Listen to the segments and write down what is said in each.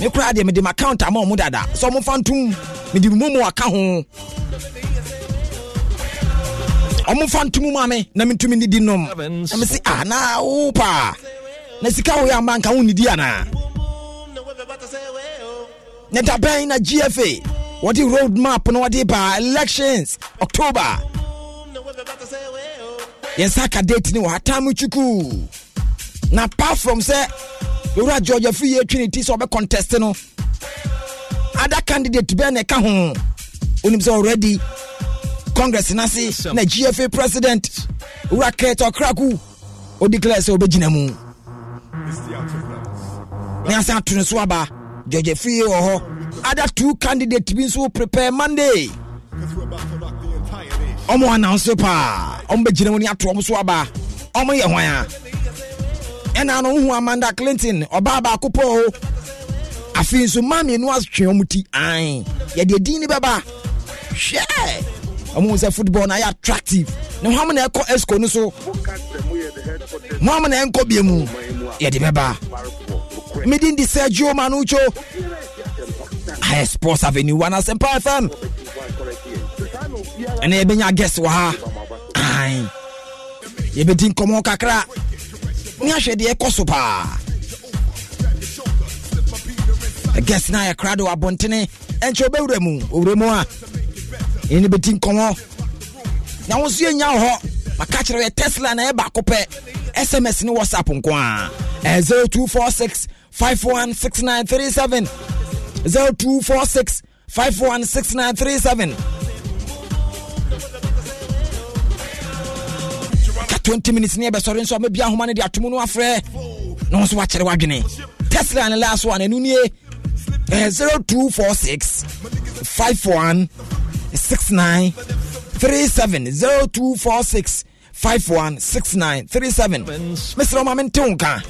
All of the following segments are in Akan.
me koraa deɛ mede m'account ama ɔmo dada sɛ ɔmomfa ntom mede mumu aka ho ɔmomfa ntom ma me na mentumi nidi nom na mese anaa ah, wo paa na sika woyɛ ama nka wo nnidi anaa ne dabɛn na gfa wɔde road map na wɔde baa elections october yɛnsa ka date ne wɔ atam twuku na apart from sɛ owura george afiri yɛ trinity ti sɛ ɔbɛ no ada candidate bɛɛ na ɛka ho onim sɛ already congress nase na gfa president owura kɛtɔ kraku odeclare sɛ ɔbɛgyina mu ne asan ato ne so aba george afiri wɔ hɔ ada two candidate bi nso prepare monday ɔmo announce paa ɔmo bɛgyina mu ne ato ɔmo so aba ɔmo yɛ hwan a ɛna no wohu amanda clinton ɔbaa baako pɔ o afei nso ma mmienu atwe ɔmo ti an yɛde din ne bɛba hwɛ ɔmo sɛ football na ayɛ attractive na hɔn mo ɛkɔ esco no so hɔn mo na ɛnkɔ bie mu yɛde bɛba midin di sergio manucho ayɛ sports avenue wa na sempa fm ɛna yɛbɛnya guest wɔ ha an yɛbɛdi nkɔmɔ kakra. ne ahwɛ deɛ ɛkɔ so paa guest na ayɛ krado abɔntene ɛnkyɛ wobɛwura mu mu a ɛne bɛti na wo yɛnya wo hɔ maka kyerɛ yɛ tesla na ɛbaako pɛ sms ne whatsapp nko a 0246 516937 0246 516937 20 minutes ne yɛbɛsɔre nso a mɛbia ahoma no de atomu no afrɛ na wo nso woakyerɛ w'adwene tesla ne last one ɛno nie eh, 0246 51 69 37 0246 5169 37 mesrɛ ma mente wo nka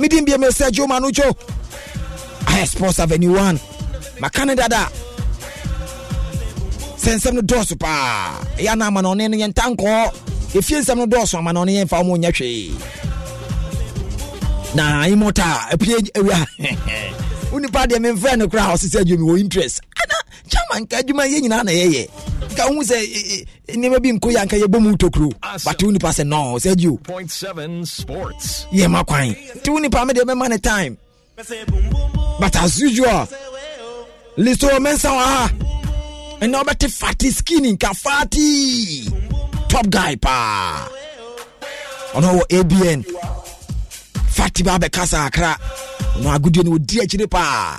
medin bia mesɛ gyoma no dwo ah, sports avenue 1 maka ne dada sɛ nsɛm no dɔɔso paa ɛyɛ anaama na ɔne no yɛntankɔɔ ɛfie nsɛm no dɔɔso ama no ɔno yɛmfa wo monyɛ hwee na imota a apue awia wo deɛ memfrɛ no koraa ɔse sɛ adwumi wɔ interest ana kyama nka adwuma yɛ nyinaa na yɛyɛ nka wohu sɛ nneɛma bi nko yɛ yɛbɔ mu tokuro but wo sɛ no sɛ agio yɛ kwan nti wo nipa medeɛ mɛma ne time but as usual listo mensa ah. wɔ ha ɛnna ɔbɛte fati skin nka fati top guy paa ɔno wɔ abn fati ba bɛka sa akra ɔno agodie no ɔdi akyire paa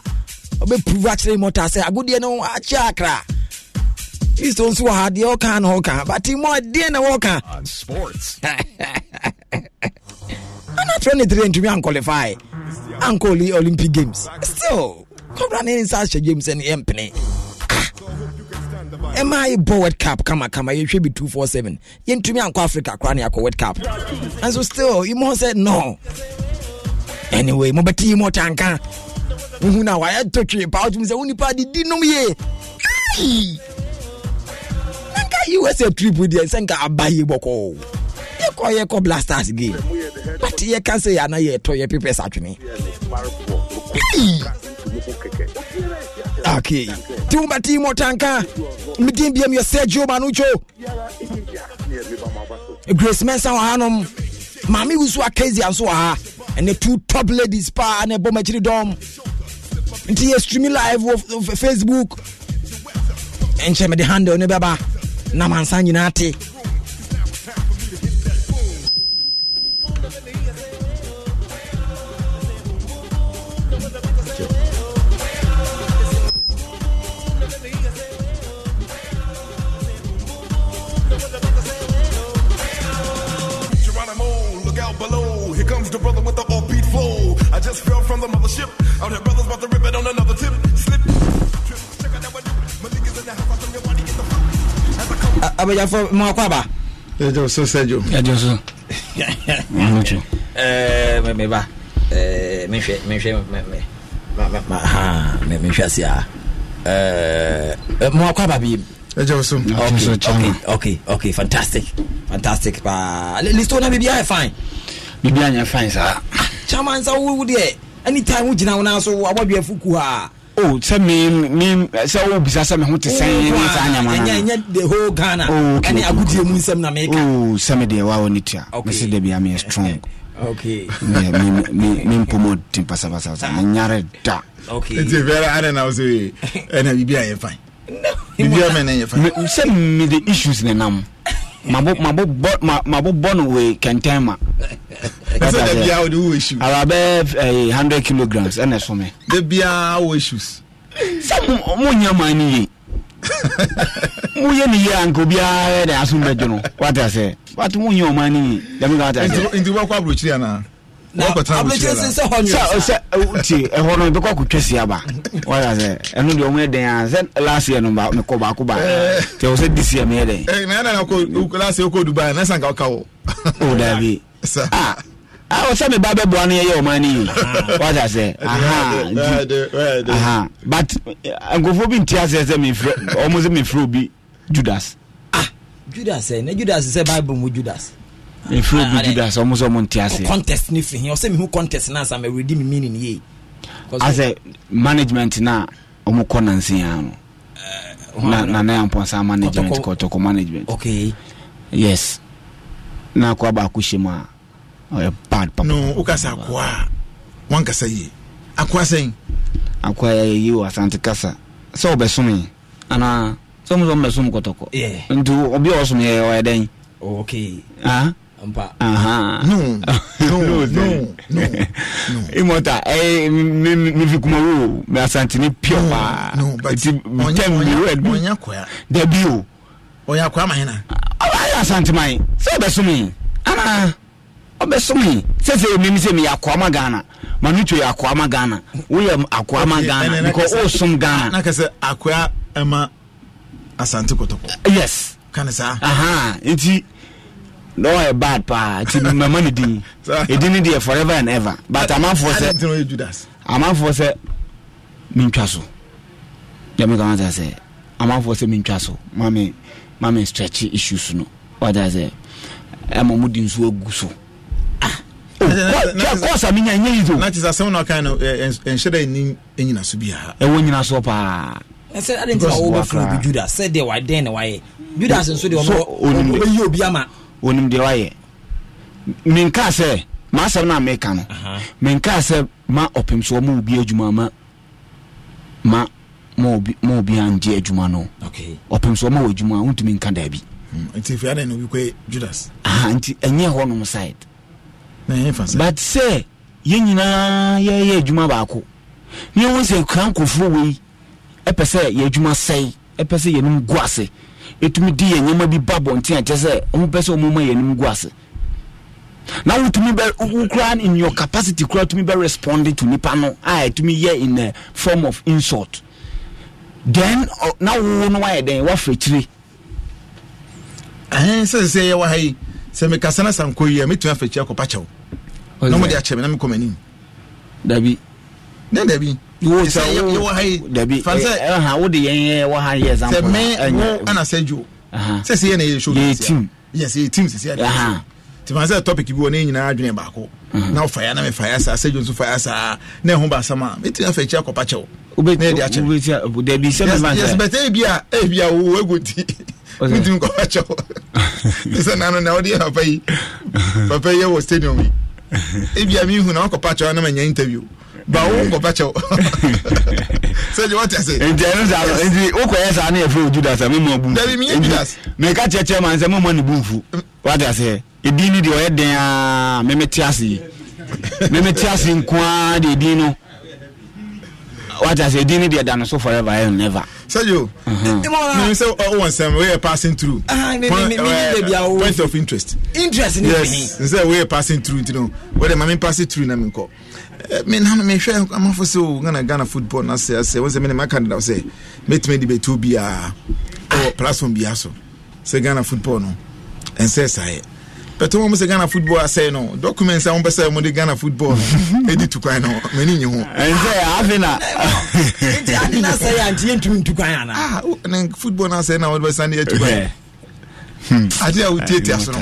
ɔbɛpuru akyerɛ mɔta sɛ agodie no akyɛ akra isto nso wɔ ha deɛ ɔka na ɔka but mu deɛ na wɔka ana twenty ne three ntumi anqualify ankɔ olympic games still kɔbra ne nsa ahyɛ James ɛne yɛ mpene ɛma yɛ bɔ world cup kamakama yɛhwɛ bi 247 yɛntumi ankɔ africa koraa ne akɔ cap. cup nanso still yi mɔ sɛ no anyway mobɛte yi mɔ Now wohu no a wayɛ tɔ twee paa wotumi sɛ wo nipa didi nom ye nanka usa trip deɛ sɛ nka aba yɛ bɔkɔɔ yɛkɔ yɛkɔ blasters game but yɛka sɛ To ana yɛtɔ yɛ to me. Okay. Tumba timo tanka. Midin biem your Sergio Manucho. Grace Mensa hanom. Mami usu akezi anso ha. And the two top ladies pa and a bomachiri dom. Nti ye streaming live of, of Facebook. Enche me the handle ne baba. Na mansa nyina just fell from the mothership. All their brothers about to rip it on another tip. Slip. abɛgyafo eh, eh, mm, eh, ma kɔ aba yɛgye so sɛdwo yɛgye so meba mehwɛ mehwɛ mehwɛ ase a ma kɔ aba biem Ejosu. Okay, okay, okay, okay, fantastic, fantastic. Uh, Listo na bibiya fine. biribi nyɛ fine saa chairman sɛ wowo deɛ anytime wogyina wo naa so abɔdweafo ku o oh, sɛ me me sɛ o bisa sɛ me ho ti sɛn ne saa ɲama na ɛnyɛ ɛnyɛ the whole Ghana oh, ɛni agudie mu nsɛm na mi o oh, sɛmi me wa o ni tia okay. me se de bi a yɛ strong okay me me me me npomo ti pasapasa me nyare da okay n ti fɛ na ɛna bibi a yɛ fine bibi a mɛ na yɛ fine sɛ me de issues ne nam. mabobɔ no wei kɛntɛn ma aba bɛɛ eh, hundred kilograms ɛna ɛso eh, me da biaa wɔ issues sɛ monya ma no ye moyɛ ne yie anka obiaa ɛne asom bɛgye no wate asɛ but monya ɔma no ye dɛmekawate asɛ nti wobɛkɔ aborɔkyiri anaa wɔkɔtena aborɔkyiri sɛ ti ɛhɔ no bɛkɔ akotwa si aba wayɛ sɛ ɛno deɛ ɔmo yɛ dɛn a sɛ last year no ba mekɔ baako ba eh. nti ɛwɔ sɛ this year meyɛ dɛn eh, na ɛna last year wokɔ dubai na sanka woka wo o oh, daabi awo ah, ah, sɛ mi ba bɛ bɔ anu ɔman ni yi sɛ ahan but nkofo bi n ti ase sɛ mi firi ɔmo sɛ mi firi obi judas. ah judas ɛ eh, ne judas sɛ bible mu judas. efiri obi juda sɛ ɔmo sɛ ɔmo nti contest ni fi hin ɔsɛ mi hu contest na asa mɛ redi mi meaning As asɛ management na ɔmo kɔ nansi no na na ne yan pɔnsa management kɔtɔkɔ management. Ok. yes na akɔ baako hyɛ mu a ɔyɛ bad papa. no o ka sɛ akɔ a wɔn kasa yie akɔ asɛn. akɔ a yɛ wɔ asante kasa sɛ ɔbɛ sumi ana sɛ ɔmo sɛ ɔmo sumi kɔtɔkɔ. nti obi a ɔsumi yɛ ɔyɛ dɛn. okay. imota eh, mefi kuma wo asantene pio ɔyɛ akoa ma sɛ ɔbɛsome ana ɔbɛsome sɛsɛ mem sɛ meyɛ akoa ma ghana manotwa yɛ akoa ma ghana woyɛ akoa ma ghana because wosom ghana akoa ɛma asante kɔtɔkɔ yes kane saa aha nti No, ɔyɛ bad paa nti mama ne din ɛdi ne deɛ forever and ever but amanfoɔ sɛ amanfoɔ sɛ mentwa so yɛmekama sa sɛ amanfoɔ sɛ mentwa so mame mame stretch issues no wata sɛ ɛma mode nsuo agu so Ah. kɔsa menya nyɛ yi zonhyɛdɛ nyina so biaa ɛwɔ nyina so paa ɛsɛ adɛ nti wawobɛfiri obi judas sɛdeɛ wadɛn ne wayɛ judas nso deɛ ɔbɛyɛ obi ama onim deɛ wayɛ menkaa sɛ maasɛm no a meka no menkaa sɛ ma ɔpem soɔ ma obi adwuma ma ma ma obi angye adwuma no ɔpem soɔ ma wɔ adwuma a wontumi nka daabi mm, nti ɛnyɛ hɔ nom side but sɛ yɛn nyinaa yɛyɛ adwuma baako ne yɛhu sɛ kra nkɔfoɔ wei ɛpɛ sɛ yɛ adwuma sɛe ɛpɛ sɛ yɛnom gu ase ɛtumi di yɛ nneɛma bi ba bɔnten a kyɛ sɛ ɔmo pɛ sɛ ɔmo ma yɛ anim gu ase na wotumi bɛ wokura in your capacity kura tumi bɛ respond to nipa no a ɛtumi yɛ in a form of insult then na wowo no wayɛ dɛn wafɛ kyire ɛhɛn sɛ sɛ yɛwɔ ha yi sɛ mekasa no sankɔ yi a metumi afɛ kyire akɔpa kyɛw na mode akyɛ me na mekɔ m'anim dabi na dabi wo sɛ wo dabi ɛha wo de yɛn wɔ ha yɛ example sɛ me wo ana sɛdwo sɛ sɛ yɛ na yɛ show yɛ team yes yɛ team sɛ sɛ uh-huh. uh-huh. ti maa sɛ topic bi wɔ ne nyinaa adwene baako na ɔfa ya na mefa ya saa sɛdwo nso fa ya saa na ɛho sama a mɛtumi afa akyi akɔpa kyɛw na yɛde akyɛ dabi sɛ yes bɛtɛ ebi a ebi a wo ego ti mɛtumi kɔpa kyɛw sɛ nanu na ɔde yɛ papa yi papa yi yɛ wɔ stadium yi ebi a mi hu na ɔkɔpa kyɛw na ma nya interview ba wo nkɔpɛ kyɛw sɛ gye wɔte ase nti ɛno sa no nti wokɔyɛ saa ne yɛfrɛ wo judas a memmɔ bu dabi menyɛ judas meka kyerɛkyerɛ ma sɛ memmɔ ne bumfu wɔte aseɛ ɛdin no deɛ ɔyɛ den a memete ase yi memete ase nko a deɛ ɛdin no what I say, didn't they done so forever and never. Sergio, you say, oh, one time we are passing through. Point of interest. Interest in yes. Say we are passing through, you know, where the mommy passing through, I mean, menam mehwɛ amafo sɛ o ghana ghana football no sɛ sɛ wo sɛ mene maka deda sɛ mɛtumi de bɛtuo biaa ɛwɔ platform biaa so sɛ ghana football no ɛnsɛ saeɛ bɛtɔ mu sɛ ghana football asɛe no documents a wompɛ sɛ mode ghana football no ɛdi tu kwan no m'ani nye ho ɛnsɛ football no asɛe na wode bɛsane atu kwan ade a wotiatia eh. so no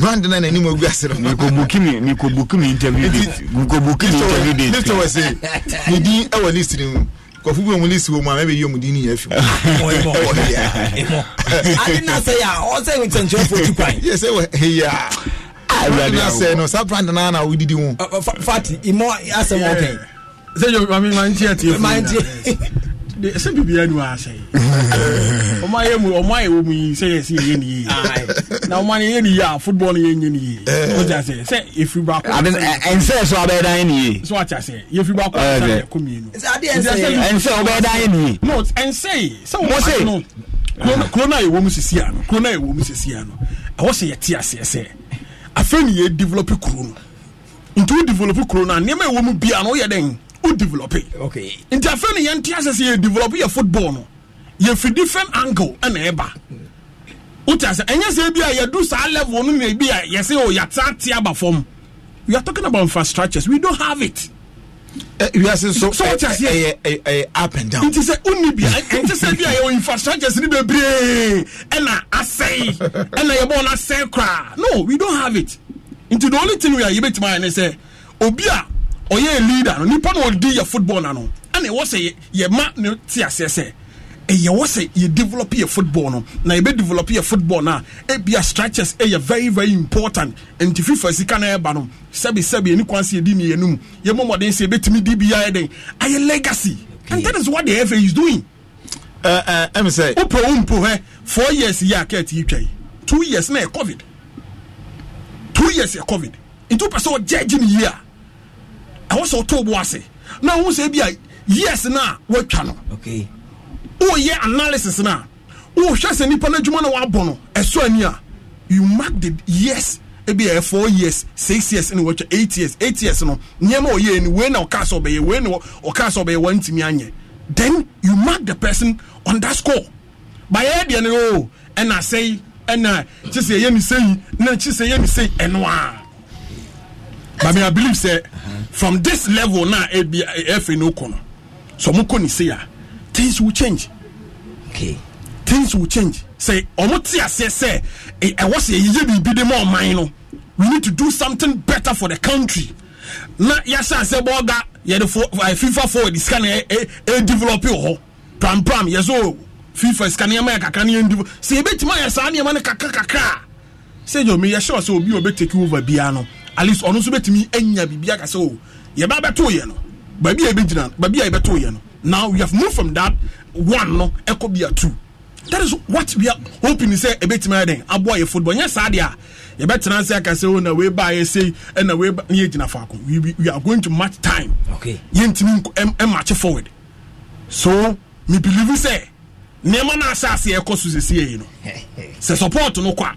brand na n'anim agu ase no mekɔbukimi mekɔbukimi interview date mekɔbukimi interview date lifta wɔ se eh, ne din ɛwɔ list no mu kɔfo bi ɔmune si wɔ mu a mɛbɛyi ɔmu din ne yɛ afim Adi na sɛ yɛ a ɔsɛ nkyɛnkyerɛfoɔ tu kwan yɛ sɛ wɔ heyɛ a ah, brand na sɛ no saa brand na na wodidi ho fati imɔ asɛm ɔkɛn sɛ yɛ maame mantie atie mantie sɛ biribia ne waasɛe ɔma yɛ mu ɔma yɛ wɔ mu yi sɛ yɛ sɛ yɛyɛ ne yie na ɔma no yɛ ne yie a football no yɛnyɛ ne yie wogya sɛ sɛ ɛfiri baako ɛnsɛ so wabɛyɛ dan ne yie so wakyɛ sɛ yɛfiri baako sɛ yɛkɔ mmienu ɛnsɛ wobɛyɛ dan ne yie no ɛnsɛ sɛ wɔmase no kuro no a yɛwɔ mu sisi a no kuro no a yɛwɔ mu sisi a no ɛwɔ sɛ yɛte aseɛ sɛ afei ne yɛ develop kuro no nti wo develop kuro no a nneɛma ɛwɔ mu bia no woyɛ dɛn wo develop nti afei no yɛnte asɛ sɛ yɛ develop yɛ football no yɛfiri different angle ɛna ɛba wote asɛ ɛnyɛ sɛ bi a yɛdu saa level no na bi a yɛsɛ o oh, yɛtaa te aba fam we are talking about infrastructures we don't have it wiase so so ɛyɛ up and down nti sɛ wonni bia ɛnte sɛ bi a yɛwɔ infrastructures no bebree ɛna asɛe ɛna yɛbɔ no asɛe koraa no we don't have it nti the only thing we are yɛbɛtumi ayɛ ne "Obia." ɔyɛ leader no nipa na ɔdi yɛ football na no ɛna ɛwɔ sɛ yɛ ma ne ti aseɛ sɛ ɛyɛ e wɔ sɛ yɛ develop yɛ football no na yɛ bɛ develop yɛ football na e a structures ɛyɛ e very very important nti fifa sika na ɛba no sɛbi sɛbi ɛni kwan si yɛ di ni yɛ num yɛ mɔ mɔden si yɛ bɛ timi di bi ya den ayɛ legacy and that is what the fa is doing. ɛɛ ɛmi sɛ. o pɛ hɛ four years yɛ akɛɛti yi twɛ two years na yɛ covid two years yɛ covid nti o pɛ sɛ ɔjɛ ni yie ɛwɔ sɛ ɔtɔ bo ase na ɔhu sɛ bi a years no a wɔatwa no woyɛ analysis na. a wohwɛ sɛ nnipa no adwuma no wɔabɔ no ɛsɔ ani a you mark the yes. ebi yɛ four years six years ɛna wɔtwa eight years eight years no nneɛma ɔyɛ ni wei na ɔka sɛ ɔbɛyɛ wei na ɔka sɛ ɔbɛyɛ wɔn ntumi anyɛ then you mark the person on that score bayɛ deɛ no o oh, ɛna sɛyi ɛna kyesɛ yɛ ni sɛyi na kyesɛ yɛ ni sɛyi ɛnoa but me i believe say from this level now ebi eh, efe eh, no kono so mo koni say things will change okay things will change say ọmọ tí a sẹ sẹ ẹ wọ be yíyẹ more dé we need to do something better for the country na yasa asẹ bọ ọga fifa forward sika eh, na ẹ ẹ develop wọ prampram yẹ so fifa sika nneɛma yɛ kakra ne yɛ ndivo sɛ yɛbɛtumi ayɛ saa nneɛma no kakra kakra sɛ gya omi yɛhyɛ wɔ sɛ obi a ɔbɛtaki over biara no at least ɔno nso bɛtumi anya biribi aka sɛ o yɛba bɛtoo yɛ no baabi a yɛbɛgyina baabi a yɛbɛtoo yɛ no now we have moved from that one no ɛkɔ bi a two that is what we are hoping sɛ ɛbɛtumi ayɛ den aboa yɛ football nyɛ saa deɛ a yɛbɛtena ase aka o na weba ba yɛ ɛna wei ba yɛ faako we are going to match time okay yɛntumi ɛmatch forward so me believe sɛ nneɛma no ahyɛ aseɛ ɛkɔ so sɛsiɛ yi no sɛ support no kɔ a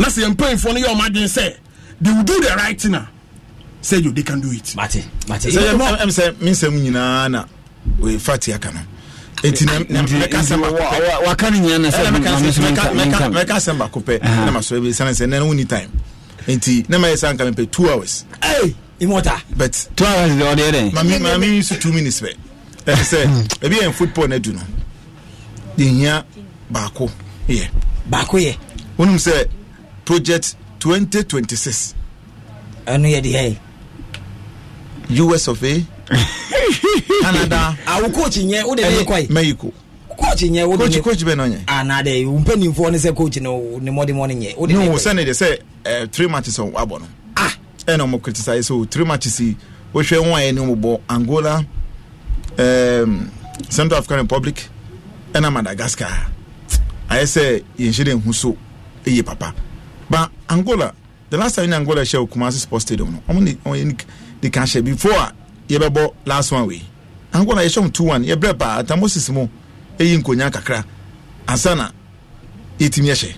na sɛ yɛn mpanyinfoɔ no yɛ ɔmo adwene sɛ they will do the right thing ah. say you they can do it. mate mate sɛ yɛ I'm sɛ mi nsɛm nyinaa na oye fati aka no eti na mɛka sɛm baako pɛ waka ne nyinaa na sɛ mɛka mɛka sɛm baako pɛ na ma sɔrɔ ebi sani sɛ nɛnɛ woni time nti ne ma yɛ sɛ anka mɛ pɛ two hours. ɛy imota. but two hours de ɔde yɛ dɛ. maami maami yi so two minutes bɛ ɛn sɛ ebi yɛn football na du no yɛn hia baako yɛ. baako yɛ. wɔnum sɛ project 2026. twenty six. ɛnu yɛ di hɛ. us of a. canada. awo ah, kooci nyɛ o de ne kɔ ye. mexico. kooci nyɛ o ah, de ne kɔ ye. kooci bɛ n'o nyɛ. a na de n pɛ nin fɔ ne sɛ kooci n'o ni mɔdimɔni nyɛ o de ne kɔ ye. n'o sɛnɛ de sɛ ɛɛ three matches o wa bɔ no. ah. ɛna mo criticize so three matches o hwɛ wɔn a yɛ ni mo bɔ angola um, central african republic ɛna madagascar ayɛ sɛ yɛn hyɛ de nhu so eye papa but angola the last time in angola hyɛ kumasi sports stadium no ɔmo ne ɔmo ne kan hyɛ before a yɛbɛbɔ last one we. angola yɛhyɛ ɔmo two one yɛbrɛ paa atamosis mu eyi nkonya kakra asana yɛtumi Enti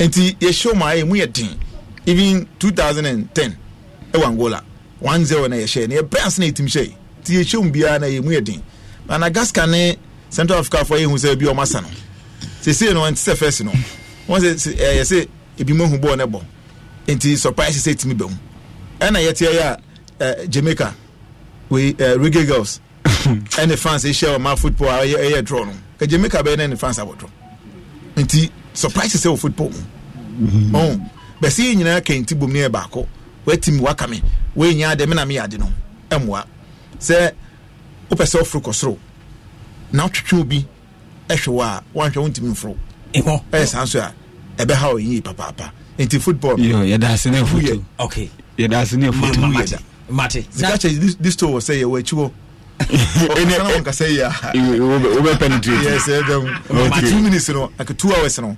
nti yɛhyɛ ɔmo ayɛ mu yɛ den even two thousand and ten ɛwɔ angola one zero na yɛhyɛ na yɛbrɛ asana yɛtumi hyɛ ti yɛhyɛ ɔmo biara na yɛ mu yɛ den madagascar ne central africa afɔ yɛhu sɛ bi ɔmo asa no sese no ɛnti sɛ fɛs no wɔn sɛ ɛyɛ sɛ ebi mo hu bɔɔl ne bɔ nti surprise sɛ timi bɛ mu ɛna yɛte yɛ a jamaica wei reggae girls ɛne fans ɛhyia wɔ ma football a ɛyɛ draw no ka jamaica bɛyɛ no ne fans abɔtɔ nti surprise sɛ wɔ football mu mhm. ɔn bɛsi yɛ nyinaa kɛntɛ bom ne yɛ baako wɔatimi waka me wɔanya ade me na meyɛ ade no ɛmmoa sɛ wopɛ sɛ woforo kɔ soro na wotwetwe obi ɛhwɛ wɔ a woanhwɛ wontimi mforo ɛyɛ saa nso a ɛbɛha wɔ yie papaapa nti football yɛdaase ne foto yɛdaase ne foto mate sika kyɛ this store wɔ sɛ yɛwɔ akyi hɔ ɛnɛ nkasa yi a wobɛ penetrate yes ɛdɛm two minutes no like two hours no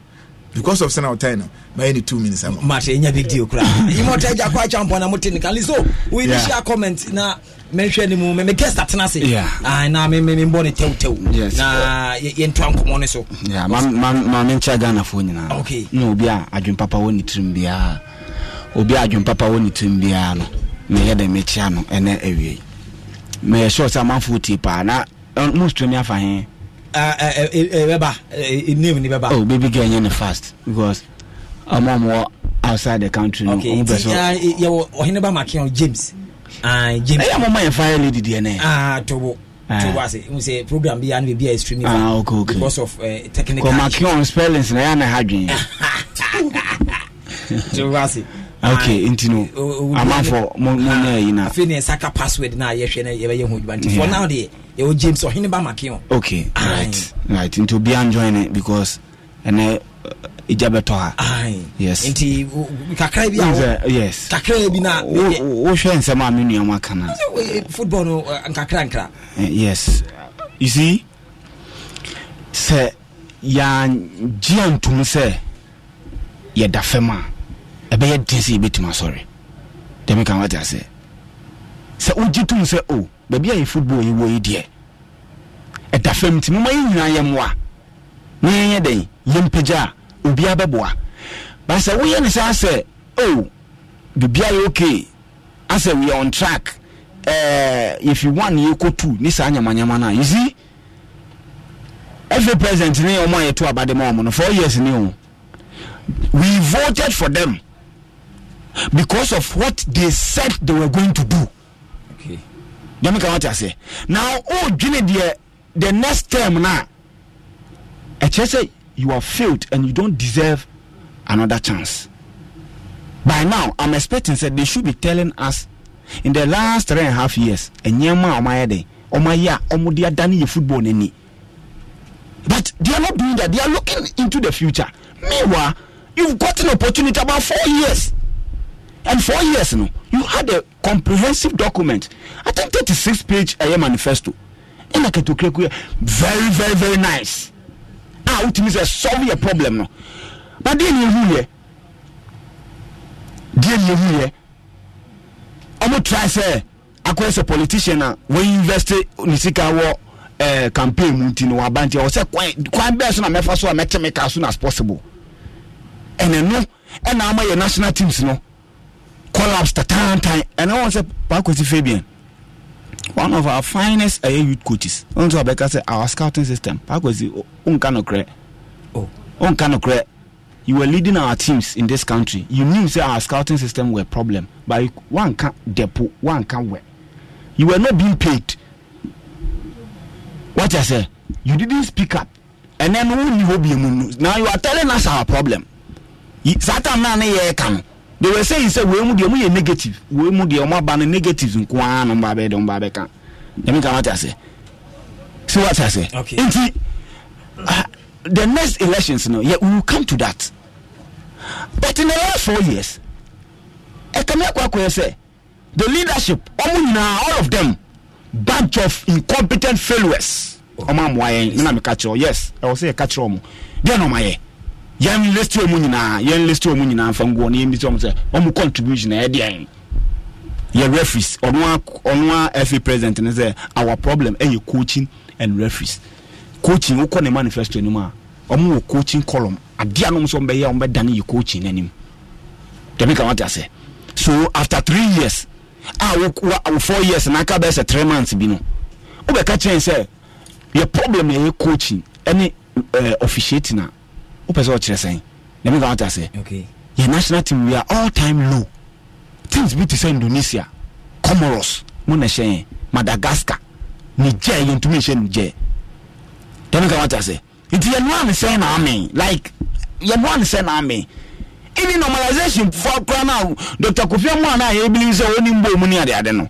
because of sena ɔtɛn no bɛyɛ ne two minutes ama. maa se n yɛ big deal kura. yi mo tɛ ja kɔ akyɛ mpɔnna mo kan liso o yi ni comment na mɛ n ni mu mɛ mɛ guest atena se. Ah, na mɛ mɛ mɛ n bɔ ne tew tew. na yɛ nto ankɔmɔ ne so. ma mi n kyɛ ghana fo nyinaa. ok na obi a adwin papa wɔ ne tirim biara obi a adwin papa wɔ ne tirim biara no mɛ yɛ dɛ mɛ kyia no ɛnɛ awie mɛ sure sɛ amanfo tie paa na uh, mo sotɔ mi afa hɛn. bɛba eh, name ni bɛba. oh baby girl yẹn ni fast because ọmọ ọmọ outside the country no ọmọ bẹ sọ. yẹwọ ọhínà bá màkì yàn james. Ah, james. ẹ yà mọ ọmọ yẹn fire lady diẹ nẹ. Ah, tobo ah. tobo ase n sẹ program bi yanni bi a streaming. ah okay okay because of eh, technical. kò màkì yàn spellings na yà na ha dùn tobo ase. okay nti no eh, amanfo mo mo nyɛ yi na. afei ni saka password na a yɛ hwɛ na yɛ bɛ yɛ ho juma nti for now de ɛwɔ james ɔhene ba make o okay right right nti obiaa njoin it because ɛnɛ ɛgya uh, bɛtɔ ha yes nti kakra bi a yes uh, kakra bi na wohwɛ nsɛm a me nuam aka no eh, football no uh, nkakra nkra eh, yes you see sɛ yɛagye antom sɛ yɛda fam a ɛbɛyɛ den sɛ yɛbɛtumi asɔre dɛmeka wate asɛ sɛ wogye tom sɛ o oh, baabi a yɛ football yi wɔ yi deɛ ɛda fam nti moma yɛ nyinaa yɛ mmoa na yɛnyɛ dɛn yɛmpagya a obiara bɛboa ba sɛ woyɛ ne saa sɛ o oh, biribia yɛ okay asɛ we are on track ɛɛ yɛfi one yɛkɔ two ne saa nyamanyama no a you see ɛfɛ president ne ɔmo a yɛto abade ma ɔmo no four years ne o we voted for them because of what they said they were going to do deɛ meka wate aseɛ na wodwene deɛ the next term no a ɛkyerɛ sɛ you are failed and you don't deserve another chance by now i'm expecting sɛ they should be telling us in the last three and a half years ɛnyɛma a ɔmayɛ den ɔmayɛ a ɔmode adane yɛ football no but they are not doing that they are looking into the future meanwhile you've got an opportunity about four years and four years no you had a comprehensive document i think thirty six page ɛyɛ eh, manifesto ɛna ketokura kuya very very very nice a ah, wotumi sɛ solve your problem no but deɛ ni ehu yɛ deɛ ni ehu yɛ ɔmo try sɛ akɔyɛ sɛ politician a wɔn invest ne sika wɔ ɛɛ eh, campaign mu ti no wɔn abanti ɔwɔ sɛ kwan kwan bɛɛ so na mɛfa so a mɛtɛmɛ ka as possible ɛnɛ no ɛna ama yɛ national teams no collapse the tatantan ɛna wɔn sɛ Kwesi Fabian one of our finest ɛyɛ youth coaches wɔn to abɛka sɛ our scouting system Kwesi nka nokorɛ oh. nka nokorɛ you were leading our teams in this country you knew say our scouting system were problem but one can depo one can wear you were not being paid what i say you didn't speak up and then who you hope you now you are telling us our problem satan man ne yɛ they were saying sɛ wei mu deɛ mu yɛ negative wei mu deɛ ɔmo aba no negatives nko ara no mba bɛ de mba bɛ ka nyame ka wate ase si wate ase nti ah, the next elections no yeah, we will come to that but in the last four years ɛkame akɔ akɔyɛ sɛ the leadership ɔmo nyinaa all of them bunch of incompetent failures ɔmo amoa yɛn nana mi ka kyerɛ yes ɛwɔ sɛ yɛ ka kyerɛ ɔmo deɛ na ɔmo ayɛ yɛn list wɔn nyinaa yɛn list wɔn nyinaa fa nguo na yɛn bi sɛ wɔn sɛ contribution na yɛ deɛ yɛ referees ɔno a fa president ne sɛ our problem ɛyɛ coaching and referees coaching wokɔ ne manifesto anim a wɔn wɔ coaching column adi anum sɛ wɔn bɛyɛ wɔn bɛdane yɛ coaching n'anim dɛbi ka wɔn te ase so after three years a wo wo four years n'aka bɛyɛ sɛ three months bi no wobɛka kyerɛ sɛ yɛ problem yɛ yɛ coaching ɛne ɛɛ officiating na wopɛ sɛ ɔkyerɛ sɛn na mi ka wata sɛ yɛ national team we are all time low teams bi te sɛ indonesia comoros mo na hyɛn madagascar niger yɛntumi nhyɛ Nigeria. na mi ka wata sɛ nti yɛnoa ne sɛn na amen like yɛnoa ne sɛn na amen ɛni normalization fɔ kura na dr kofi mu a na yɛ ebili sɛ wɔn ni mbɔ mu ni adeade no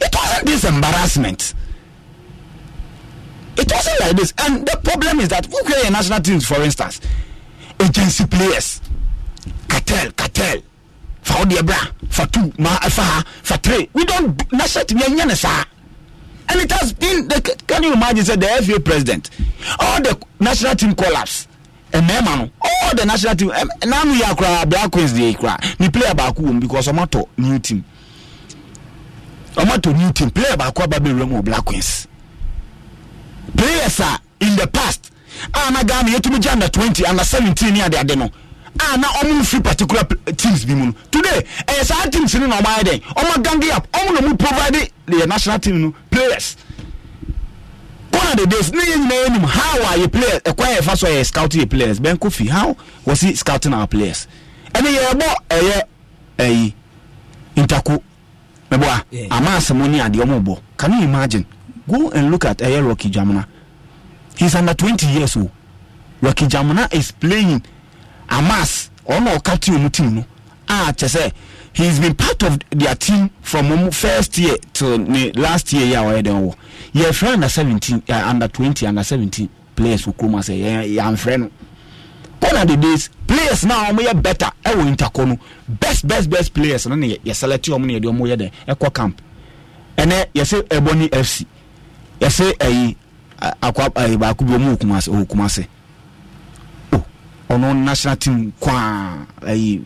it wasn't this embarrassment it wasn't like this and the problem is that who create a national team for instance agency players cartel cartel fa wo deɛ bra fa two ma eh, fa ha fa three we don't na hyɛ tumi ɛnyɛ ne saa and it has been the can you imagine say the FA president all the national team collapse eh, mmarima no all the national team eh, nanu yɛ akora black queens deɛ akora ne player baako wɔm because ɔmo atɔ new team ɔmo atɔ new team player baako aba bɛ wura mu wɔ black queens players a in the past a na ghana yɛtumi gya under 20 under 17 ne adeade no a na ɔmo mfiri particular teams bi mu no today ɛyɛ saa teams no na ɔmo ayɛ dɛn ɔmo gangi up ɔmo na ɔmo provide the national team no players one of the days ne yɛ nyinaa anim how are yɛ players ɛkwan yɛ fa so yɛ scouting yɛ players bɛn kofi how was he scouting our players ɛne yɛ ɛbɔ ɛyɛ ɛyi ntako mɛbɔ a ama asɛmɔ ne adeɛ ɔmo bɔ can you imagine go and look at ɛyɛ rocky jamuna he's under 20 years old Rocky Jamuna is playing Amas ɔno ɔka te ɔmo team no a kyɛ sɛ been part of their team from ɔmo first year to ne last year Yeah, a ɔyɛ dɛn wɔ yɛfrɛ under 17 uh, under 20 under 17 players who wɔ kurom asɛ "Yeah, I'm friend." one of the days players now wɔn yɛ better ɛwɔ ntakɔ no best best best players no ne You select your money. yɛ de wɔn yɛ dɛn ɛkɔ camp ɛnɛ yɛsɛ ɛbɔ ne fc You say Eh, akwa eh, baako bi ɔmo wɔ kumase ɔno national team kwaa ayi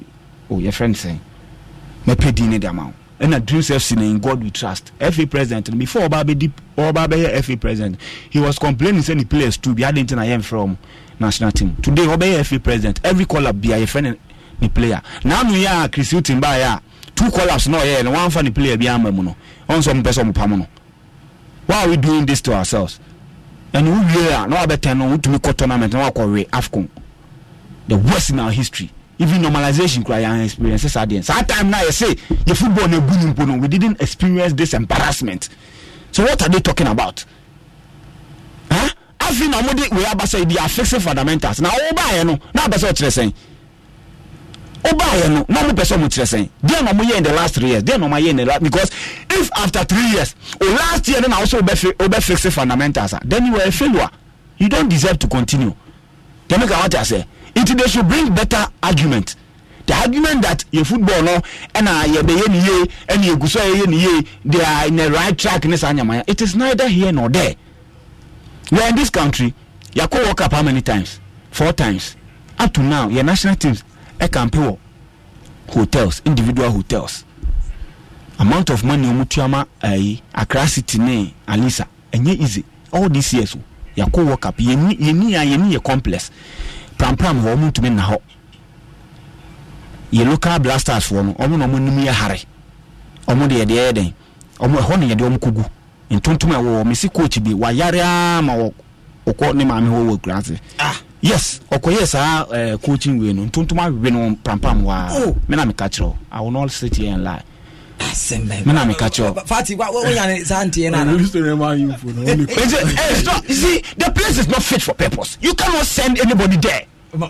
o yɛfrɛ no sɛn mɛpɛ din ne de ama wo ɛna dreams fc na in god we trust fa president no before ɔba bɛdi ɔba bɛyɛ fa president he was complaining sɛ the players too bi adi nti na yɛmfrɛ ɔmo national team today ɔbɛyɛ fa president every collab bia yɛfrɛ ne ne player n'anu yɛ a chris hilton baa yɛ a two collabs na ɔyɛ yɛ no wɔn afa ne player bi ama mu no ɔn sɛ ɔmo pɛ sɛ ɔmo pam no why are we doing this to ourselves ɛna wowie a na wabɛtɛn no wotumi kɔ tournament na wakɔwe afcon the worst in our history even normalisation. kura yɛn experience saa deɛ saa time na yɛsɛ yɛ football na egu ne no we didn't experience this embarrassment so what are they talking about huh? afei na wɔde wei aba sɛ yɛ de afixing fundamentals na wɔn baayɛ no na abɛsɛ ɔkyerɛ sɛn wobaayɛ no na mopɛ sɛ mokyerɛ sɛn deɛ na moyɛ in the last three years deɛ na mayɛ in the last because if after three years o last year no na wo sɛ wobɛfixe fundamentals a then you are a failure you don't deserve to continue tɛmika wate asɛ nti they should bring better argument the argument that your football no ɛna yɛbɛyɛ ne yie ɛne yɛgu so yɛyɛ ne they are in the right track ne saa nyamaya it is neither here nor there Well, in this country yɛakɔ woke up how many times four times up to now Your national teams ɛkampe wɔ hotels individual hotels amount of money wɔn tu ama ɛyi Accra City ne Alisa ɛnyɛ easy all these years o yɛkɔ world cup yɛni yɛni a yɛni yɛ complex prampram wɔ wɔn ntumi na hɔ yɛ local blasters wɔ no wɔn na wɔn anim yɛ hare wɔn deɛ deɛ yɛ dɛn wɔn ɛhɔ na yɛ deɛ wɔn kogu ntontom ɛwɔ wɔn si coach bi wayare ama wɔ kɔkɔ ne maame hɔ wɔ Accra City. Ah yes ɔkɔyɛ saa uh, coaching wei no ntontom awewe no prampam waa oh. me na meka kyerɛ i will not sit here and lie me na meka kyerɛsee the place is not fit for purpose you cannot send anybody there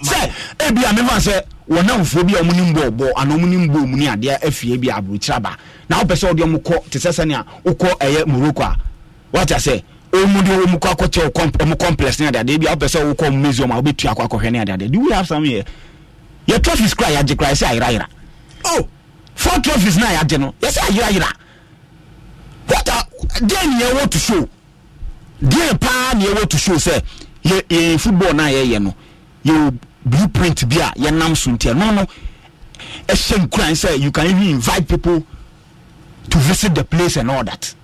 sɛ ebia mefa sɛ wɔnamfoɔ bi a ɔmo nim bɔɔbɔ anaa ɔmo nim bɔɔ mu ne adeɛ afie bi aburokyerɛ aba na wopɛ sɛ wode ɔmo kɔ te sɛ sɛnea wokɔ ɛyɛ morocco a wate asɛ ɔmu de ɔmu kɔ akɔkyɛ ɔmu complex ne adeade bi apɛ sɛ ɔwokɔ museum a wobɛtua akɔ akɔhwɛ ne adeade do we have some here yɛ trophies kora yɛagye kora yɛsɛ ayerayera oh four trophies na yɛagye no yɛsɛ ayerayera what a deɛ ne yɛwɔ to show deɛ paa ne yɛwɔ to show sɛ yɛ yɛ football na yɛyɛ no yɛwɔ blueprint bi a yɛnam so nti ɛno no ɛhyɛ nkuran sɛ you can even invite people to visit the place and all that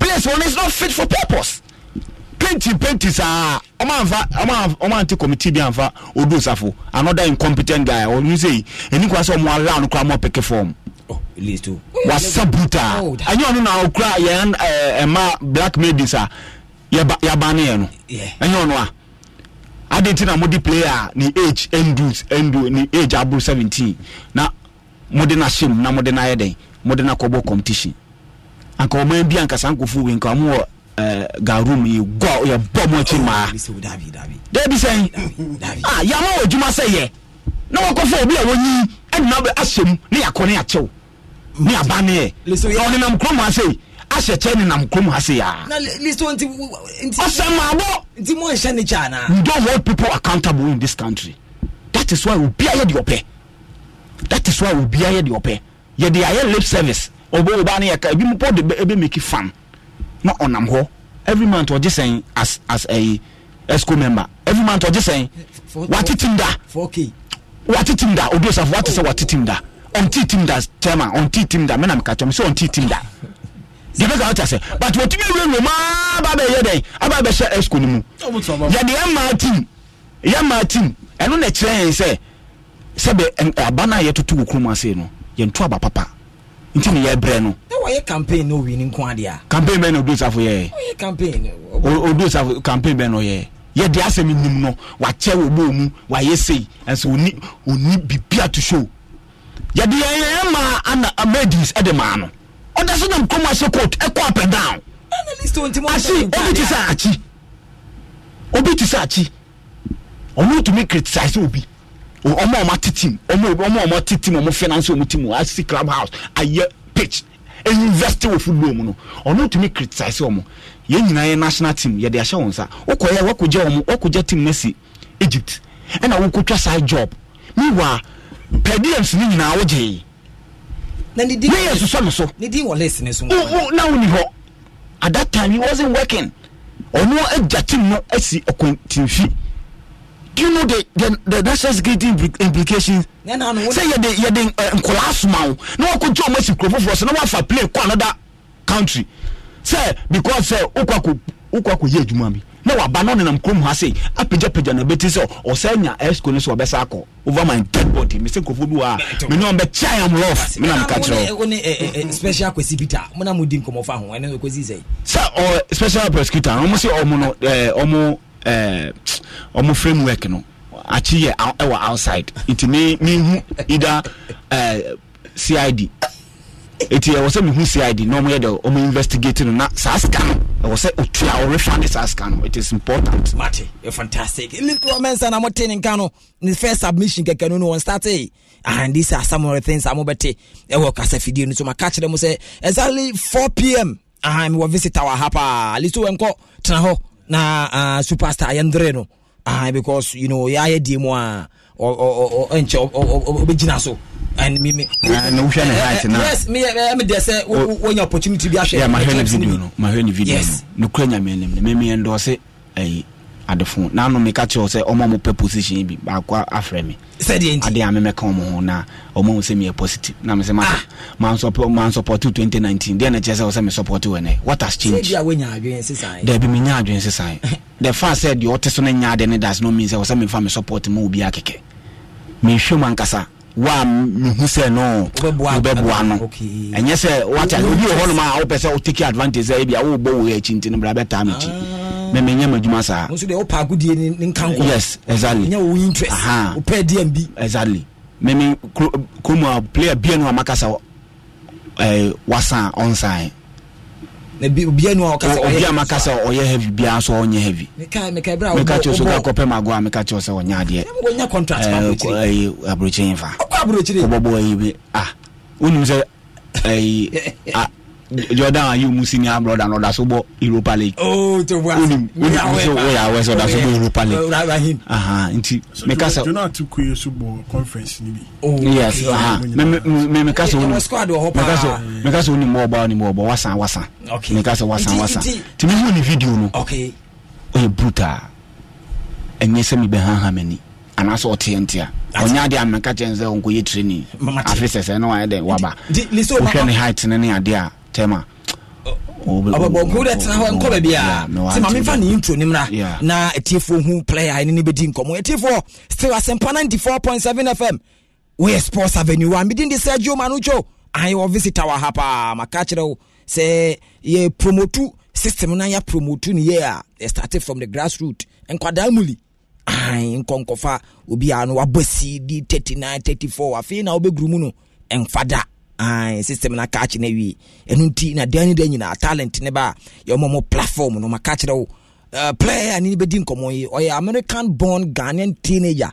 place one is not fit for purpose penti penti saa ɔma ante committee bi amfa odu safo another incompetent guy ɔnu sɛ ɛni kwa sɛ ɔmo ala no kora oh, ma ɔpɛkɛ fam wasa bruta ɛnyɛ ɔno na ɔkora yɛn ɛma black sa, a yɛba ne yɛ no ɛnyɛ ɔno a ade ti na mode player ni age endus endu ni age aboro 17 na mode na hyem na mode na ayɛ dɛn mode na kɔbɔ competition anka ɔman bi ankasa nkɔfo wei nka ɔmo wɔ garoom yi gɔ yɛ bɔ mu maa deebi sɛn yàrá wɔ adwuma sɛ yɛ na wɔkɔ fɔ obi a wɔnyi ɛnna bɛ na mu ne yakɔ ne akyɛw ne ne yɛ ɔne nam kurom ha se ahyɛ kyɛ ne nam kurom ha se yaa ɔsɛmaabɔ we don hold people accountable in this country that is why obi ayɛ deɛ ɔpɛ that is why obi ayɛ deɛ ɔpɛ yɛde ayɛ lip service ɔbɔ ɔbaa ne yɛ ka ebi pɔ de fan. na ɔnam hɔ every month ɔgye sɛn as as ɛyi esco member every month ɔgye sɛn watetim da watetim da obi osafo wate sɛ watetim da ɔnti tim da tɛma ɔnti tim da mena meka kyɛm sɛ ɔnti tim da deɛ bɛka wata sɛ but wɔtumi awurawura mu aba bɛyɛ dɛn aba bɛhyɛ esco no mu yɛde yɛmaa tim yɛmaa tim ɛno na ɛkyerɛ yɛn sɛ sɛbɛ aba no a yɛtoto wɔ kurom ase no yɛnto aba papa nti ne yɛbrɛ no wɔyɛ campaign no wini nko adeɛ campaign bɛn na odu safo yɛ wɔyɛ campaign odu safo campaign bɛn na ɔyɛ yɛde asɛm nim no wakyɛ wɔ bɔɔ mu wayɛ sei ɛnso oni oni bibi ato show yɛde yɛyɛ ma ana amedis ɛde maa no ɔda so nam kɔn mu ahyɛ court ɛkɔ up and down akyi obi ti sɛ akyi obi ti sɛ akyi ɔmo tumi criticize obi ọmọ ọmọ ati ọmọ ọmọ ọmọ ati ọmọ finance ọmọ team asi club house ayẹ pitch invest wɔ football mu no ɔno tumi criticize wɔn yɛn nyinaa yɛ national team yɛde ahyɛ wɔn nsa wɔkɔ yɛ wɔkɔ gya wɔn wɔkɔ gya team n'asi egypt ɛna wɔkɔ twa saa job meanwhile per diems ne nyinaa wɔgye yi na ne soso no so ne ni hɔ at that time he wasnt working ɔno agya team no asi ɔkɔntinfi do you know the the, the national security implications. sɛ yɛde yɛde nkɔlaa soma wo na wakɔgye ɔma si kuro foforɔ so na wafa plane kɔ another country sɛ because sɛ wokɔ akɔyɛ adwuma bi na waba ah, na ɔnenam kurom ha sei apagyapagya na bɛti sɛ ɔsɛ oh, nya esco eh, no so ɔbɛsa akɔ over my dead body mesɛ nkurɔfoɔ bi wɔ a mene ɔmbɛkyɛ am lof mena meka kyerɛ special kwasi peter mona modi nkɔmmɔfa ho ɛne kɔsi sɛ sɛ oh, special prosecutor no eh, mo sɛ ɔmo no ɔmo ɔmo eh, framework no akyi yɛ ɛwɔ outside nti mi mi hu ida cid eti ɛwɔ sɛ mi hu cid na ɔmo yɛ dɛ ɔmo investigate no na saa sika ɛwɔ eh, sɛ otu a ɔrehwɛ ne saa sika no it is important. mate e fantastic little mensa na mo te ne nka no the first submission kɛkɛ no no wɔn start ee and these are some of the things a mo bɛ te work as a video. so my catch them mo sɛ exactly 4 pm I'm going to visit our hapa. paa at least wɔn nkɔ tena hɔ. na uh, superstar yɛndere no uh, because you know yɛayɛ die mu a ɛnkyɛ ɔbɛgyina so and me me na wohwɛ ne height na yes me eh, me de sɛ wonya opportunity bi ahwɛ yeah mahwɛ ne video no mahwɛ ne video no nokura nyame anim ne me me ɛndɔse ɛyi eh, adefo nanu meka kyerɛ sɛ ɔmo mo pɛ position bi baako afrɛ me sɛdeɛ nti adeɛ a memɛka ɔmo ho na ɔmo ho sɛ meyɛ positive na mesɛ masa mansɔpɔte 2019 deɛ na kyerɛ sɛ wɔ sɛ mesɔpɔte wɔ nɛ what has changed daabi menya adwene sesae the fa sɛ deɛ ɔte so no nya ade ne das no mean sɛ wɔ sɛ memfa mesɔpɔte ma obiaa kɛkɛ mehwɛ mu ankasa wa mehu sɛ no wobɛboa no ɛnyɛ sɛ wata wɔ hɔnom a wopɛ sɛ wotake advantage sɛ ebia wobɔ wo akyi nti no bra bɛtaa me kyi ah. memenyɛ m'adwuma saa yes exactly meme kurom player bia no a makasa wasa ɔnsae obiama ka sɛ ɔyɛ heavy biaa so ɔnyɛ heavy meka kyɛ so ka kɔpɛ mago a meka kyɛ sɛ ɔnyɛ adeɛ aborɔkyiri eh, eh, mfa wobɔbɔ ayi bi a ah, wonim sɛ eh, jordan ayew mu senior brother na ọdà so bọ europa league. ooo tó bọ àṣẹ wíyà wẹ́ẹ̀ bá wíyà wẹ́ẹ̀ sọ ọdà so oh, bọ europa league. Oh, rahim. Uh-huh, nti mẹkasa. jona ti kú yesu bọ conference níbi. Oh, yes mẹkasa onim mẹkasa mekasa onim bọ ọba onim bọ ọba wasan wasan. mekasa wasan wasan ti mi hu ni video no o eh, yẹ brutal ẹnyẹ sẹ mi bẹ hàn hàn mẹni anaasɛ ɔteɛ ntia ɔnyɛ adeɛ ameka kyɛn sɛ ɔnkɔyɛ training afei sɛ sɛ ne wayɛ dɛ waba wohwɛ ne height ne ne adeɛ a tɛm a ɔbɔkuro dɛ oh, tena hɔ nkɔ baabi a sɛ ma memfa ne intro nim na atiefoɔ hu player ɛne ne bɛdi nkɔmmɔ atiefoɔ still asɛmpa 94.7 fm woyɛ sports avenue a medin de sɛ gyoma no two ayɛwɔ visitor wɔ ha ah, paa maka kyerɛ wo sɛ yɛ promotu system na yɛ promotu ne yɛ a ɛstarted from the grass root nkwadaa muli ae nkɔnkɔfa obiaa no wabɔ cd 39 34 afei na wobɛguru mu no ɛmfa system no aka na no awie ɛno nti na dan no da nyinaa talent ne ba a yɛma mo platform no maka kyerɛ wo uh, player a bɛ di nkɔmɔ yi ɔyɛ american born ghanaian teenager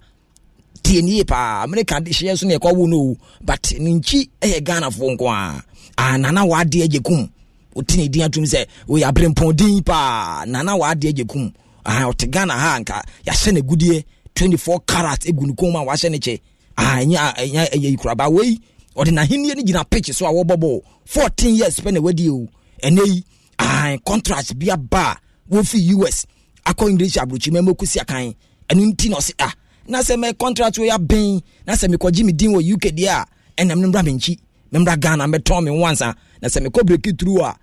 tienie paa america hyeɛ so na yɛkɔ wo no o but ne nkyi ɛyɛ ghanafoɔ nko a aa ah, anana waade agye kum wote ne din atom sɛ ɔyɛ aberempɔnden paa nana waade agye kum ah, ɔte ghana ha anka yɛahyɛ no agudie 24 carat ɛgu no kom a wahyɛ no kyɛ ah, ɛnyɛ ɛyɛ yikoraba wei ɔde n'ahenni no gyina pitch so a wɔbɔ bɔɔl fourteen years pɛ na wadi o ɛnɛ yi ahan contract bi aba a wofi us akɔ english aburukyi mɛmɛ kusi akan ɛnu ti na ɔsi a na sɛ mɛ contract wo yɛ abɛn na sɛ mɛ kɔgye din wɔ uk deɛ a ɛnam ne mbra mi nkyi mɛ mbra ghana mɛ tɔn mi wansa na sɛ mɛ kɔ break through a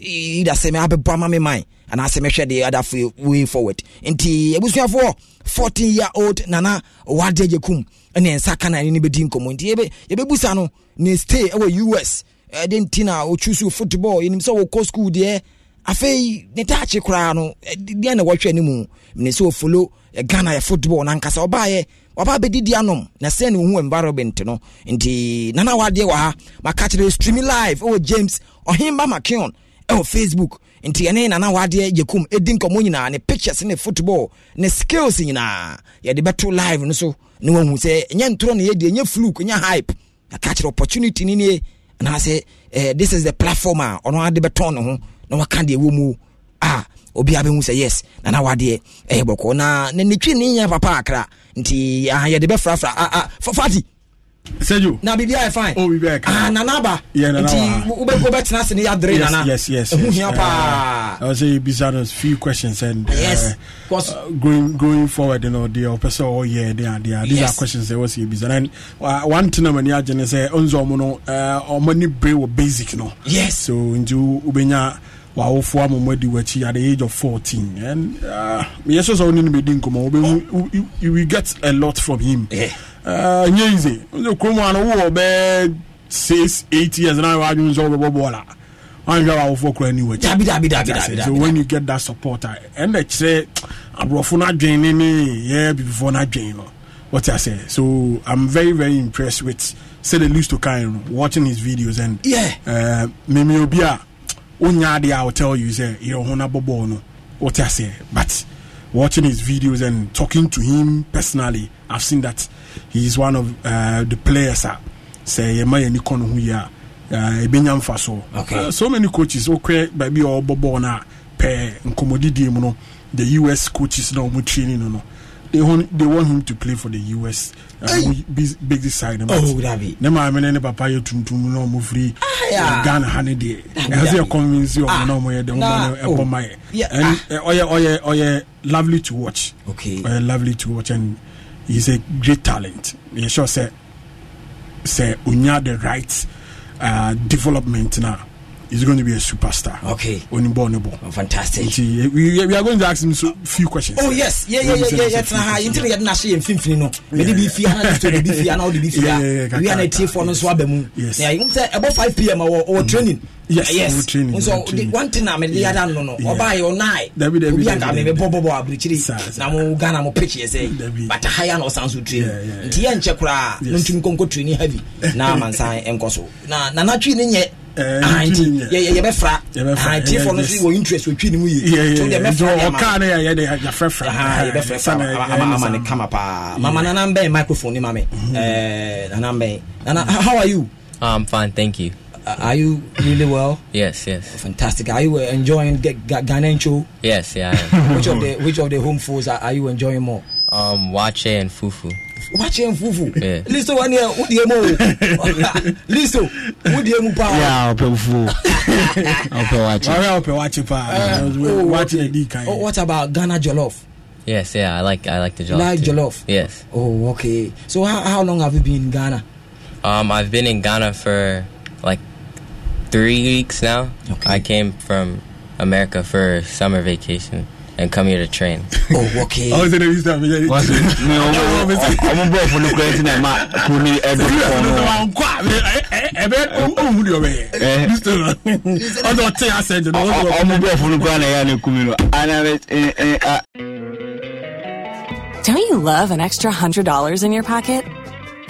ida sɛ mɛ abɛbɔ ama mi man anaasɛ mɛ hwɛ de ada way forward nti ebusuafoɔ fourteen year old nana ɔwɔ adeɛ ɛne ɛnsa ka nane no bɛdi nkɔmmɔ nti yɛbɛbusa no ne stay ɛwɔ us ɛde nti na ɔchusu football yɛnim sɛ wɔkɔ school deɛ afei ne taakye koraa no deɛ na wɔhwɛ no mu mene sɛ ɔfolo ghana yɛ football nankasa ɔbaayɛ waba abɛdidi anom na sɛ ne wohu environment no nti nana wadeɛ wɔ ha maka kyerɛ streaming live ɛwɔ james ɔhemba makeon ɛwɔ facebook nti ɛne nana wadeɛ yɛkum ɛdi nkɔmmɔ nyinaa ne pictures ne football ne skills nyinaa yɛde bɛto live no so ne wahu sɛ ɛnyɛ ntorɔ na yɛdeɛ ɛnyɛ fluk ɛnyɛ hype aka kyerɛ opportunity no nie anaasɛ eh, this is the platform a ɔno ade bɛtɔn ne ho na waka deɛ wɔ mu a obiara bɛhu sɛ yes na na wadeɛ ɛyɛ bɔkɔɔ na na ne twi ne nyɛ papa akra nti ah, yɛde bɛfrafra ah, ah, fafati sɛyo na bibi ayɛ fine oh bibi, ayɛ kan ah nana aba yeah nana aba nti wobɛ wobɛ tena ase ne yadere yes, nana yes yes yes ɛho hia eh, paa i was say you bisa us few questions and uh, yes because uh, going going forward you know the person. ɔpɛ oh, they are they are. these yes. are questions they ɛ wɔsi ebisa and uh, one thing a mani agye ne sɛ ɔnzɔ ɔmo no ɔmo uh, ani bere wɔ basic no yes so nti wobɛnya wawofo ama mo adi w'akyi at the age of fourteen and uh, yɛsɛ sɛ wo ne no bɛdi nkɔmmɔ wobɛhu you will get a lot from him. Yeah. Eh, nye yize kurom ano wowɔ bɛɛ six eight years na wa adwene sɛ wobɛbɔ bɔɔl a wanhwɛ wawofoɔ kora ni So when you get that support a ɛnɛ kyerɛ aborɔfo no adwen ne ne yɛ bibifoɔ no no what I say. So I'm very, very impressed with the Sede Luis Tokain watching his videos and yeah, uh, Mimi Obia, Unyadi, will tell you, say, you're honorable, no, what I say, but watching his videos and talking to him personally, I've seen that he is one of uh, the players a ah, sɛ yɛma yɛni kɔ no ho yie uh, a ɛbɛnya mfa so okay. Uh, so many coaches wokɛ baabi a ɔbɔ bɔɔl no a pɛɛ nkɔmmɔdidie mu no the us coaches na ɔmo training no no they want they want him to play for the US. Uh, big, big side. Oh, Dabi. Ne maame ne ne papa yɛ tuntum na ɔmo firi Ghana ha ne deɛ. Ɛhɛ sɛ convince ɔmo na ɔmo yɛ dɛ ɔmo na ɛbɔ oh yeah, oh yeah, oh yeah. lovely to watch. Okay. Ɔyɛ lovely to watch and he's a great talent yɛhyɛ sɛ sɛ onya the right uh, development now he's going to be a superstar. Okay. Onibonibo. Oh, fantastic. Eh, we, we are going to ask him so few questions. Oh yes, yeah, yeah, yeah, yeah, yeah. Tena ha, nti yɛ na hye mfimfini no. Me de bi fi ha na de bi fi ha na de bi fi ha. We are na tie for no so aba mu. Yes. Yeah, you say about 5 pm or or mm. training. Yes. Yes. Training, so training. one thing na me dey adan no no. Oba your nine. Dabi dabi. Obi anga me bobo bobo abrichiri. Na mo Ghana mo pitch yes eh. But higher no na osan train. Nti ya nche kra. No ntumi konko training heavy. Na mansan enkoso. Na na na training yet how are you ah, i'm fine thank you uh, are you really well? Yes, yes. Fantastic. Are you enjoying G- Ghanaian show? Yes, yeah. which of the which of the home foods are, are you enjoying more? Um, Wache and Fufu. Wache and Fufu. Yeah. Listen, one year, who the mo? Listen, who the mo Yeah, I'll pay Fufu. I'll pay Wache. right, I'll pay Wache pa. Ah. Uh, oh, Wache the D kind. what about Ghana Jollof? Yes, yeah, I like I like the Jollof. Like Jollof. Yes. Oh, okay. So how how long have you been in Ghana? Um, I've been in Ghana for like three weeks now. Okay. I came from America for summer vacation and come here to train. Oh, okay. I was in the Eastern Village. What's it? No, I'm a boy Don't you love an extra $100 in your pocket?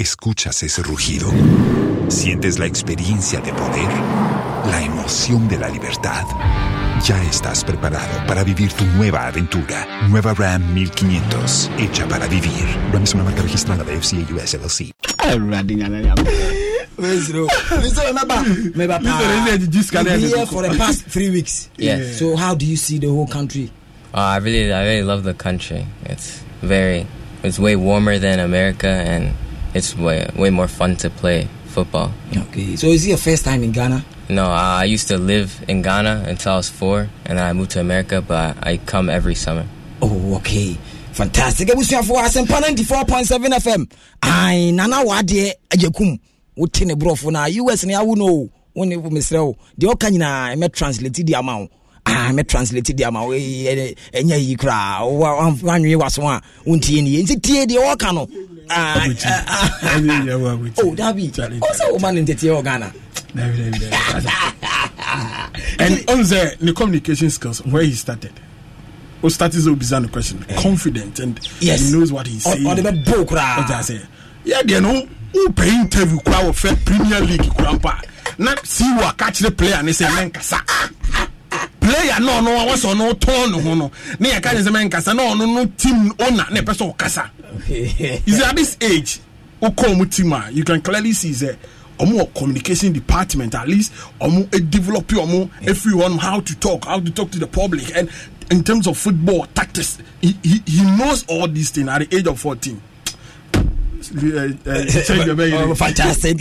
Escuchas ese rugido. Sientes la experiencia de poder, la emoción de la libertad. Ya estás preparado para vivir tu nueva aventura. Nueva Ram 1500, hecha para vivir. Ram es una marca registrada de FCA US LLC. for the past three weeks. Yes. So how do you see the whole country? Uh, I really, I really love the country. It's very, it's way warmer than America and it's way way more fun to play football. Okay. So is it your first time in Ghana? No, I used to live in Ghana until I was four, and then I moved to America. But I come every summer. Oh, okay. Fantastic. Abusuafoɔ asɛmpa 94.7 FM. Ai, nana wadeɛ agyakum. Wote ne borɔfo na US ne awo no. Wo mesrɛ wo. Deɛ ɔka nyinaa ɛmɛ translate di ama wo. Ah, mɛ translate di ama wo. Ɛnyɛ yi koraa. Woanwe waso a wontie nie. Nti tie deɛ ɔka no. Ah, ah, ah. oh dabi ɔsɛ wo ma ne ntɛteɛ wɔ ghana and on the, the communication skills where he started o started to obisa the question eh. confident and yes. he knows what he's saying ɔde bɛ bo koraa ɔde ase yɛ deɛ no o pɛ interview koraa wɔ fɛ premier league koraa pa na see wa kakyere player ne sɛ mɛ kasa player náà no wọn sọ no tọ́n ne ho no ne yɛ ka ne sɛmɛ nkasa na ɔno no team owner ne pɛ sɛ ɔkasa is at this age wokɔ ɔmo team a you can clearly see sɛ ɔmo wɔ communication department at least ɔmo develop ɔmo efiri hɔ how to talk how to talk to the public and in terms of football tactics he he, he knows all these things at the age of fourteen.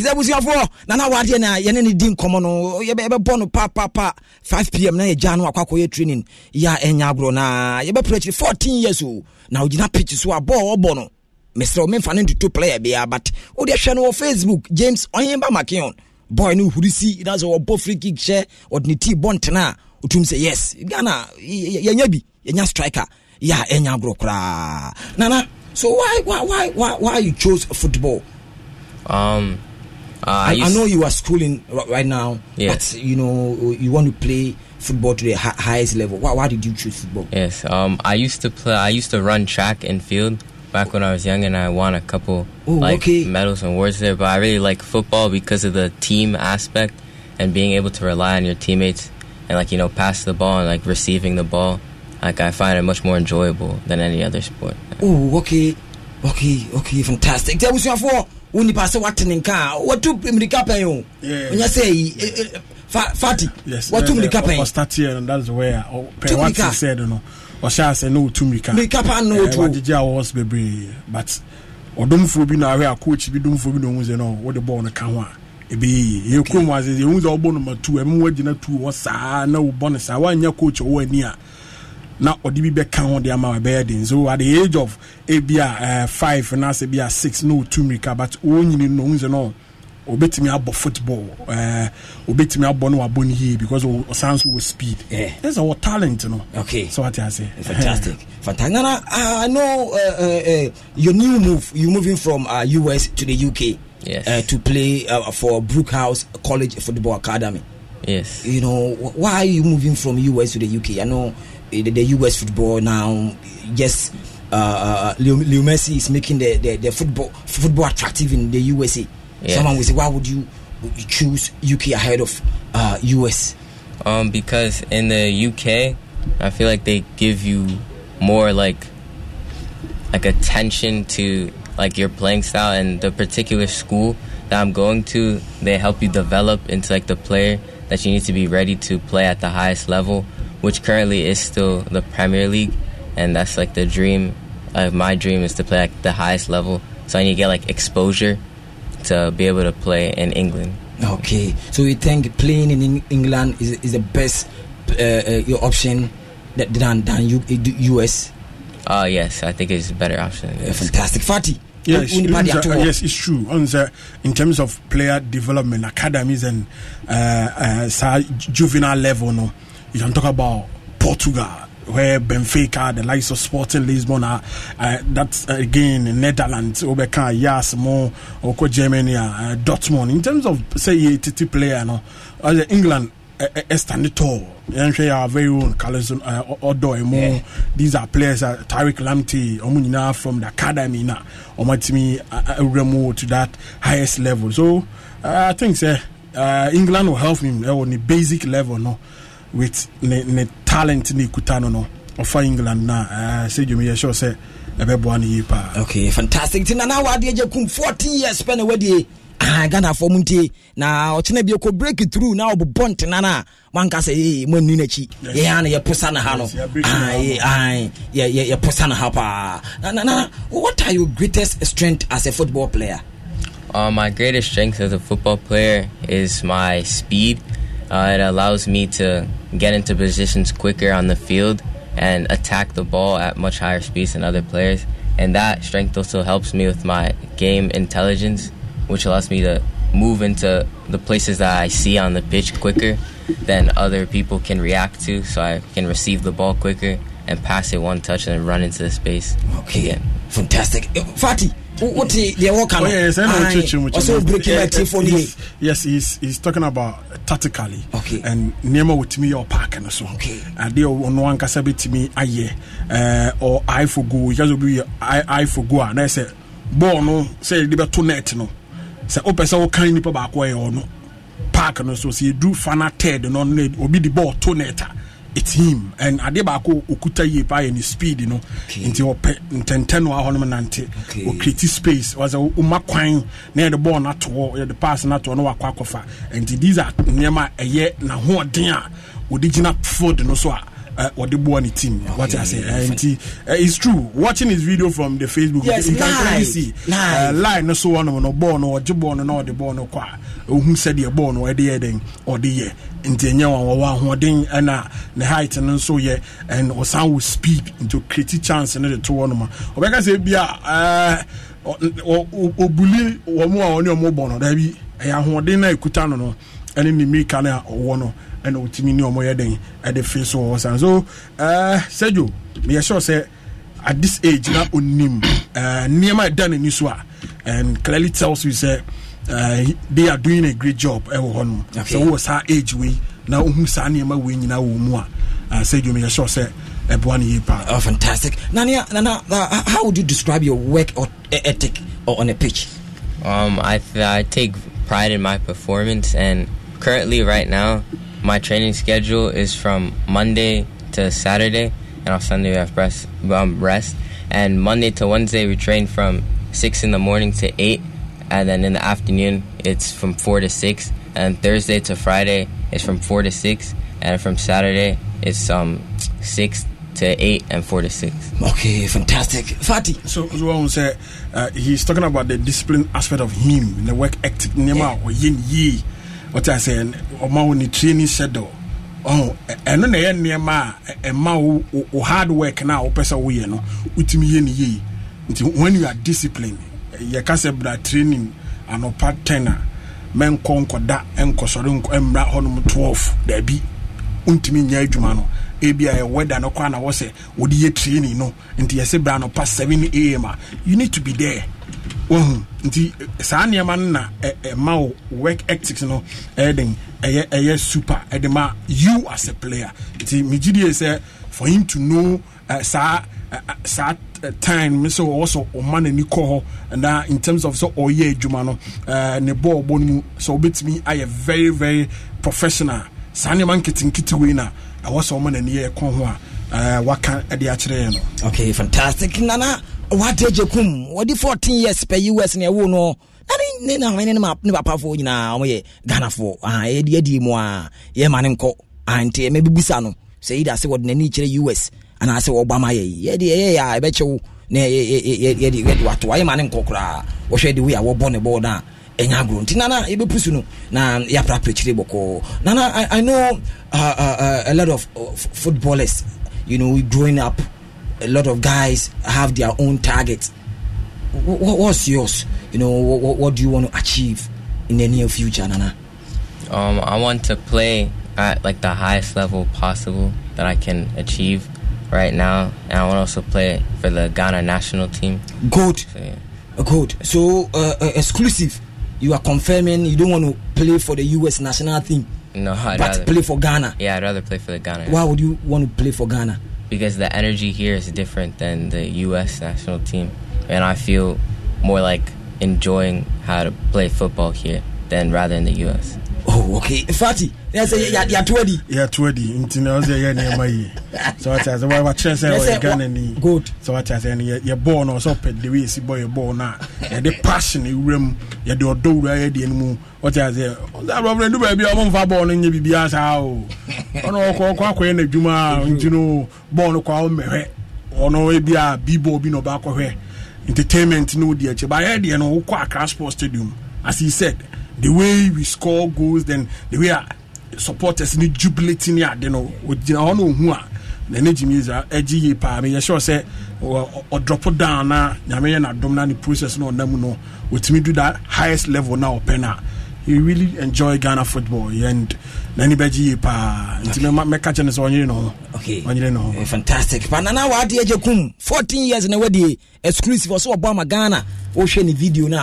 abusuafoɔ nana wadeɛ na yɛne ne di nkɔmmɔ no yɛbɛbɔ no papapa 5pm na yɛgya no training yɛ ɛnya agorɔ na yɛbɛprɛ akyiri 14 years o na ogyina pitch so a bɔɔ wɔbɔ no mesrɛ memfa no player biaa but wode hwɛ no wɔ facebook james ɔhemba makeon boy no wɔbɔ free kick hyɛ ɔde ne bɔ ntena a wotum sɛ yes ghana yɛnya bi yɛnya striker yɛ ɛnya agorɔ koraa nana So why why why why why you chose football? Um, uh, I, I, I, know you are schooling right now, Yes, but you know you want to play football to the highest level. Why, why did you choose football? Yes, um, I used to play. I used to run track and field back when I was young, and I won a couple Ooh, like okay. medals and awards there. But I really like football because of the team aspect and being able to rely on your teammates and like you know pass the ball and like receiving the ball like I find it much more enjoyable than any other sport. Oh, okay, okay, okay, fantastic. Tell us for when you pass what in car, what to America pay you? you say eh, eh, eh, fatty, yes, what to America Start here, and that's where oh, what he said, you know. ɔhyɛ asɛ na ɔtu mirika wagyegye a wɔwɔ so baby. but ɔdomfoɔ bi na ahwɛ a coach bi domfoɔ bi na the sɛ no the bɔɔl no ka ho a ɛbɛyie yɛkurom ase yɛhu sɛ wobɔ noma tu ɛmɛ wagyina tu hɔ saa na wobɔ no want woanyɛ coach ɔwɔ ani na ɔde bi bɛka ho de ama ɛbɛyɛ den so at the age of ebi eh, a ɛɛ eh, five anaasɛ ebi a six na otu mirika but wɔn nyini no ohun sɛ no obetumi abɔ football ɛɛ eh, obetumi abɔ no wabɔ ne yie because ɔsan so wɔ speed ɛsɛ wɔ talent no okay so wate ase fantastic fantastic nana i know uh, uh, uh, your new move you moving from uh, us to the uk yes. uh, to play uh, for brookhouse college football academy yes you know why are you moving from us to the uk i know. Eh, the, the US football now yes, uh, uh, Leo, Leo Messi is making the, the, the, football football attractive in the USA. Yes. Someone will say, why would you, would you choose UK ahead of uh, US? Um, because in the UK, I feel like they give you more like like attention to like your playing style and the particular school that I'm going to. They help you develop into like the player that you need to be ready to play at the highest level which currently is still the Premier League, and that's like the dream. Uh, my dream is to play at the highest level, so I need to get like exposure to be able to play in England. Okay, so you think playing in England is, is the best uh, uh your option than than U, US? Uh, yes, I think it's a better option. Fantastic, fatty. Yes, uh, yes, it's true. On the, in terms of player development, academies and uh, uh, juvenile level, no. You can talk about Portugal, where Benfica, the likes of Sporting Lisbon, are, uh, that's uh, again Netherlands, Obeka, Yas, Mo, Oko Germany, uh, Dortmund. In terms of, say, ATT player, no, uh, England, Estani Tall, yɛnhwɛ yɛ our very own Carlos uh, Odoi mu these are players uh, Tariq Lamptey ɔmo from the academy na ɔmo atumi awura uh, uh, mu to that highest level so uh, I think sɛ uh, England will help him ɛwɔ uh, eh, ne basic level no. with ne ne talent ne kuta no ɔfa england na sɛ dwom yɛ sure sɛ ɛbɛboa no yie paa okay fantastic nti nana wadeɛ gya kum 14 years pɛ ah, na wadie eh, ah, ghanafoɔ mu ntie na ɔkyena bi ɛkɔ break through Now, ɔbobɔ ntena no a moanka sɛ ee moanni n'akyi yɛa no yɛposa no ha no yɛposa no ha paa nana what are your greatest strength as a football player Uh, my greatest strength as a football player is my speed. Uh, it allows me to get into positions quicker on the field and attack the ball at much higher speeds than other players. And that strength also helps me with my game intelligence, which allows me to move into the places that I see on the pitch quicker than other people can react to, so I can receive the ball quicker and pass it one touch and run into the space. Okay. Again. Fantastic. Fatih, wote deɛ wɔka noɔsɛ breaking my teeth on way yes he's, he's talking about tactically okay. and nneɛma wɔtumi yɛ ɔpark no so adeɛ ɔno ankasa bɛtumi ayɛ or eye for goal yɛ sɛ obi yɛ eye for goal a na sɛ bɔɔl no sɛ yɛde bɛto net no sɛ wopɛ sɛ wokan nipa baako ɛyɛ ɔno park no so sɛ yɛdu fa no no obi de bɔɔl to net a it's him and ade baako okuta yie paa yɛ ne speed no nti ɔpɛ ntɛntɛn no ahɔ nom nante ɔkreti space wɔsɛ ɔma kwan na yɛde bɔɔl natoɔ yɛde pass natoɔ na wakɔ akɔfa nti these are nneɛma a ɛyɛ n'ahoɔden a wɔde gyina field no so a ɔde boa ne team what i say eh, nti eh, it's true watching his video from the facebook yes, you can clearly see eh, line no so wɔnom no bɔɔl no ɔgye bɔɔl no na ɔde bɔɔl no kɔ a ohun sɛdeɛ bɔɔl no ɔde yɛ den ɔde yɛ nti ɛnyɛ wɔn wɔwɔ ahoɔden ɛna ne height no nso yɛ and ɔsan wɔ speed nti ɔkreti chance no de to wɔnom a ɔbɛka sɛ ebi a ɔbuli wɔn a wɔne wɔn bɔ no daabi ɛyɛ ahoɔden na ekuta no no ɛne ne mirika no a ɔwɔ no. ɛna ɔtumi ɔmo yɛ den ɛde fi so san so ɛɛ at this age na onim ɛɛ nneɛma ɛda n'ani so a and clearly tells you sɛ ɛɛ they are doing a great job ɛwɔ hɔ nom saa age wei na ohun saa nneɛma wei nyinaa wɔ mu a ɛɛ sɛ. Oh, fantastic. Nania, Nana, uh, how would you describe your work or ethic or on a pitch? Um, I, I take pride in my performance, and currently, right now, my training schedule is from Monday to Saturday, and on Sunday we have rest. Um, rest. And Monday to Wednesday we train from six in the morning to eight, and then in the afternoon it's from four to six. And Thursday to Friday is from four to six, and from Saturday it's um six to eight and four to six. Okay, fantastic, Fati. So, so say, uh, he's talking about the discipline aspect of him, the work ethic, yeah. wɔte asɛ ɔma wo ne training schedule ɔho ɛno na ɛyɛ nneɛma a ɛma wo hard work na a wopɛ sɛ woyɛ no wotumi yɛ ne yie nti when you are disciplined yɛka sɛ bra training anɔpa 10 a mɛnkɔ nkɔda nkɔsɔre mmra hɔnom 12 daabi wontumi nyɛ adwuma no ebi a ɛwɛda no kɔ a na wɔ sɛ wode yɛ training no nti yɛsɛ bra anɔpa 7 am a you need to be there wohu nti saa nneɛma no na ɛma wo work ethics no ɛyɛ den ɛyɛ ɛyɛ super ɛde ma you as a player nti megye die sɛ for him to know saa saa uh, time sɛ ɔwɔ ɔma n'ani kɔ hɔ na in terms of sɛ ɔyɛ adwuma no ne bɔɔl bɔ no mu sɛ ɔbɛtumi ayɛ very very professional saa nneɛma nketenkete na ɛwɔ sɛ ɔma n'ani yɛ ɛkɔ ho a waka ɛde akyerɛ yɛ no okay fantastic nana wɔate agye kum wɔde 14 years pɛ us ne ɛwo no ne nahene ne papafoɔ nyinaa ɔmoyɛ ghanafoɔ ah, yɛde adie mu a yɛma ah, e ne nkɔ nti mɛbɛbu sa no sɛ yida sɛ wɔde n'ani kyerɛ us anaasɛ wɔba ma yɛyi yɛde ɛyɛyɛ a ɛbɛkyɛ wo na yɛde watoa yɛma ne nkɔ koraa wɔhwɛ de wei a wɔbɔ ne bɔɔ no a ɛnya agorɔ nti nana yɛbɛpusu no na yɛapraprakyire bɔkɔɔ nana i, I know uh, uh, uh, a lot of uh, footballers you know growing up a lot of guys have their own targets. What, what's yours? You know, what, what do you want to achieve in the near future, Nana? Um, I want to play at like the highest level possible that I can achieve right now, and I want to also play for the Ghana national team. Good, so, yeah. good. So uh, uh, exclusive. You are confirming you don't want to play for the U.S. national team. No, I'd but rather play for Ghana. Yeah, I'd rather play for the Ghana. Why would you want to play for Ghana? because the energy here is different than the U.S. national team, and I feel more like enjoying how to play football here than rather in the U.S. Oh, okay, Fatih. good sɛ wate asɛ no yɛbɔɔ entertainment no di akyi but yɛ deɛ no wokɔ akra sports stadium as he said the way we score goals then the way supporters ne jubilate ne ade no ogyina hɔ na ohu a n'ani gye mmiɛnsa agye yie paa meyɛ sure sɛ ɔdrɔpo down na nyame yɛ n'adom na ne process na ɔnam no wɔtumi do that highest level na ɔpɛ no he really enjoy ghana football and n'ani bɛgye yie paa nti mɛka kyɛ no sɛ ɔnyere ne ho ɔnyere ne ho eh, fantastic pa nana waade agye kum 14 years na wadie exclusive ɔsɛ wɔbɔ ama ghana wohwɛ ne video no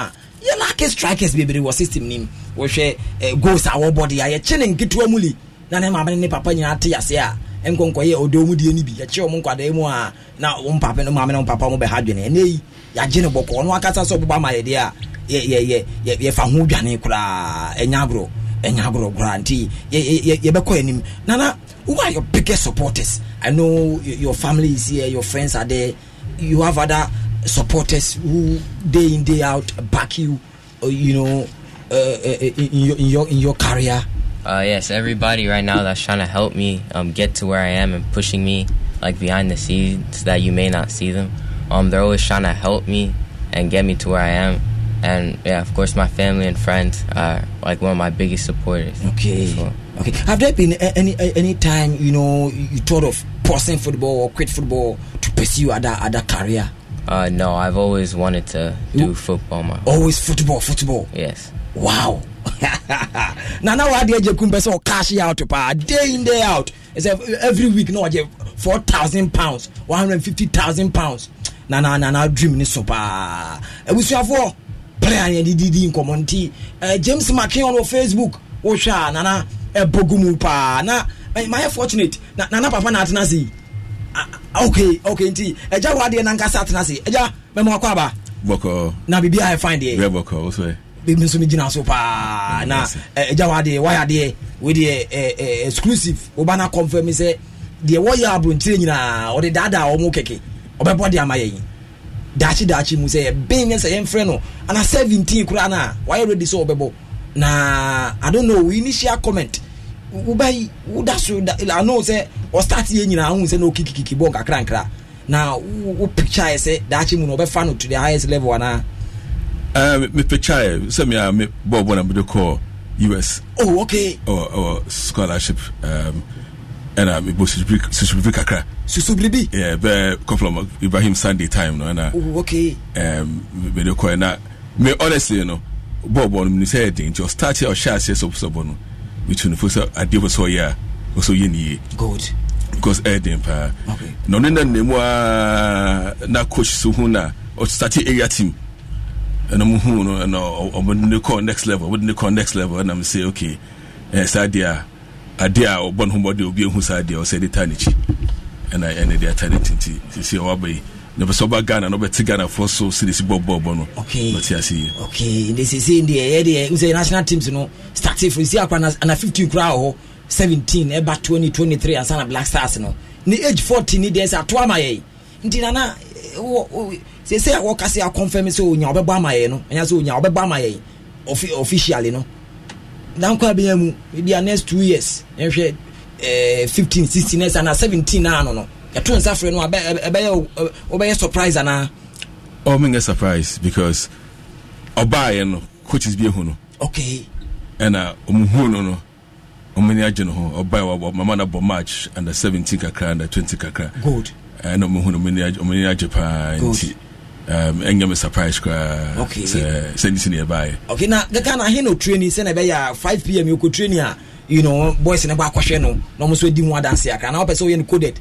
yɛ lake strikers bebree wɔ system nim wɔhwɛ eh, goals a wɔbɔ de a yɛkye ne nketewa mu le na ne maame ne papa nyinaa te ase a nkɔnkɔyɛ ɔdɔ mu die no bi yɛkye wɔn nkwadaa mu a na wɔn papa ne maame ne wɔn papa mo bɛ ha dwene ɛnɛ yi yɛagye ne bɔkɔ ɔno akasa sɛ ɔbɛba ama yɛde a yɛfa ho dwane koraa ɛnya agorɔ ɛnya agorɔ koraa nti yɛbɛkɔ anim nana who are your biggest supporters i know your family is here your friends are there you have other supporters who day in day out back you, uh, you know, uh, uh in your in your in your career? Uh, yes, everybody right now that's trying to help me um, get to where I am and pushing me like behind the scenes that you may not see them. Um, they're always trying to help me and get me to where I am. And yeah, of course, my family and friends are like one of my biggest supporters. Okay. So. Okay. Have there been any any time you know you thought of pausing football or quit football to pursue other other career? Uh, no, I've always wanted to do football. Man. Always football, football. Yes. Wow. now, now, I did you come person cash out pa day in day out. It's every week. No, I get four thousand pounds, one hundred fifty thousand pounds. Now, now, now, na dream ni so pa. E busi afọ player in di di di James McKeon on Facebook. Osha nana. na e bogumu pa am eh, My fortunate Nana, papa na atena Ah, ah, okay okay nti ɛgya wɔ adeɛ nankasa atena se ɛgya mɛma wakɔ aba bɔkɔ na biribi a ɛfan deɛ bɛ bɔkɔ o sɛ biribi nso mi gyina so paa na ɛgya wɔ adeɛ wɔyɛ adeɛ wei deɛ ɛ ɛ exclusive wɔba na confirm sɛ deɛ wɔyɛ aburontire nyinaa ɔde daadaa wɔn kɛkɛ ɔbɛbɔ de ama yɛn daakye daakye mu sɛ yɛbɛn ne sɛ yɛmfrɛ no ana seventeen koraa na wɔayɛ ready sɛ ɔbɛbɔ na i don't know we initial comment. woba yi woda so ano sɛ ɔstart yɛ nyinaa ahu sɛ na okikikiki bɔ nkakrankra na wo picture yɛ sɛ mu na ɔbɛfa no to the highest level anaa uh, eh, me picture sɛ me a ah, me bɔ bɔ na mede kɔ us oh okay ɔwɔ ɔwɔ scholarship um, ɛna mebɔ susubiribi kakra susubiribi yeah, bɛɛ couple of ibrahim sunday time no ɛna oh, okay um, mede kɔɛ na me honestly no bɔɔbɔ no mene sɛ ɛden nti ɔstart yɛ ɔhyɛ aseɛ sɛ ɔpsɛ bɔ no metunifo sɛ adeɛ pɛ sɛ ɔyɛ a ɔsɛ ɔyɛ ne yie because ɛden eh, paa na ɔno na nnamu uh, a na coach so ho na ɔstate area team ɛno mu hu no ɛna ɔmode ne kɔɔ next level ɔmode ne kɔɔ next level ɛnam sɛ okay ɛɛ saa deɛ a adeɛ a ɔbɔ ne ho bɔde obi ehu saa deɛ ɔsɛ de taa n'akyi ɛna ɛna de ata ne tinti na pɛsɛ ɔba ghana na ɔbɛte ghanafoɔ so series bɔbɔbɔ no ɔte ase yi okay de sesei deɛ ɛyɛ deɛ wosɛ national teams no starte firi si akora na 15 koraa wɔ hɔ 17 ɛba 2023 ansa na black stars no ne age 14 ni deɛ sɛ ato ama yɛi nti nana sesei a wɔka se akɔmfɛm sɛ onya wɔbɛbɔ ama yɛi no ɛnya sɛ onya wɔbɛbɔ ama yɛi officially no nankɔ abɛnya mu bia next two years ɛhwɛ 15 16 ɛsa na 17 naa no no yɛto nsa frɛ no ɛbɛyɛ wobɛyɛ surprise anaa ɔmenyɛ oh, surprise because ɔbaeɛ no coaches bi ehu no okay ɛna ɔmuhuu no no ɔmani agye no ho ɔbae mama no bɔ match under 17 kakra under 20 kakra good ɛna eh, ɔmuhu no ɔmani agye paa nti um, ɛnyɛ me surprise koraa okay. sɛ ne si ɛbaeɛ okay na keka na he na ɔtrani sɛ na ɛbɛyɛ 5 pm yɛkɔtrani a you know boys ne bɔ akɔhwɛ no na ɔmo nso adi ho adanse akra na wopɛ sɛ woyɛ no coded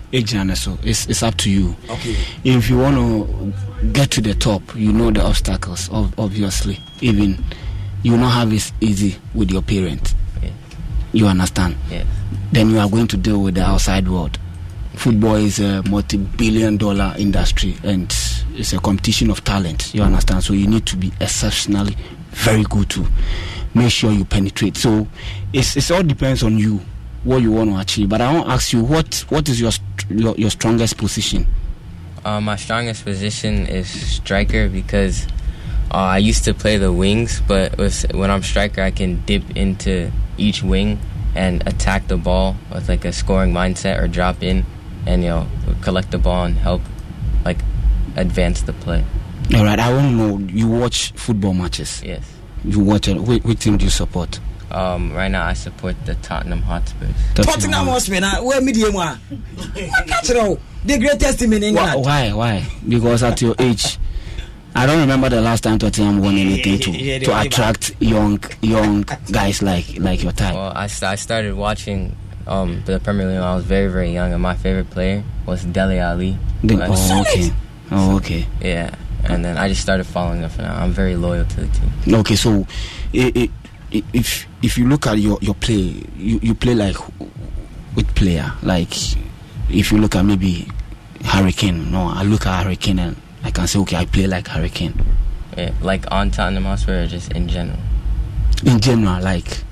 Ejana, so it's, it's up to you. Okay. If you want to get to the top, you know the obstacles, obviously. Even you not have it easy with your parents. Yeah. You understand? Yeah. Then you are going to deal with the outside world. Football is a multi billion dollar industry and it's a competition of talent. You understand? So you need to be exceptionally very good to make sure you penetrate. So it's, it's all depends on you what you want to achieve. But I want to ask you, what what is your your, your strongest position? Uh, my strongest position is striker because uh, I used to play the wings, but when I'm striker, I can dip into each wing and attack the ball with like a scoring mindset or drop in and you know collect the ball and help like advance the play. All right, I want to know you watch football matches. Yes. You watch it. which team do you support? Um, right now, I support the Tottenham Hotspurs. Tottenham Hotspur. Now, where medium one? Catch it The greatest team in England. Why? Why? Because at your age. I don't remember the last time Tottenham won anything to, to attract young young guys like like your type. Well, I, I started watching um, the Premier League when I was very very young, and my favorite player was Dele Ali. The, like, oh, okay. Oh, okay. So, yeah, and then I just started following up, Now I'm very loyal to the team. Okay, so it, it, if if you look at your, your play, you, you play like with player. Like if you look at maybe Hurricane, no, I look at Hurricane and I can say, okay, I play like Hurricane. Yeah, like on Tottenham Hotspur or just in general? In general, like.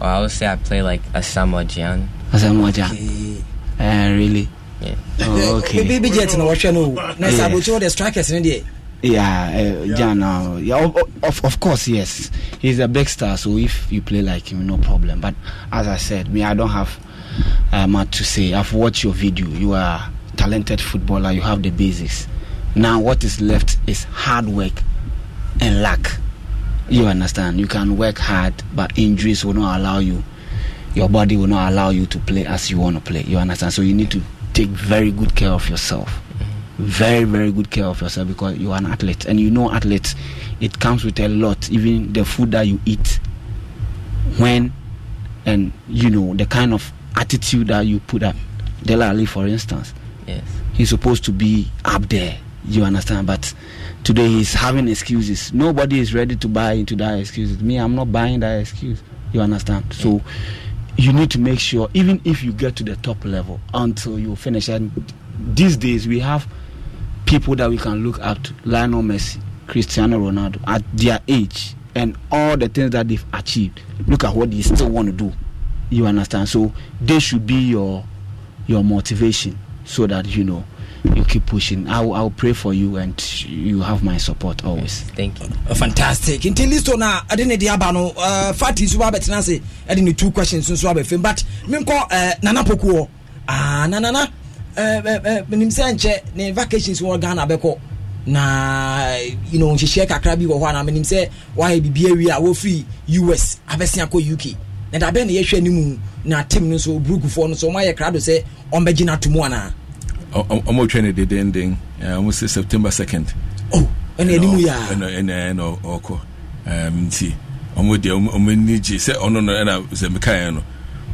Well, I would say I play like Asamoah Gyan. Asamoah Gyan. Okay. Uh, really? Yeah. Oh, okay. Baby Jet, no, what you know? will show the strikers, in the yeah, uh, yeah. Jana. Uh, yeah, of, of course, yes. He's a big star, so if you play like him, no problem. But as I said, me, I don't have uh, much to say. I've watched your video. You are talented footballer. You have the basics. Now, what is left is hard work and luck. You understand? You can work hard, but injuries will not allow you. Your body will not allow you to play as you want to play. You understand? So you need to take very good care of yourself very very good care of yourself because you are an athlete and you know athletes it comes with a lot even the food that you eat when and you know the kind of attitude that you put up Delali, for instance yes he's supposed to be up there you understand but today he's having excuses nobody is ready to buy into that excuses me I'm not buying that excuse you understand so you need to make sure even if you get to the top level until you finish and these days we have people that we can look at Lionel Messi, Cristiano Ronaldo at their age and all the things that they've achieved. Look at what they still want to do. You understand? So they should be your your motivation so that you know you keep pushing. I'll, I'll pray for you and you have my support always. Thank you. Uh, fantastic. Until this one, I didn't the abano. Uh, Fati suba betinase. I didn't two questions suba befim. But mimko uh, nana pokuo. Ah, nana. Eh, eh, eh, menim sɛ nkyɛ ne vacations wɔ ghana bɛkɔ na you know nhyehyɛ kakra bi wɔ hɔ ana menim sɛ wayɛ biribi awie a wɔfiri us abɛsen akɔ uk na dabɛ na yɛhwɛ no mu na tim no so burukufoɔ no so ɔmayɛ krado sɛ wɔn ɔmbɛgye no ato mu anaa ɔmɔtwɛ no dedenden ɔmɔ sɛ september 2nd ɛne anim yɛɛnɛ ɔkɔ nti ɔmo deɛ ɔmo ani gye sɛ ɔno no ɛna sɛ mekaeɛ no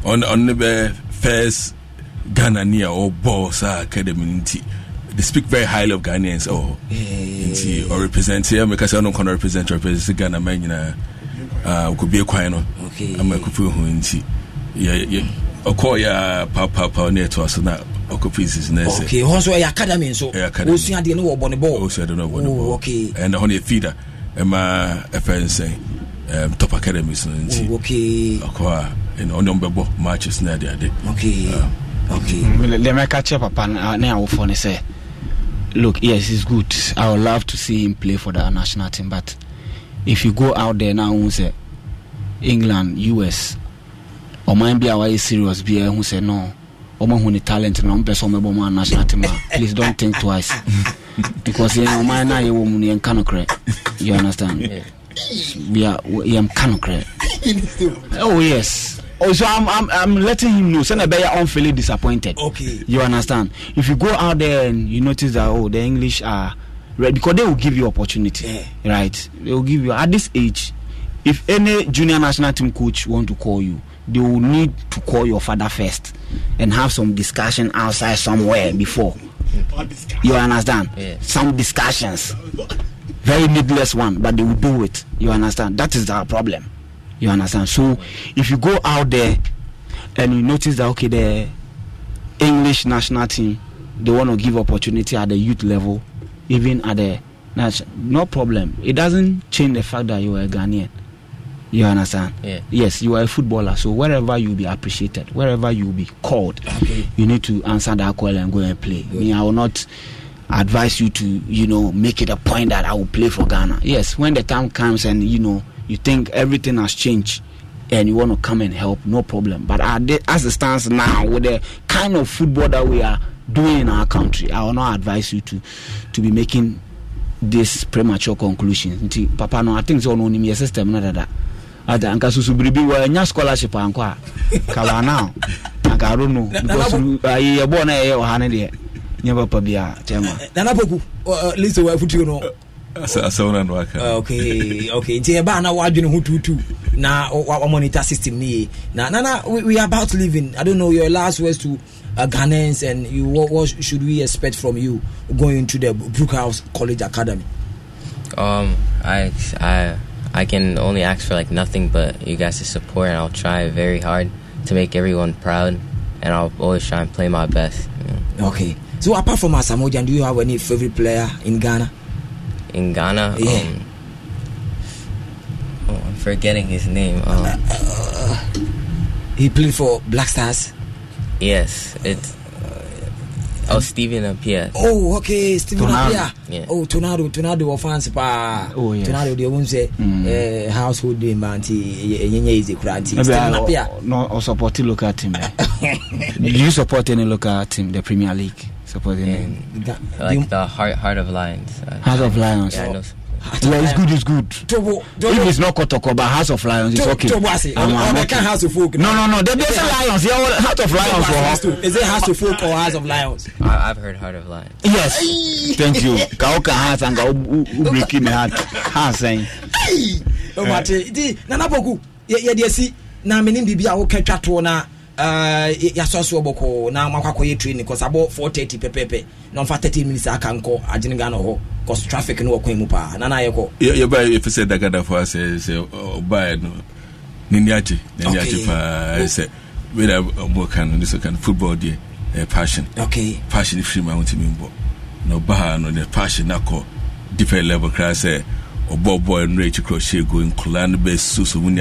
ɔno ne bɛ first ghana ni a ɔbɔ saa academy no nti they speak very highly of ghanaians ɔ eh. nti ɔrepresent meka sɛ ɔno nkɔno represent represent ghana ma nyinaa wokɔbie kwan no ama akupu hu nti ɔkɔɔyɛ a papapa ne ɛtoa so na ɔkɔpii season no sɛ hɔ nso ɛyɛ academy nso ɔsua deɛ ne wɔbɔ ne bɔɔsuadeɛ ne wɔbɔ ne bɔɔ ɛna hɔ ne ɛfida ɛma ɛfɛ nsɛn um, top academies no nti ɔkɔ oh, a ɛna ɔne matches ne adeade okay. Uh, deɛ mɛka kyerɛ papa ne awofoɔ no look yes it's good i would love to see him play for the national team but if you go out there now wohu say england us or bi a wayɛ serious biaa who say no or ɔmahu ne talent no ɔmpɛ sɛ ɔmɛbɔ mu a national team please don't think twice because yɛn ɔman no a yɛwɔ mu no yɛnka nokorɛ you understand yɛmka nokorɛ oh yes oh, so I'm, I'm I'm letting him know. Senebeya I'm feeling disappointed. Okay. You understand? If you go out there and you notice that oh the English are right because they will give you opportunity. Yeah. Right? They will give you at this age. If any junior national team coach want to call you, they will need to call your father first and have some discussion outside somewhere before. You understand? Yeah. Some discussions. Very needless one, but they will do it. You understand? That is our problem. You understand? So if you go out there and you notice that okay, the English national team they want to give opportunity at the youth level, even at the that's no problem. It doesn't change the fact that you are a Ghanaian. You understand? Yeah. Yes, you are a footballer. So wherever you be appreciated, wherever you be called, okay. you need to answer that call and go and play. Good. Me, I will not advise you to, you know, make it a point that I will play for Ghana. Yes, when the time comes and you know you think everything has changed and you want to come and help, no problem. But as it stands now, with the kind of football that we are doing in our country, I will not advise you to to be making this premature conclusion. Papa, no, I think so. No, your system, not that. ada anka susu biribi wɔ nya scholarship ankɔ a now anka aro no because ayi yɛ bɔɔ na yɛyɛ ɔha ne deɛ nyɛ papa bi a kyɛn ma nana poku uh, uh, listen, wa afutuo no asɛm na no aka ah, okay okay nti ɛbaa na woadwene ho tutu na monitor system ne ye na nana we, we are about living i don't know your last words to uh, Ghanaians and you what, what should we expect from you going into the Brookhouse College Academy um I I I can only ask for like nothing but you guys' support and I'll try very hard to make everyone proud and I'll always try and play my best okay so apart from Asamoah do you have any favorite player in Ghana in Ghana. Yeah. Um, oh, I'm forgetting his name. Um, uh, uh, uh he played for Black Stars. Yes, it's. Oh, Steven Appiah. Oh, okay, Steven Appiah. Yeah. Oh, Tornado, Tornado of fans pa. Oh, yes. Tornado, they won't say mm. uh, household name, Manti, Yenya is a cranty. Steven Appiah. No, I support the local team. Eh. Do you support any local team, the Premier League? supporting in, the, like the, the heart, heart of lions. Uh, heart of lions. Yeah, so, yeah, it's good, it's good. Tobo, Tobo. If it's not Kotoko, but House of Lions, it's okay. Tobo, I say, um, I'm okay. Can't House of Folk. No, no, no. The best Lions, yeah, well, House of Lions. Tobo, has is it House of Folk or House of Lions? I, I've heard Heart of Lions. Yes. Thank you. Kaoka House and Kaoka breaking the heart. Heart saying. Hey! Oh, Mate. Eh. Nana Boku, yeah, yeah, see. Now, my name be a okay chat one. Uh, yɛasɔ asoɔ bɔkɔɔ na moakɔakɔyɛ training cause abɔ 430 pɛpɛpɛ na ɔmfa 30 minutes aka nkɔ agyene ghana hɔ cause traffic no wɔkwan mu paa na na yɛkɔ yɛba yɛfi sɛ dagadafoɔ sɛ sɛ ɔbaɛ no nani agye nani agye paa sɛ weda ɔmɔka no ne ka no football deɛ ɛyɛ uh, passion okay. passion firi ma wontumi mbɔ na ɔbaa no ne passion no akɔ different level koraa sɛ ɔbɔɔbɔɔ ɛnora akyi korɔ hyɛ go nkola no bɛsusu mu ne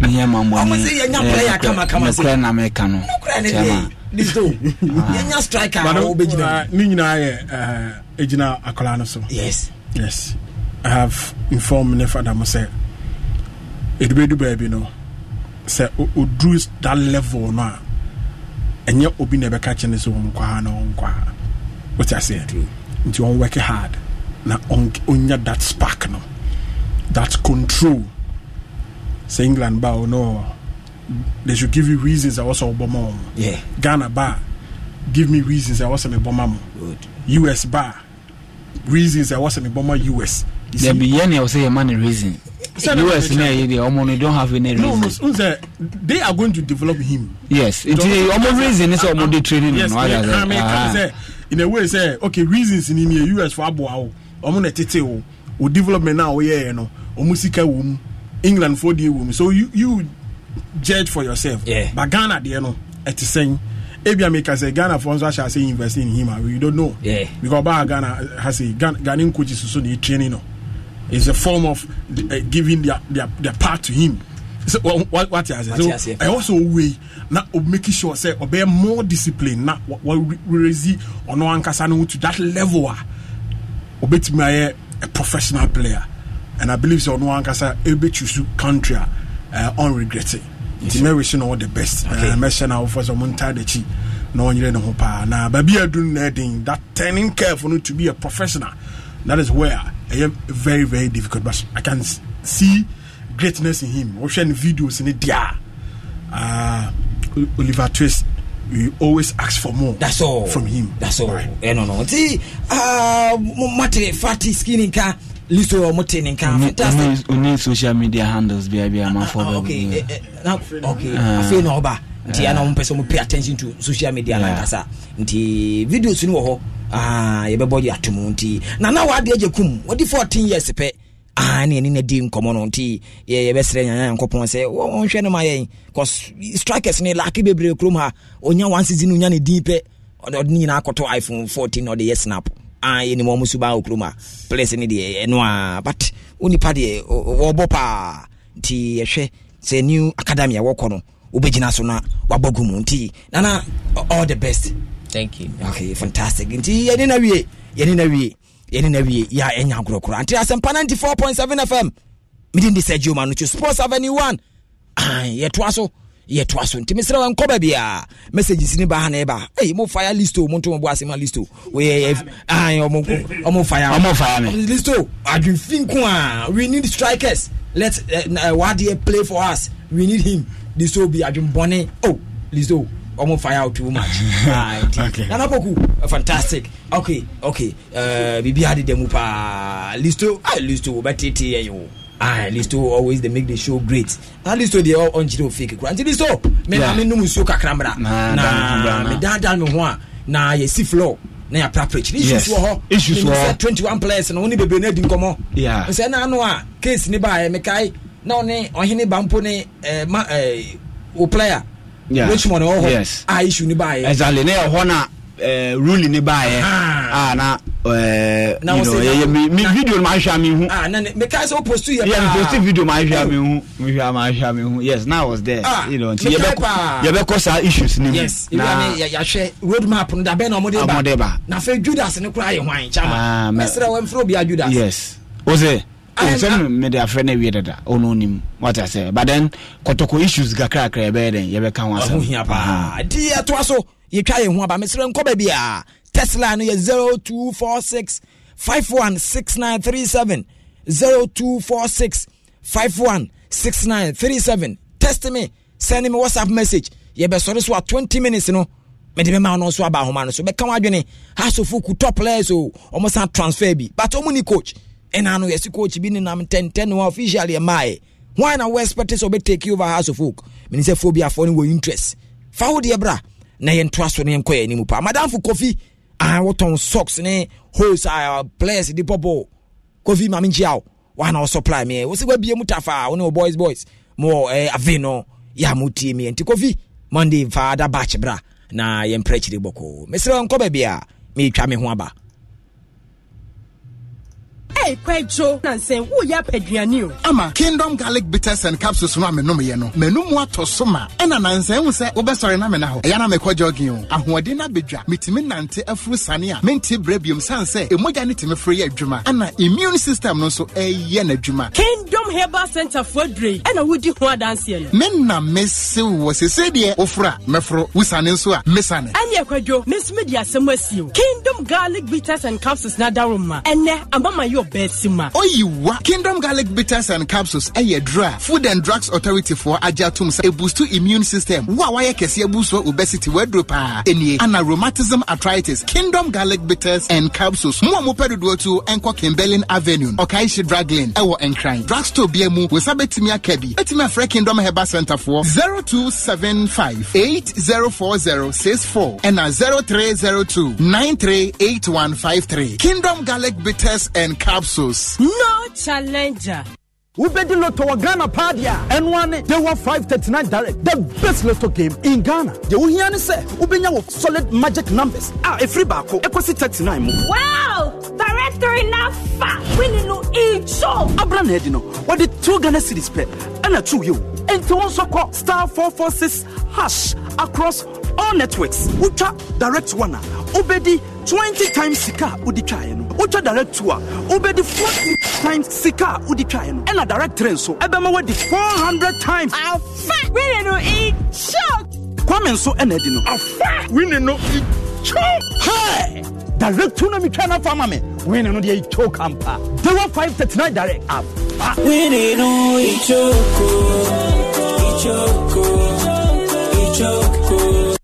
meyɛ mambɔnenokorɛ eh, na meka no ne nyinaa yɛ ɛgyina akɔla no so yes yes i have informed ne fada mo sɛ ɛdubɛdu baabi no sɛ ɔduru that level no a ɛnyɛ obi na ɛbɛka kyɛ ne sɛ ɔnkɔ ha na ɔnkɔ ha wote aseɛ nti ɔnwɛke hard na ɔnya that spark no that control sɛ england ba o oh, no they should give you reasons a wɔsɛ wobɔ ma wɔ mo ghana ba give me reasons a wɔsɛ mebɔ ma mo us ba reasons a wɔsɛ mebɔ ma us dabi yɛ nea wɔsɛ yɛma ne reason us na ɛyɛ deɛ ɔmo no don't have any reason. no no sɛ they are going to develop him. yes nti ɔmo reason sɛ ɔmo de training no no ayɛ sɛ in a way sɛ okay reasons ni ni us for aboa o ɔmo na tete o oh. o oh, development na ɔyɛ yɛ no ɔmo sika wɔ mu england for the womb so you you judge for yourself yeah. but ghana there no ɛte sɛn ebi amika sɛ ghana for nso ahyɛ ase invest in him we don't know yeah. because ba ghana has a ghanaian coach soso na etraining no it's a form of uh, giving their, their their part to him so what what I say so I also way na making sure say obey more discipline na what raise ono ankasa no to that level a obetumi ayɛ a professional player and I believe so. No one can say able to country uh, eh, on regret it. Nti Mary si all the best. Eh, Mɛhyɛ na awofo sɛ ɔmo ntaa n'akyi na ɔnyere ne ho paa. Na baabi a dun na ɛdin that turning care for no to be a professional that is where ɛyɛ very very difficult but I can see greatness in him. Watching videos in it, dia. Uh, Oliver Twist we always ask for more. That's all. From him. That's all. Right. Eh, no, no. See, uh, mate, fatty skinny car. liso wɔ mote ne nkaone social media handles bia bia ma biabia mafoɔ afei na ɔba ah. ah. nti ana ɔmpɛ sɛ pay attention to social media yeah. nankasa nti videos ni wɔ hɔ ah, yɛbɛbɔ yɛ ato mu nti nana waade agya kum wɔde 14 years pɛ ah, ne ɛne na di nkɔmmɔ no nti yɛbɛsrɛ nyanya nyankopɔn sɛ wɔnhwɛ no ma yɛn cause strikers ne lake bebree kurom ha ɔnya one season no nya ne din pɛ ɔde ne nyinaa akɔtɔ iphone 14 na ɔde yɛ snap yɛnim ɔmo suban wɔ kurom a players deɛ ɛno a but wonipa deɛ wɔbɔ paa nti yɛhwɛ sɛ new academy a wɔkɔ no wobɛgyina so no wabɔ gu mu nti nana all the best thank you okay fantastic nti yɛne na wie yɛne na wie yɛne na wie yɛ a ɛnya nkorɔkorɔ nti asɛmpa 94.7 fm mede ndi sɛ gyoma no twe sports avenue 1 yɛtoa so yɛtoa so nti mesrɛ wa nkɔ baabiaa messages ne baa ne ɛba ei mo fire list o monto mɔbo asɛm a list o ah, ɔmo firelist o adwemfi nko a we need strikers let uh, uh, play for us we need him list o bi adwembɔne o list o ɔmo fire out too much nti nana poku fantastic okay okay uh, eh, Bibi deda mu paa list o ah, list o wɔbɛtete yɛyɛ o ah at least always they make the show great at least oh, they all until they fake kura until so me na me num nsuo kakra mbra na me dan dan me ho a na yɛ si floor na yɛ praprich ne issues wɔ hɔ issues wɔ hɔ twenty one players na wɔn ni bebree na di nkɔmɔ nsɛn eh, na ano a case ne ba yɛ eh, mekae eh, oh, ah, oh, na ɔne ɔhene bampo ne ɛɛ ma ɛɛ o player richmond wɔ hɔ a issue ne ba yɛ exactly ne yɛ hɔ na uh, eh, ruling ne baayɛ a ah, na eh, yɛyɛ eh, video no mahwɛ me hupost video mahwɛ me hu mehwɛ mahwɛ me hu yes na was there ah, you know, nti yɛbɛkɔ saa issues no muyɛhwɛ road map no dabɛ na ɔmode ba na afei judas no koraa yɛ hwan kyama mɛsrɛ wɔmfrɛ obia judas yes wo sɛ sɛm mede afrɛ no awie dada ɔno nim wata sɛ but then kɔtɔkɔ issues kakrakra yɛbɛyɛ dɛn yɛbɛka ho asɛm deɛ toa so yɛtwa yɛn ho aba mesrɛ nkɔ baabi a tesla no yɛ 0246 516937 0246 516937 test me send me whatsapp message yɛbɛsɔre so a 20 minutes no mede bɛma no nso aba ahoma no so bɛka wo adwene hasofo ku top players o ɔmo san transfer bi but ɔmo ni coach ɛna no yɛsi coach bi ne nam tɛntɛn no officially ɛmaeɛ why na wo expect sɛ ɔbɛtake over House of hasofo mene sɛ fobiafoɔ no wɔ interest fa wo deɛ bra na yɛntoa so no yɛnkɔ yɛ anim paa madamfo kofi ah, wotɔn socks ne hos a players uh, de bɔbɔ kofi me nkyia wo wana wɔsupply me wo sɛ woabie mu tafa wo ne wo boys boys mowɔ eh, ave no yɛ a motie me nti kofi monday mfa da batch bra na yɛmprɛ akyire bɔkɔɔ mesrɛ nkɔ baabia meretwa me ho aba ɛrekɔ adwo nansɛn woyɛ apɛduane o. ama kingdom garlic bitters and capsules no a menom yɛ no mɛnum atɔ so ma ɛna nansɛn ho sɛ wobɛsɔre na mena hɔ ɛyɛ na mekɔ jogging o ahoɔden no abɛdwa metumi nante afuru sane a mente berɛ biom sane sɛ ɛmogya no tumi foro yɛ adwuma ana immune system no nso ɛyɛ n'adwuma kingdom herbal center foɔ adurei ɛna wodi ho adanseɛ no me na mese wɔ sesei deɛ woforo a mɛforo wosane nso a mesane ɛne ɛkwadwo mesome de asɛm asi o kingdom garlic bitters and capsules no adaro ma ɛnɛ amama yɛ abɛɛsima ɔyi wa kingdom garlic bitters and capsules ɛyɛ duro a food and drugs authority foɔ agye atom sɛ ebustu immune system wo a wayɛ kɛseɛ busuo obesity waduro paa enie ana rheumatism arthritis kingdom garlic bitters and capsules mu a mopɛ dodoɔ tu ɛnkɔ kimberlin avenue ɔkaehye draglin ɛwɔ nkran drugstore bia mu wosa bɛtumi aka bi bɛtumi afrɛ kingdom herbal center foɔ 0275 804064 ɛna 0302 938153 kingdom garlic bitters and capsules capsules. No challenger. wobɛdi loto wɔ ghana Padia. N1 they ne 539 direct the best lotto game in ghana deɛ wohia say. sɛ wobɛnya wɔ solid magic numbers a ah, free barco, ɛkɔsi 39 mu wow directory nafa Winning no ijo abra na Edino, What the 2 ghana cities play? ɛna tu yi o nti wɔn nso kɔ star four four six hash across all networks wotwa direct one a wobɛdi twenty times sika a wode twaeɛ no wotwa direct two a wobɛdi forty times sika a wode twaeɛ no ɛna direct three nso ɛbɛma wadi hundred times afa wine no ikyɛ e kwame nso ɛna adi no afa wine no ikyɛ e direct na metwa no fa ma me wene no deɛ yɛkyɛw kampa dewa 539 direct up. We wene no ichoko ichoko ichoko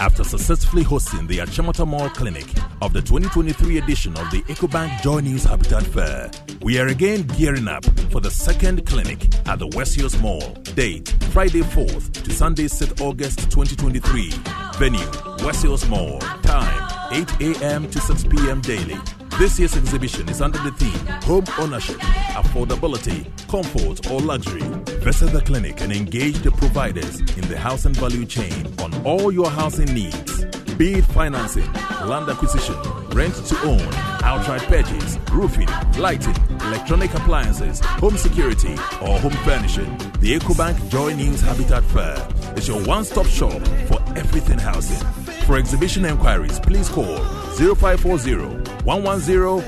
after successfully hosting the Achimota Mall Clinic of the 2023 edition of the EcoBank Joy News Habitat Fair. We are again gearing up for the second clinic at the West Hills Mall. Date Friday 4th to Sunday 6th August 2023. Venue West Hills Mall. Time 8 a.m. to 6 p.m. daily. This year's exhibition is under the theme Home Ownership, Affordability, Comfort or Luxury. Visit the clinic and engage the providers in the housing value chain on all your housing needs be it financing, land acquisition, rent to own, outright purchase, roofing, lighting, electronic appliances, home security, or home furnishing. The EcoBank Joy News Habitat Fair is your one stop shop for everything housing. For exhibition enquiries, please call 0540-110-389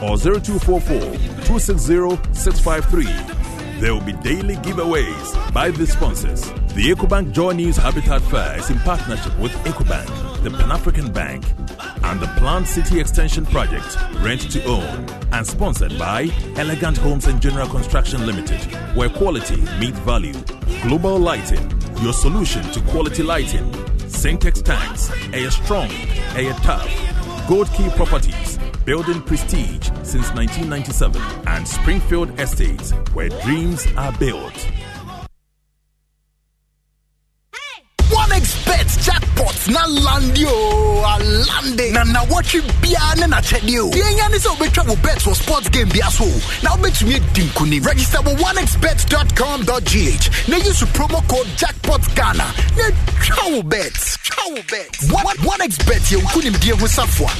or 0244-260-653. There will be daily giveaways by the sponsors. The Ecobank News Habitat Fair is in partnership with Ecobank, the Pan-African Bank, and the Planned City Extension Project, Rent to Own, and sponsored by Elegant Homes and General Construction Limited, where quality meets value. Global Lighting, your solution to quality lighting Syntex tanks, air strong, air tough. Gold Key Properties, building prestige since 1997, and Springfield Estates, where dreams are built. life na landi o alande na na wɔtwe biara ne n'akyɛdeɛ o deɛ nya ne sɛ wobɛtwa wo bet wɔ sports game bia so na wobɛtumi adi nkonim register wɔ onexbet.com.gh na yi so promo code jackpot ghana na twa wo bet twa wo bet onexbet yɛ nkonimdie ho safoa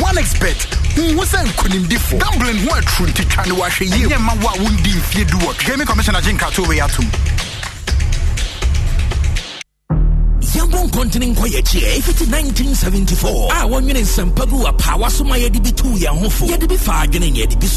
one expert nhu sɛ nkonimdifo gambling ho aturo nti twa ne wahwɛ yie ɛnyɛ ma wo a wondi mfie du wɔ gaming commissioner gye nkatowei atom yɛmbɔ nkɔntene nkɔ yɛkyeɛ ɛfiti 1974 a ah, wɔnwene nsɛmpa bi wɔ paawa so ma yɛde bi tuu yɛn ho fo yɛde bi fa adwene yɛde bi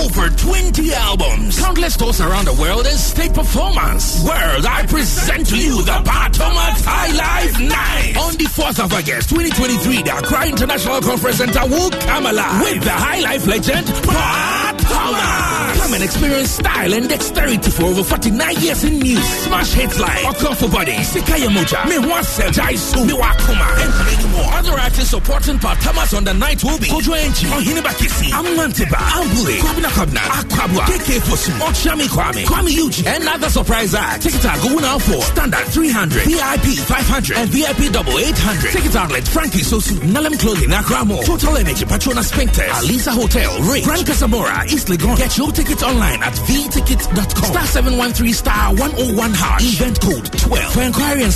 over 20 albums countless tours around the world and state performance world i present to you the Patoma Thai Life Night on the 4th of August 2023 the Accra International Conference Center will come alive with the High Life legend Patoma Come and experience style and dexterity for over 49 years in music smash hits like Okofu Body Sika Tia Moja, Mihwa Sem, Jai Su, Miwa Kuma, and many more. Other artists supporting Partamas on the night will be Kojo Enchi, Ohineba Kisi, Amantiba, Ambule, Kwabna Kwabna, Akwabwa, KK Fosu, Ochami Kwame, Kwame Uji. and other surprise acts. Ticket are going out for Standard 300, VIP 500, and VIP Double 800. Ticket outlet Frankie Sosu, Nalem Clothing, Akramo, Total Energy, Patrona Spinktest, Alisa Hotel, Ray, Grand Casabora. East Legon. Get your tickets online at vtickets.com. Star 713 star 101 hash. Event code 12. For inquiry and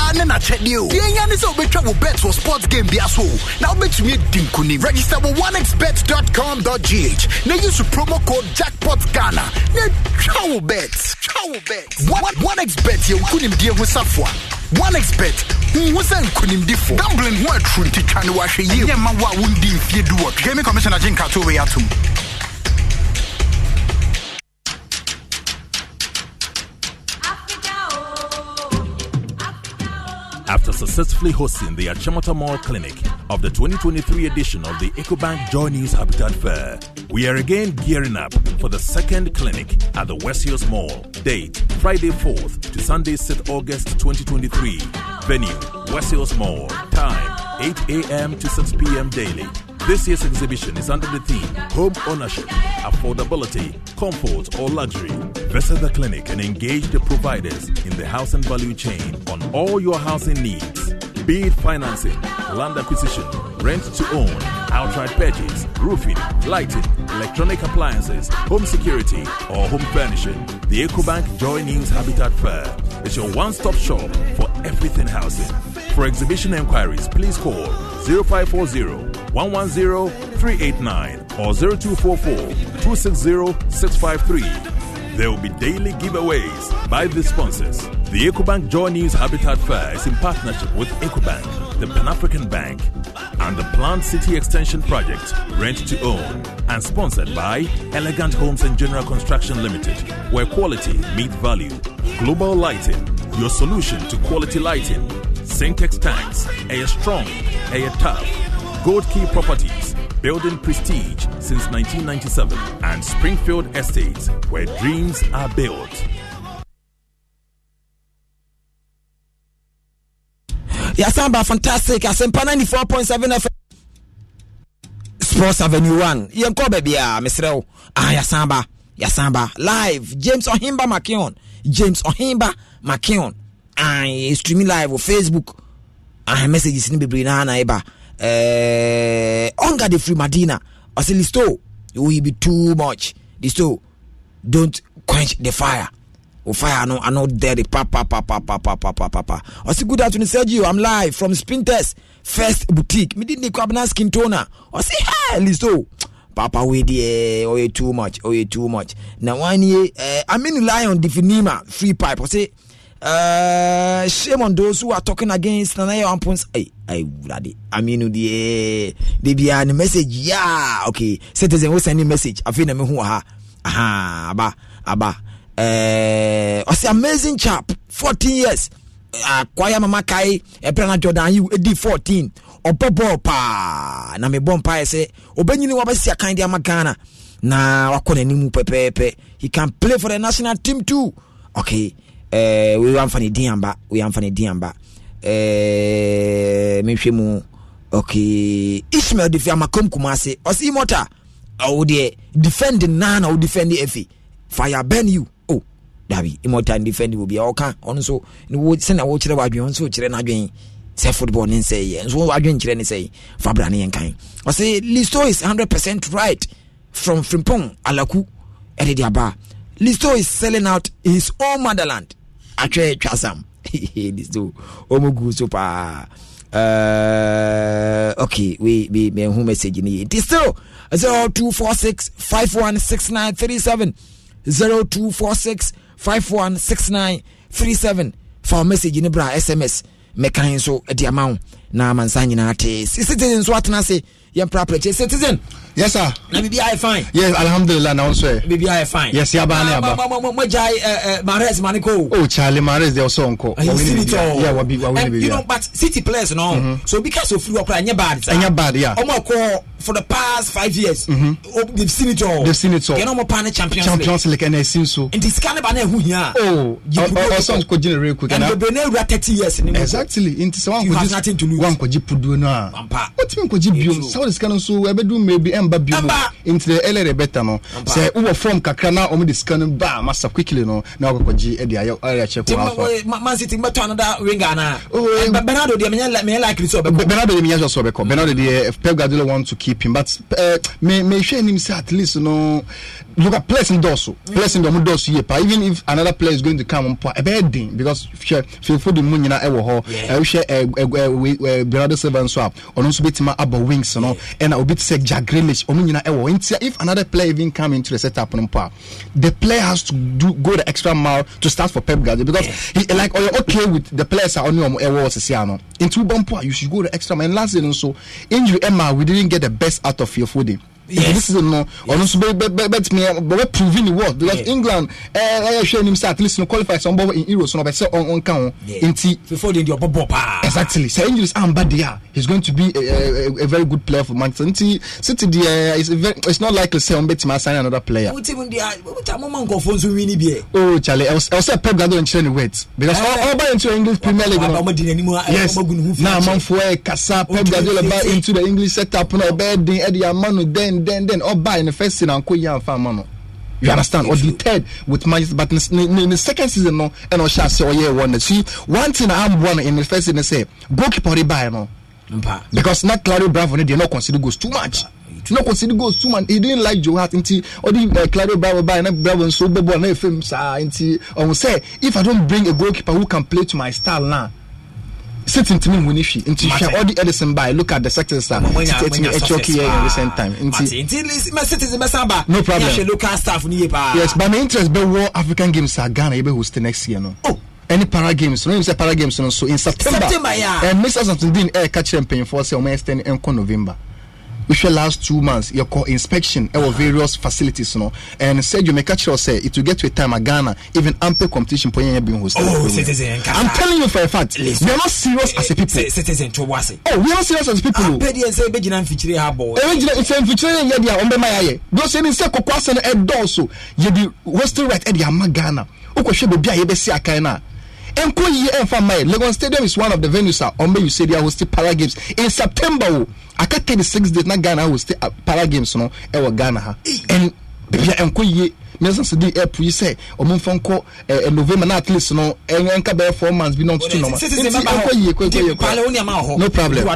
koraa ne n'akyɛdeɛ o deɛ nya ne sɛ wobɛtwa wo bet wɔ sports game bia so na wobɛtumi adi nkonim register wɔ onexbet.com.gh na use promo code jackpot ghana na twa wo bet twa wo bet onexbet yɛ nkonimdie ho safoa one expert nhu sɛ nkonimdifo gambling ho aturo nti twa ne wahwɛ yie ɛnyɛ ma wo a wondi mfie du wɔ gaming commissioner gye nkatowei atom after successfully hosting the Achimota Mall Clinic of the 2023 edition of the EcoBank Joinings Habitat Fair. We are again gearing up for the second clinic at the West Hills Mall. Date Friday 4th to Sunday 6th August 2023. Venue West Hills Mall. Time 8 a.m. to 6 p.m. daily. This year's exhibition is under the theme Home Ownership, Affordability, Comfort or Luxury. Visit the clinic and engage the providers in the housing value chain on all your housing needs be it financing, land acquisition, rent to own, outright purchase, roofing, lighting, electronic appliances, home security, or home furnishing. The EcoBank Joy News Habitat Fair is your one stop shop for everything housing. For exhibition enquiries, please call 0540 110 389 or 0244 260 653. There will be daily giveaways by the sponsors. The EcoBank Journeys Habitat Fair is in partnership with EcoBank, the Pan African Bank, and the Plant City Extension Project, Rent to Own, and sponsored by Elegant Homes and General Construction Limited, where quality meets value. Global Lighting, your solution to quality lighting. Syntex tanks, a strong, a tough Gold Key Properties, building prestige since 1997, and Springfield Estates, where dreams are built. yɛasan ba fantastic asɛmpa 94.7 fm sports avenue 1 yɛnkɔ baabia meserɛ wo ah, ah yɛasan ba yɛasan ba live james ɔhemba Makion. james ɔhemba makeon ah streaming live on facebook ah messages no bebree naa na ɛba ɔnga eh, de firi madina say, listo oh, it will be too much listo oh, don't quench the fire o oh, fire ano ano dɛri pa pa papa, papa, papa. pa pa pa pa good afternoon sergio i'm live from sprinters first boutique midi ne kwabena skin toner say, hey listo papa we wei eh, Oh, ɔyɛ too much Oh, ɔyɛ too much na wan ye uh, amin lion definima free pipe ɔsɛ uh, eh, shame on those who are talking against nanaye wampons hey. awurade aminu deɛ eh, debia ne message ya okay citizen wosan ne message afei na mehu ha aha aba ah, ah, aba ah, eh, ɔsi oh, amazing chap fourteen years akwaya mama kai ɛpɛrɛ na jordan yiw edi fourteen ɔbɔ bɔɔl paa na mebɔ mpaeɛ sɛ ɔbɛnyini wabɛsi akan de ama ghana na wakɔ n'anim pɛpɛɛpɛ he can play for the national team too okay eh, uh, wei amfa ne din amba wei amfa ne din amba eh, mehwɛ mu okay ismael de fi amakom kumase ɔse imota ɔwo deɛ defend naa na wo defend afi fire burn you oh dabi imota n defend obi a ɔka ɔno nso sɛnea wokyerɛ wadwen ɔno nso kyerɛ n'adwen sɛ football ne nsɛ yɛ nso wadwen kyerɛ ne sɛ fabra ne yɛnkan ɔse listo is 100 percent right from frimpong alaku ɛde de aba listo is selling out his own motherland atwɛ twasam so ɔmu gu so paa uh, okay we we me who message ni it five one six nine three seven fa message ni bra sms mekan so e di amount na amansa nyinaa te citizen nso atena ase yɛn praprakyɛ citizen yes sir na bibi ayɛ e fine yes alhamdulilah na ɔnso yɛ bibi ayɛ e fine yes yaba ne yaba mo gya ɛɛ mares mane ko oh charlie mares de ɔsɔ nkɔ ɛyɛ city tɔ yeah wabi wabi ne bibi you know but city players no mm-hmm. so obi ka so firi wa kora ɛnyɛ bad sa ɛnyɛ bad yeah ɔmo kɔ for the past five years mm-hmm. Oh, they've seen it all they've seen it all kɛnɛ ɔmo pan ne champions league champions league ɛna ɛsi nso nti sika ne ba na ɛhu hia oh ɔsɔ nkɔ gyina real quick and bebree na ewura thirty years ni mo exactly nti sɛ wɔn kɔ wankɔgye puduo no a wotumi nkɔgye biom sɛ wode sika no nso ɛbɛdu mmerɛ bi ɛmba bio mu nti ɛlɛ rebɛta no sɛ wowɔ fam kakra na ɔmde sika no baa masa quickly no na wakɔkɔgye de ayɛkyɛ kobernardo deɛ sɛ ɔbɛkɔ bernardo deɛ pep guardiola want to keep him but mehwɛ anim sɛ at least no look at players in dɔɔso mm. players in dɔɔso dɔɔso yie even if another player is going to come mpo a bad thing because hwɛ fefo de mu nyinaa ɛwɔ hɔ ɛwohwɛ Eh, Bernardo Silva nso a ɔno nso bɛtumi abɔ wings no ɛna obi te sɛ Jack ɔmo nyinaa ɛwɔ nti if another player even come into the setup no mpo a the player has to do go the extra mile to start for Pep Guardiola because he like ɔyɛ okay with the players a ɔne ɔmo ɛwɔ sisi ano nti wobɔ mpo a you should go the extra mile and last year nso injury ɛma we didn't get the best out of your Yefode yes this no ọ̀nà nso bẹ́tìmí bẹ́ẹ̀ prove ni worth because england ẹ ẹ hwẹ́ ẹni sẹ́ at least no qualify sọ ọ̀nbọ̀ in euros ọ̀nà ọ̀bẹ̀sẹ̀ ọ̀n nka wọn nti. before they di ọ̀bọ̀ bọ̀ paa. exactly sir injuries am bad there he is going to be a, a, a very good player for manchester nti city di ẹ it's not likely say ọ̀n bẹ́tìmí sign another player. wọ́n ti mu di a wọ́n ti àmọ́ nkọ̀fọ́ nso wí ni bi ẹ̀. o chale ẹ ọ sẹ pep gado n kyerẹ ni wait because ọ bá into english premier league no eh, yes na amanfo ẹ kasa pep gado ẹ into the english setup náà ọbẹ̀ dín ẹ di amanu den Then then dɛndɛndɛn oh, in the first season anko yi anfa ama no you understand or the third with my. but in the second season no ɛna ɔhyɛ ase ɔyɛ one see one thing I'm one in the first season Say goalkeeper de baa no because not Claudio Bravo ne deɛ no consider goals too much. no consider goals too much he didn't like Joe Hart or the uh, Claudio Bravo buy ɛna Bravo nso bɔ bɔɔl na efem saa if I don't bring a goalkeeper who can play to my style now. Nah, city ntumi hu ne hwi nti hwɛ all the edison by look at the sectors a city atumi ɛkyɛ ɔkè yɛ in recent time nti nti mɛ city mɛ no problem yɛ hwɛ local staff ni yɛ paa yes but my interest bɛ wɔ african games a ghana yɛ bɛ host next year no. Oh any para games no ɛnim say para games no so in september September, yeah. And Mr. ɛmesa something din ɛɛka kyerɛ mpanyinfoɔ sɛ ɔmo extend ɛnkɔ november wohwɛ last two months yɛkɔ inspection ɛwɔ various facilities no and said you meka kyerɛ sɛ it will get to a time a ghana even ampe competition pɔ yɛnyɛ bin host oh, citizen, i'm telling you for a fact Listen, we are not serious eh, as a people eh, citizen to wase oh we are not serious as a people ampɛ deɛ sɛ ɛbɛgyina mfikyire ha bɔ ɛbɛgyina sɛ mfikyire yɛ deɛ a ɔmbɛma yɛayɛ because ɛni sɛ kɔkɔ asɛ no ɛdɔɔso yɛde hostel right ɛde ama ghana wokɔhwɛ baabi a yɛbɛsi akan no a nko yie ɛnfa mma yɛ lagos stadium is one of the venues a ɔmɛ usa de ahosti para games in september o oh, aka thirty six days na ghana ahosti uh, para games no ɛwɔ ghana ha ɛn bibia nko yie mesa sɛ de apui sɛ ɔmomfa nkɔ november na at least no ɛnka bɛyɛ four months bi na ɔtoto nɔma no problem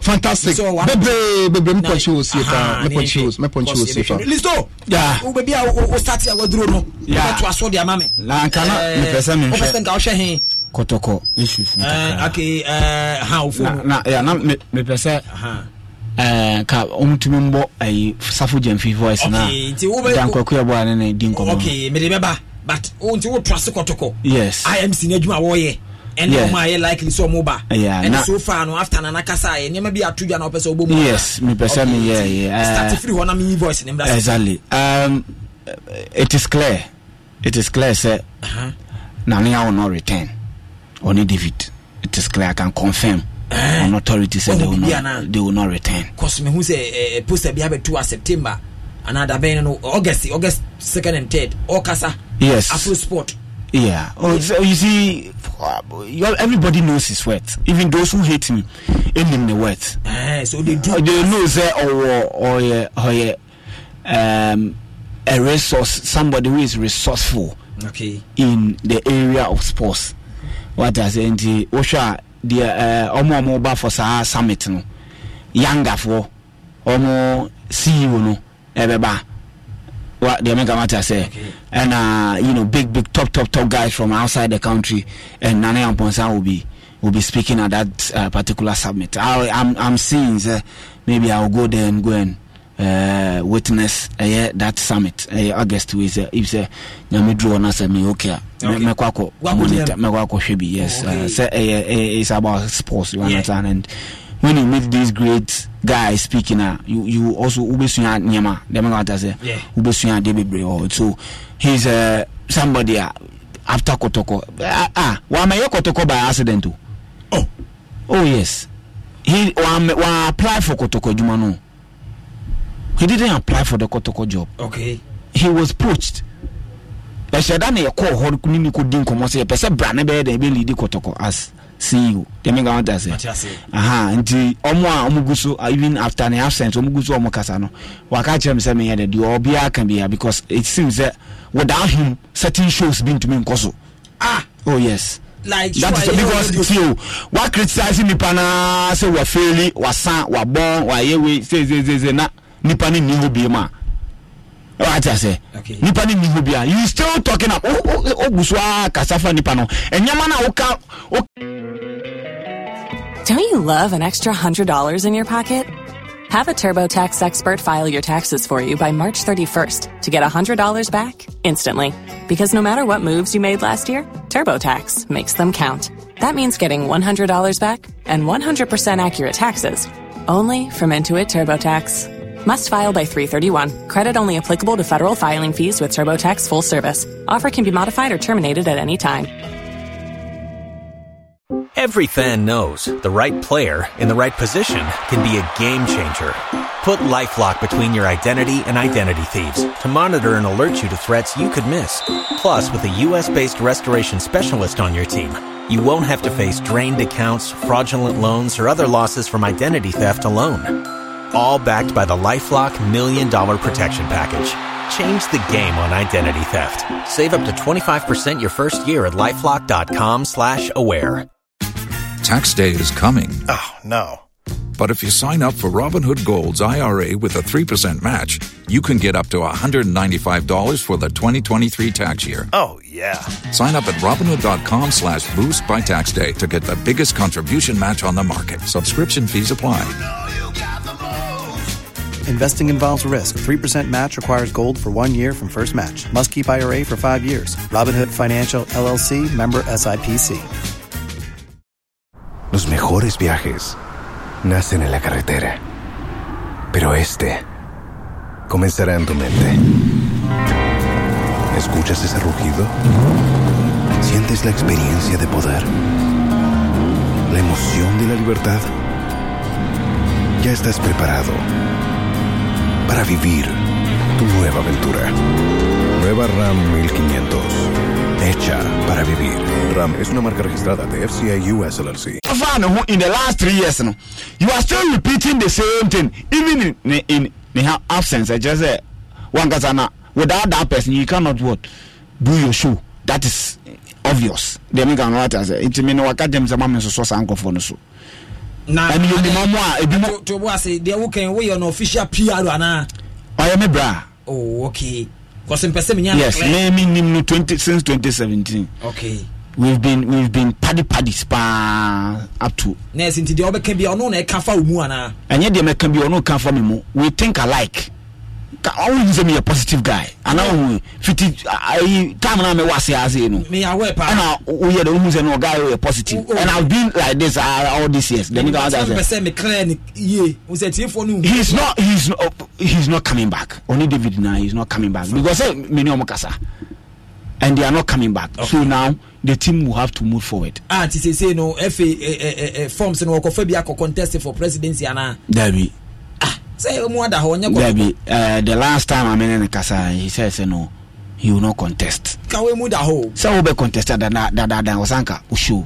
fantastic bebree bebree mepɔnkye wɔ sie paa mepɔnkye wɔ sie paa listo wobɛbi a wostate a waduro no wobɛto aso de ama me lankana eh, mepɛ sɛ mehwɛ wopɛ sɛ nka wohwɛ he kɔtɔkɔ issues na mepɛ sɛ uh, ka ɔmutumi mbɔ ayi safo gyamfi voice na dankwaku ɛbɔ ane ne di nkɔmɔ okay mede bɛba but nti wo trase kɔtɔkɔ yes imc no adwuma wɔyɛ ɛne yeah. ɔma ayɛ likely sɛ ɔmo ba yeah, ɛne so far no after nana kasa ayɛ nneɛma bi ato dwa na ɔpɛ sɛ wobɔ mu yes mepɛ sɛ meyɛ eh, start firi hɔ na meyi voice ne mmra exactly um, it is clear it is clear sɛ uh -huh. nane awo no return ɔne david it is clear i can confirm Eh. An authority sɛ they will not they will not return. cause mehu sɛ eh, eh, poster bi abɛto a september anaa dabɛn no august august second and third ɔkasa. Ah, yes afro sport. Yeah. Oh, So you see, everybody knows his worth. Even those who hate him, him the worth. Ah, so they do. Uh, they know say or or or um a resource somebody who is resourceful. Okay. In the area of sports, what does it? Osha deɛ eh, ɔmo a ɔmo ba for saa summit no yangafoɔ ɔmo ceo no ɛbɛba wa deɛ meka mate sɛ ɛna you know big big top top top guys from outside the country and nane amponsa will be will be speaking at that uh, particular summit i i'm i'm seeing uh, maybe i'll go there and go and uh, witness ɛyɛ uh, eh, that summit uh, august we say. if sɛ nyame duro no sɛ meyɛ okay a mɛkɔ akɔ monitor mɛkɔ akɔ hwɛ bi yes oh, it's about sports you understand yeah. and when you meet these great guys speaking a ah, you, you also wobɛsua nneɛma dɛ mɛkata sɛ wobɛsua adeɛ bebree wɔ so he's uh, somebody a ah, after Kotoko, ah, ah wamayɛ Kotoko by accident oh. oh, oh yes he wa apply for Kotoko? adwuma no he didn't apply for the kotoko job okay. he was poached ɛhyɛ da na yɛkɔɔ hɔ ne ne kɔdi nkɔmmɔ sɛ yɛpɛ sɛ bra ne bɛyɛ dɛn yɛbɛlidi kɔtɔkɔ as CEO deɛ menka wata sɛ aha nti ɔmo a ɔmo gu so even after ne absence ɔmo gu so ɔmo kasa no waka kyerɛ me sɛ meyɛ dɛ deɛ ɔbiaa ka bia because it seems sɛ without him certain shows bi ntumi nkɔ so ah oh yes like that is because tio e wa criticize nipa naa sɛ wa faili wa san wa bɔn wa yewe sezezeze na. Se, se, se, nipa ne ni hɔ bie mu a wate ase nipa ne ni hɔ bie a you still talking up ogu so a kasa nipa no ɛnyɛma no a woka Don't you love an extra $100 in your pocket? Have a TurboTax expert file your taxes for you by March 31st to get a $100 back instantly. Because no matter what moves you made last year, TurboTax makes them count. That means getting $100 back and 100% accurate taxes only from Intuit TurboTax. Must file by 331. Credit only applicable to federal filing fees with TurboTax full service. Offer can be modified or terminated at any time. Every fan knows the right player in the right position can be a game changer. Put LifeLock between your identity and identity thieves to monitor and alert you to threats you could miss. Plus, with a U.S. based restoration specialist on your team, you won't have to face drained accounts, fraudulent loans, or other losses from identity theft alone all backed by the LifeLock Million Dollar Protection Package. Change the game on identity theft. Save up to 25% your first year at LifeLock.com slash aware. Tax day is coming. Oh, no. But if you sign up for Robinhood Gold's IRA with a 3% match, you can get up to $195 for the 2023 tax year. Oh, yeah. Sign up at Robinhood.com slash boost by tax day to get the biggest contribution match on the market. Subscription fees apply. You know you Investing involves risk. 3% match requires gold for one year from first match. Must keep IRA for five years. Robinhood Financial LLC member SIPC. Los mejores viajes nacen en la carretera. Pero este comenzará en tu mente. ¿Escuchas ese rugido? ¿Sientes la experiencia de poder? ¿La emoción de la libertad? ya estás preparado para vivir tu nueva aventura. Nueva RAM 1500. Hecha para vivir. RAM es una marca registrada de FCI US LLC. In the last three years, no, you are still repeating the same thing, even in, in, in her absence. I just uh, said, without that person, you cannot what, do your show. That is obvious. They a, nti mi ɛne yɛnimɔ mu a ebi mu. bo ase deɛ wokan woyɛ no official pr anaa. ɔyɛ me bra. oh okay kɔsi mpɛsɛ mi nya yes me mi nim no twenty since twenty seventeen. okay. we've been we've been paddy paddies paa up to. nɛɛsi nti deɛ ɔbɛka bi ɔno na ɛka fa omu anaa. ɛnyɛ deɛ mɛka bi ɔno ka fa mi mu we think alike ɔwɔnyi sɛ meyɛ positive guy ana ɔhu fiti ayi time na mewɔ ase ase no ɛna woyɛ dɛ wohu sɛ no ɔga yɛ positive and i've been like this uh, all these years the nigga answer sɛ he's not he's not he's not coming back only david na he's not coming back because me ni ɔmo kasa and they are not coming back okay. so now the team will have to move forward. Ah, a ti sese no efe forms no ọkọ fẹbi akọ contest for presidency ana. dabi sɛ mu ada hɔ ɔnyɛ kɔ dabi the last time amene ne kasa he said sɛ no he will not contest ka wo mu da hɔ sɛ wobɛ contest dadaada ɔsanka wohyɛo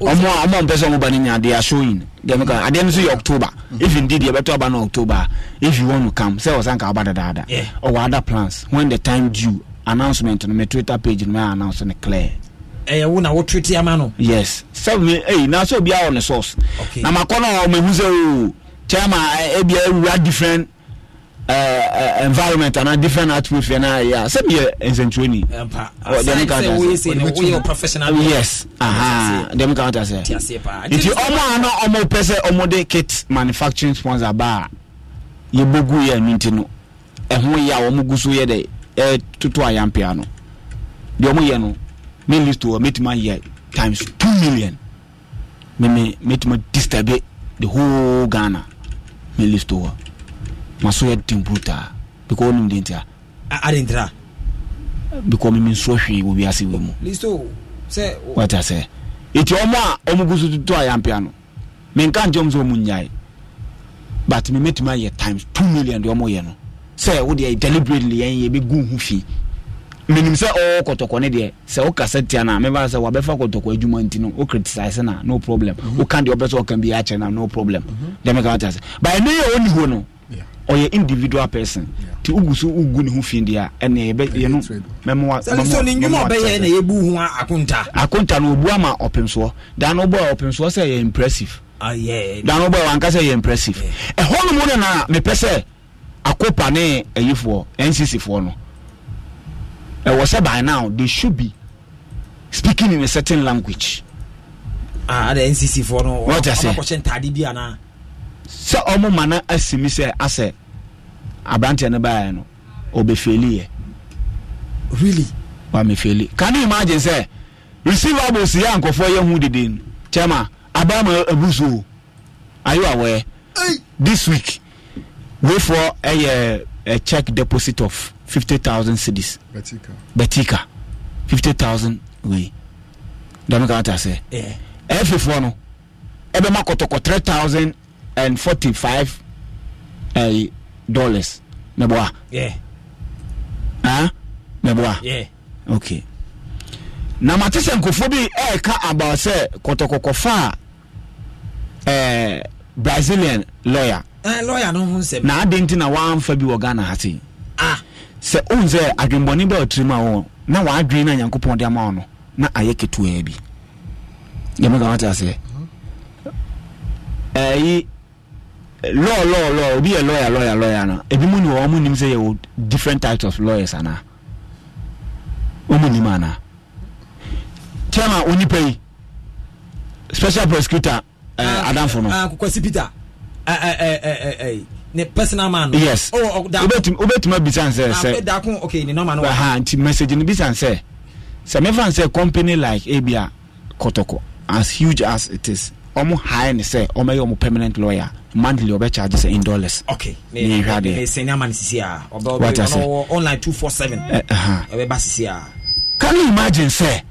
ɔmo a ɔmo a mpɛ sɛ ɔmo ba ne nya they are showing dem ka adeɛ no so yɛ october if indeed yɛbɛtɔ aba no october if you want to come sɛ ɔsanka aba dadaada ɔwɔ other plans when the time due announcement no my twitter page no me announce no clear ɛyɛ wo na wo twete ama no yes sɛ me ɛyi eh, na sɛ obiara wɔ ne source na makɔ no a ɔmo sɛ ooo chairman ebi eh, ewura eh, different uh, uh, environment and a different atmosphere na ya sɛ mi yɛ nsɛntuoni. ɔdɛm ka ta sɛ professional. Oh, yes dɛm ka ta sɛ. nti ɔmo ano ɔmo pɛ sɛ kit manufacturing sponsor ba a yɛbɛgu yɛ ɛnu nti no ɛho yɛ a ɔmo gu so yɛ dɛ ɛtoto ayampia no deɛ ɔmo yɛ no mi list wɔ mɛtuma yɛ times two million mɛmi mɛtuma disturb the whole ghana me lift over maso yɛ den buru taa because wɔn nim den tia. a de n tira. because mi mi n sɔ hwee wo ase wo mu. listo sɛ. wata sɛ eti ɔmo a ɔmo gu so tutu a yan pia no mi nka n jɛ ɔmo sɛ ɔmo nya ye but mi mɛtumi ayɛ times two million de ɔmo yɛ no sɛ o de yɛ deliberately yɛn yɛ bi gu n fi menim sɛ ɔwɔ kɔtɔkɔ ne deɛ sɛ wokasa tia no a mebaa sɛ wabɛfa kɔtɔkɔ adwuma nti no wo criticise no problem mhm. woka deɛ wobɛ sɛ wɔka bi akyerɛ no no problem mhm. dɛ meka wate ase but ɛne yɛ ɔni hɔ no ɔyɛ individual person nti wogu so wogu ne ho fi deɛ a ɛne yɛno akonta no ɔbu ama ɔpemsoɔ da no wobɔ a ɔpemsoɔ sɛ yɛ impressive ah, da no wobɔ a wanka sɛ yɛ impressive ɛhɔ no mu no na mepɛ sɛ akopa ne ayifoɔ ncc foɔ no ɛwɔ sɛ by now they should be speaking in a certain language. Ah, ada ncc fɔ no wɔn akɔhyɛ ntaade bi ana. sɛ ɔmo ma na asi mi sɛ asɛ aberanteɛ no baayɛ no ɔbɛfeli yɛ. really. wamefeli can you imagine sɛ receivables yɛ nkɔfoɔ yɛ ho dede no kyɛma abama abuso o are you aware. Hey. this week wait for ɛyɛ eh, a check deposit of fifty thousand cedis betika fifty thousand wei dami ka wate ase ɛfifoɔ eh. eh, no eh, ɛbɛma kɔtɔkɔ three thousand and forty five ɛyi dollars Yeah. ah mɛboa okay na mate sɛ nkurɔfoɔ bi ɛɛka about sɛ kɔtɔkɔkɔfa a ɛɛ brazilian lawyer. ɛɛ lawyer no ho nsɛm. na adi nti na wɔn anfa bi wɔ ghana ha sɛ ohun sɛ adwemmɔne bɛ ɔtiri mu a wɔn na wɔadwene na nyankopɔn de ama wɔn na ayɛ ketewa bi yɛmɛ ka wate aseɛ ɛyi lɔɔ lɔɔ lɔɔ obi yɛ lɔɔya lɔɔya lɔɔya no ebi mu ni wɔn mu nim sɛ yɛ different types of lawyers ana wɔn mu nim ana kyɛnma onipa yi special prosecutor ɛɛ adamfo no. akokwasi peter ɛɛ ɛɛ ɛɛ ɛɛ ne personal man no. yes wobɛtumi oh, oh, abisa nsɛ sɛ nti message no bisa nsɛ sɛ mefa nsɛ company like ebia kɔtɔkɔ as huge as it is ɔmo hae ne sɛ ɔmɛyɛ ɔmo permanent lawyer monthly ɔbɛcharge sɛ in dollars okay ne yɛhwɛ adeɛ wata sɛ online 247 ɛbɛba eh, sisi a can you imagine sɛ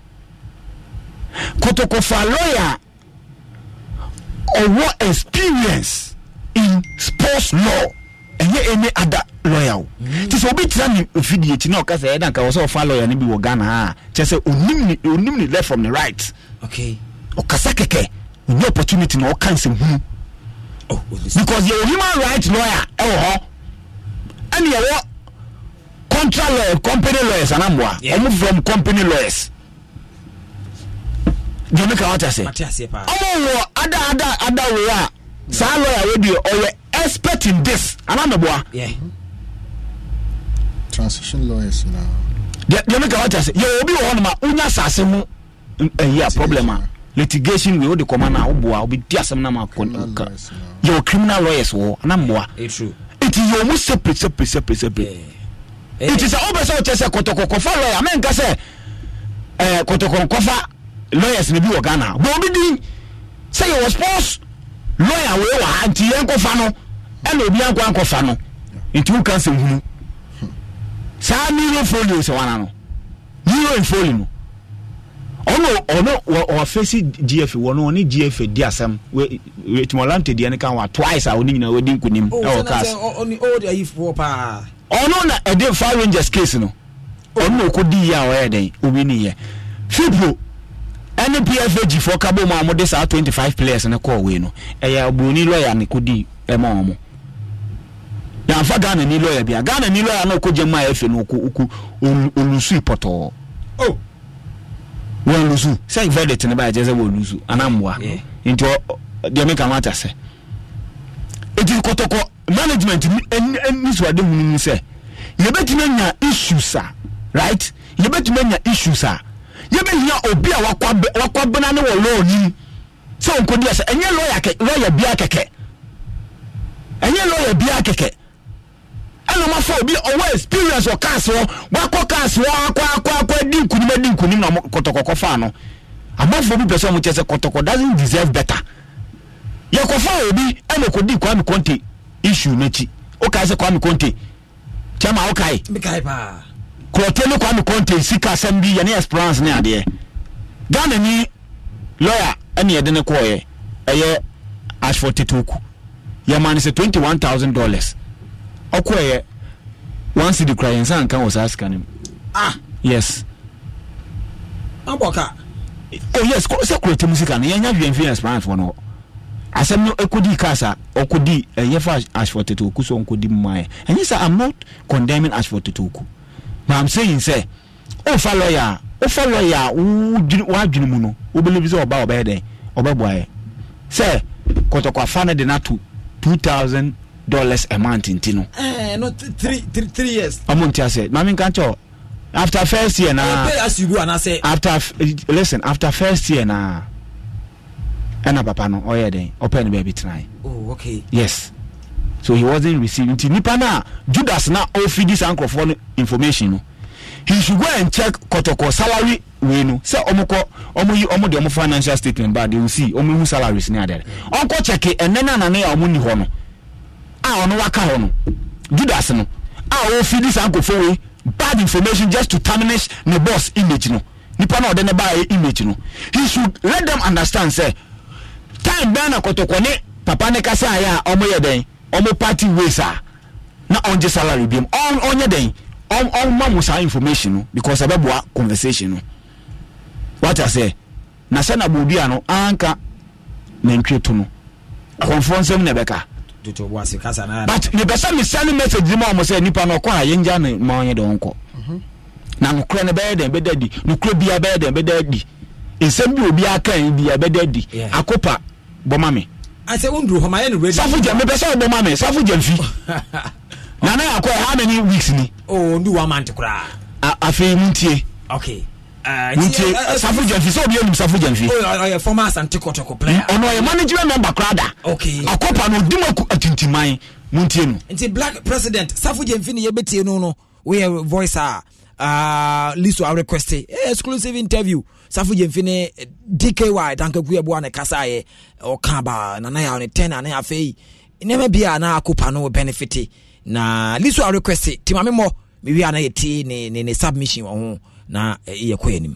kɔtɔkɔ fa lawyer ɔwɔ experience in sports law ɛnyɛ any other lawyer o mm. ti sɛ obi tira ni ofidie ti na ɔka sɛ ɛna wɔsɛ ɔfa lawyer ni bi wɔ ghana ha kyerɛ sɛ onim ni onim ni left from the right okay ɔkasa kɛkɛ onye opportunity na ɔka nsɛm hunu because yɛ wɔ human right lawyer ɛwɔ hɔ ɛna yɛ wɔ contra lawyer company lawyers anamboa ɔmo from company lawyers jɔnni ka wɔn ti ase ɔmo wɔ ada ada ada wei a. saa lawyer wey deɛ ɔyɛ expert in this anameboa. transition lawyers na. deɛ mi ka wá ti ase yɛ obi wɔ hɔ nom a wonya asase ho ɛyi a problem a litigation wei wode kɔma no a woboa wobɛdi asɛm no ma yɛwɔ criminal lawyers wɔ anamboa nti eh, yɛwɔ mu separate separate separate separate nti sɛ wobɛ sɛ wokyɛ sɛ kɔtɔkɔkɔfa lawyer menka sɛ eh, kɔtɔkɔkɔfa lawyers no bi wɔ ghana bɛ obi din sɛ yɛwɔ sports lɔya wee wɔ ha nti yɛn nkɔfa no ɛna obi ankɔ ankɔfa no nti wo ka sɛ hunu saa niro folio sɛ wana no niro folio no ɔno ɔno ɔfɛsi gfa wɔ no gfa di asɛm timɔlante deɛ no ka wa twice oh, a ɔne nyinaa wɔdi nkonim ɛwɔ cas ɔno na ɛde fire rangers case no ɔno na ɔkɔdi yie a ɔyɛ dɛn obi ne yɛ fipro ɛne pfag foɔ ka bɔ mu a wɔde saa 25 players no kɔɔ wei no ɛyɛ aburoni lɔya ne kɔdi ɛma wɔn yànfa ghana ni lɔya bia ghana ni lɔya náà kɔgye mu a ɛfɛ no ɔkɔ pɔtɔɔ oh! wɔn lusu sɛ verdict ne ba yɛ sɛ wɔn lusu anamboa nti deɛ mi ka ho atasɛ eti kɔtɔkɔ management ni nisuade mu ni sɛ yɛbɛtumi anya issues a right yɛbɛtumi anya issues a yɛbɛhia obi a wakɔbena ne wɔ lɔɔ nim sɛ ɔnkɔdi ɛsɛ ɛnyɛ lɔya bia kɛkɛ ɛnyɛ lɔya bia kɛkɛ ɛna ma fa obi ɔwɔ experience wɔ cars wɔ wakɔ cars wɔ akɔ akɔ akɔ adi nkunim adi nkunim na kɔtɔkɔkɔ fa no amanfoɔ bi pɛ sɛ ɔmo kyɛ sɛ kɔtɔkɔ doesn't deserve better yɛkɔfa obi ɛna kɔdi kwame kɔnte issue n'akyi wokae sɛ kwame kɔnte kyɛma wokae mekae paa kurɔtɔ ne kwame kɔnte sika asɛm bi yɛne esperance ne adeɛ ghana ni lawyer ɛne yɛde ne kɔɔyɛ ɛyɛ ashford tetoku yɛma no sɛ 21 thousand dollars ɔkɔɔyɛ one cedi kura yɛn nsa nka wɔ saa sika no mu ah yes abɔka oh yes sɛ kurɔtɔ mu sika no yɛnya hwɛ mfi esperance fɔ no asɛm no ɛkɔdi kasa ɔkɔdi ɛyɛ eh, fa ashford tetoku so ɔnkɔdi mu mayɛ ɛnyɛ sɛ i'm not condemning ashford tetoku maam sɛyin sɛ wofa lɔya wofa lɔya a wadwene mu no wobɛlebi sɛ ɔba ɔbɛyɛ dɛn ɔbɛboaɛ sɛ kɔtɔkwafa no de Nato two thousand dollars a month nti eh, no ɔmo nti asɛ maame nka nkyɛ after first year na pay as you go, after listen after first year na ɛna papa no ɔyɛ dɛn ɔpɛ no Oh, okay. yes so he wasn't receiving nti nipa naa judas na ofidi saa nkurɔfoɔ no information no he should go and check kɔtɔkɔ salary wei no sɛ ɔmo kɔ ɔmo yi ɔmo de ɔmo financial statement baa de o si ɔmo ihu salaries ne adeɛ ɔnkɔ kyɛke ɛnɛ na nane a ɔmo ni hɔ no a ɔno waka hɔ no judas no a ofidi saa nkurɔfoɔ wei bad information just to tarnish ne boss image no nipa naa ɔde ne baa yɛ image no he should let them understand sɛ time bɛn na kɔtɔkɔ ne papa ne kasa ayɛ a ɔmo yɛ dɛn ɔmo party ways a na ɔngye salary bi mu ɔn ɔnyɛ dɛn ɔn ɔnma mo saa information no because ɛbɛboa conversation no wata sɛ na sɛ na bodua no anka nantwie to no akɔnfoɔ nsɛm na ɛbɛka but mebɛsɛ mesane message ma ɔmo sɛ nipa no ɔkɔ a yɛngya ne ma ɔnyɛ dɛn ɔnkɔ mhm. na nokorɛ no bɛyɛ dɛn bɛda di nokorɛ bia bɛyɛ dɛn bɛda di nsɛm bi obi aka yi bia bɛda di akopa bɔma me asɛ wonduru hɔ ma yɛ no radio safo gyam mepɛ sɛ wobɔ ma me safo gyam fi na na akɔ how many weeks ni oh ndu one kura. koraa afei muntie okay uh, nti uh, safo jamfi sɛ obi anim safo jamfi ɔyɛ oh, former asante kɔtɔkɔ player ɔno mm, ɔyɛ management member koraa da akɔpa no ɔdi mu atintiman muntie no nti black president safo jamfi ne yɛbɛtie no no woyɛ voice a uh, ah, liso arequest exclusive interview safo gyemfi ne dky dankaku ɛboa ne kasaeɛ ɔka ba nanayɛ ne 10 ane afei nneɛma bia na akopa no benefit na liso arequest timame mmɔ mewie ana yɛtie ne, ne, ne submission wɔ ho na eh, yɛkɔ yɛnim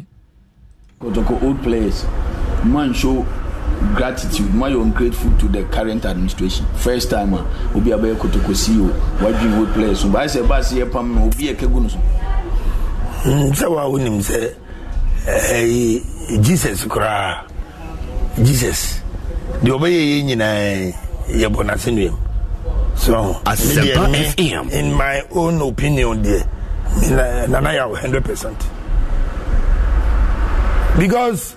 kotoko old players man show gratitude why you ungrateful to the current administration first time a ah. obi abɛyɛ kotoko ceo wadwin old players so baayɛ sɛ baase yɛ pam no obi yɛ kɛgu so sɛ a wonim sɛ ɛyi jesus koraa jesus deɛ ɔbɛyɛ yɛ nyinaa yɛbɔ n'ase no yam so asɛmpa fm in my own opinion deɛ nana yɛ hundred percent because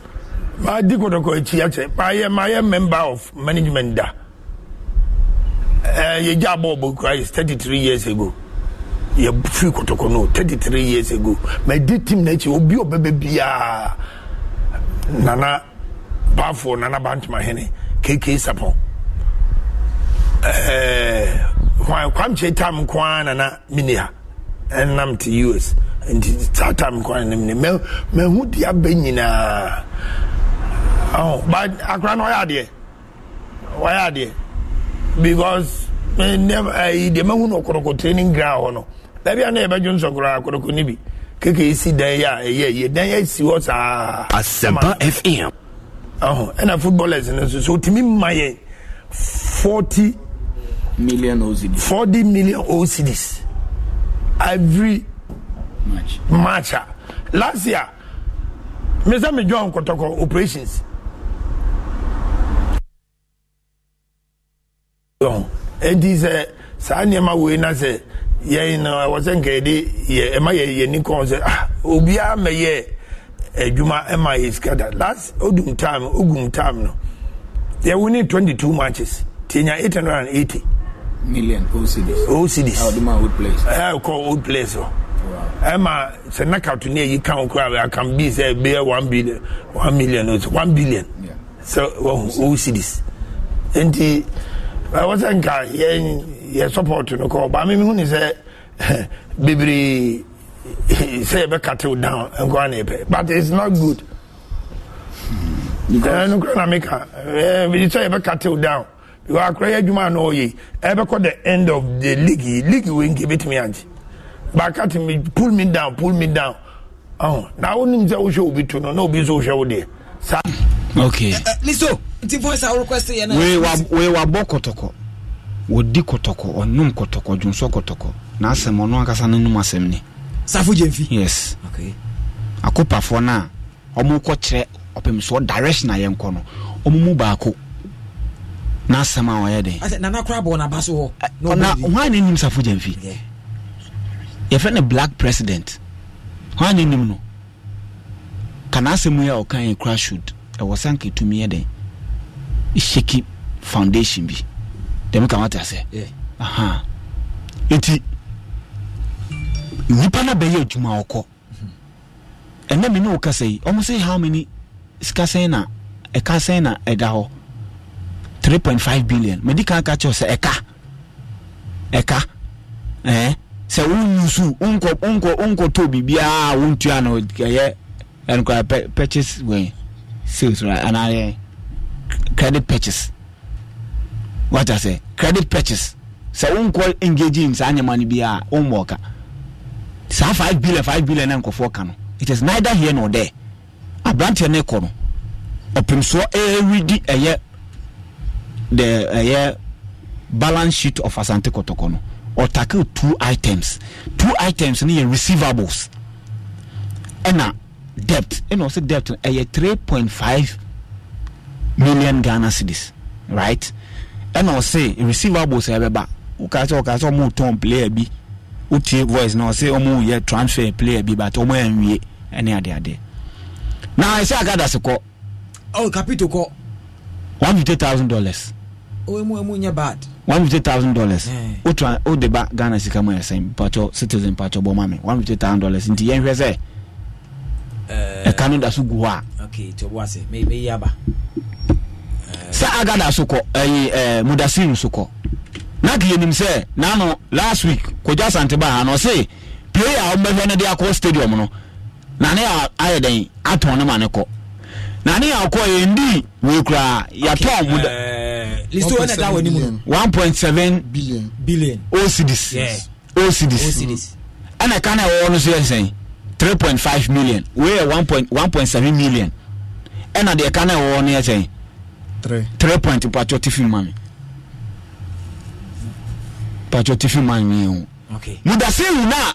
maa di kɔtɔkɔ akyi akyɛ maa yɛ maa yɛ member of management da ɛɛ yɛ gya bɔɔl bɔ kura is thirty three years ago yɛ firi kɔtɔkɔ no thirty three years ago mɛ di team n'akyi obi ɔbɛbɛ biara nana baafo nana bantama hene kk sapɔn ɛɛ kwan kwamkyɛ tam kwan nana mini ha ɛnam ti us nti saa tam kwan nana mini mɛ mɛ hu di abɛ nyinaa ɔn ba akora na ɔyɛ adeɛ ɔyɛ adeɛ because ɛɛ deɛ mɛ hu no ɔkɔrɔkɔ training ground hɔ no dabi a na yɛbɛdwo nsɔkora akoroko ni bi keke esi dan yi a ɛyɛ e yie dan yi esi hɔ saa. Asɛmpa FM. ɛhɔn ɛna footballers no nso so otumi ma yɛ forty. million OCD. forty million OCDs every match. match a ah. last year mesa mi join kɔtɔkɔ operations. ɛdi sɛ saa nneɛma wei na sɛ yɛn na wɔ sɛ nka yɛde yɛ ɛma yɛ yɛni kɔn sɛ ah obiara mɛ yɛ adwuma ɛma yɛ sika da last odum time ogum time no yɛ wini twenty two matches tinya eight hundred and eighty. million old cities. old cities. ɛɛ ɔduma old place. ɛɛ kɔ old place o. Oh. ɛma sɛ naka to ne yɛ kan kura a kan bi sɛ bɛyɛ one billion one million one billion. sɛ wɔn old cities nti ɛwɔ sɛ nka yɛn yɛ support no kɔ ba mimi hu ni sɛ bebree sɛ yɛbɛka tew down nkɔa na yɛpɛ but it's not good ɛno kora na meka sɛ yɛbɛka tew down because akora yɛ adwuma na ɔyɛ ɛbɛkɔ the end of the league league wei nke bɛtumi agye baaka te me pull me down pull me down ɔhun na wonim sɛ wohwɛ obi to no na obi nso wohwɛ wo deɛ saa okay niso eh, eh, nti voice a worequest yɛ no wei wabɔ kɔtɔkɔ wɔdi kɔtɔkɔ ɔnom kɔtɔkɔ dwonsɔ kɔtɔkɔ na asɛm ɔno ankasa no nom asɛm ni safo gyemfi yes okay. akopafoɔ no a ɔmokɔ kyerɛ direction a yɛnkɔ no ɔmo mu baako na asɛm a ɔyɛ den nanakorabɔnaba so hɔ na hwan ne nim safo gyemfi yeah. yɛfrɛ no black president hwan ne nim no kana asɛm yi a ɔka yɛ kora should ɛwɔ sɛ nketumi yɛ den hyɛki foundation bi dɛm ka wate ase nti nipa no bɛyɛ adwuma ɔkɔ mm-hmm. ɛnɛ me ne wo kasa yi ɔmo sɛ how many sika sɛn na ɛka sɛn na ɛda hɔ 3.5 billion madi kan ka kyerɛ sɛ ɛka ɛka ɛɛ sɛ wonyusu wonkɔ wonkɔ wonkɔtɔ biribiaa wontua no ɛyɛ ɛnkora purchase wɛ sales right anaa credit purchase What I say, credit purchase sɛ wonkɔ engage in saa nneɛma no bi a womma saa 5 billion 5 billion na nkɔfoɔ ka no it is neither here nor there aberanteɛ no kɔ no ɔpem soɔ ɛredi ɛyɛ the ɛyɛ balance sheet of asante kɔtɔkɔ no ɔtake two items two items no yɛ receivables ɛna debt ɛna ɔsɛ debt no ɛyɛ 3.5 million ghana cedis right ɛna ɔse receiver ɛbɛba woka sɛ ɔka sɛ ɔmo tɔn player bi wotie voice na ɔse ɔmo yɛ transfer player bi but ɔmo ɛnwie ɛne adeade na ɛsɛ agadase kɔ oh capito kɔ one fifty thousand dollars ɔmu oh, ɛmu nyɛ bad one fifty thousand dollars eh. wotra wode ba ghana sika mu ɛsɛn mpatwɔ citizen mpatwɔ bɔ ma one fifty thousand dollars nti yɛnhwɛ sɛ eh. ɛka no da so gu hɔ a okay, sɛ agada so kɔ ɛyi ɛɛ mudasiri so kɔ nak yɛnim sɛ n'ano last week kɔgya santeba ha no ɔse play a ɔmbɛhwɛ no de akɔ stadium no nane a ayɛ dɛn atɔn ne ma ne kɔ nane a ɔkɔ yɛndi wei koraa yɛtɔn muda eh, na-aka one point seven billion billion ocds yeah. ocds ɛna ɛka na ɛwɔ no so yɛ sɛn three point five million wei yɛ one point one point seven million ɛna deɛ ɛka na ɛwɔ no yɛ sɛn. three point patro ti fi mami pàtó ti mami yẹn o mudasi ihu náà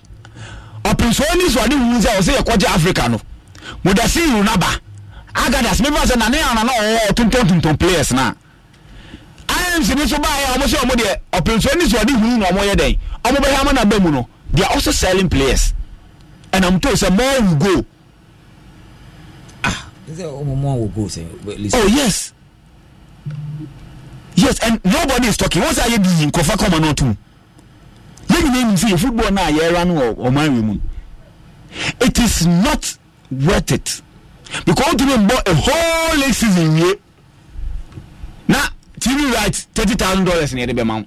ọ̀pìnsọ́ ní sọ̀rọ̀ ní ìhun sẹ́ ọ̀sẹ̀ yẹ Africa no mudasi ihu náà bá Agadas mi bá sẹ nane àná náà ọ̀wọ́ tuntun tuntun players na IMC ní so báyìí ọmọ sẹ ọmọ deɛ ọ̀pìnsọ́ ní sọ̀rọ̀ ní ìhun náà ọmọ yẹ dẹ̀ ọmọ bẹ́ẹ̀ hàmà náà bẹ́ẹ̀ mu no they are also selling players and I'm told say more will go. ah. oh yes. yes and nobody is talking wọ́n sẹ́ ayé bìyì nkọ́fà kọ́mọ náà tún yẹn nyina yẹn sẹ́ yẹ football náà yẹ ẹ̀rọ anu ọ̀man rẹ̀ mu it is not worth it because wọ́n tún bẹ̀ a whole league season yẹ na tv right thirty thousand dollars ni yẹ de bẹ̀ ma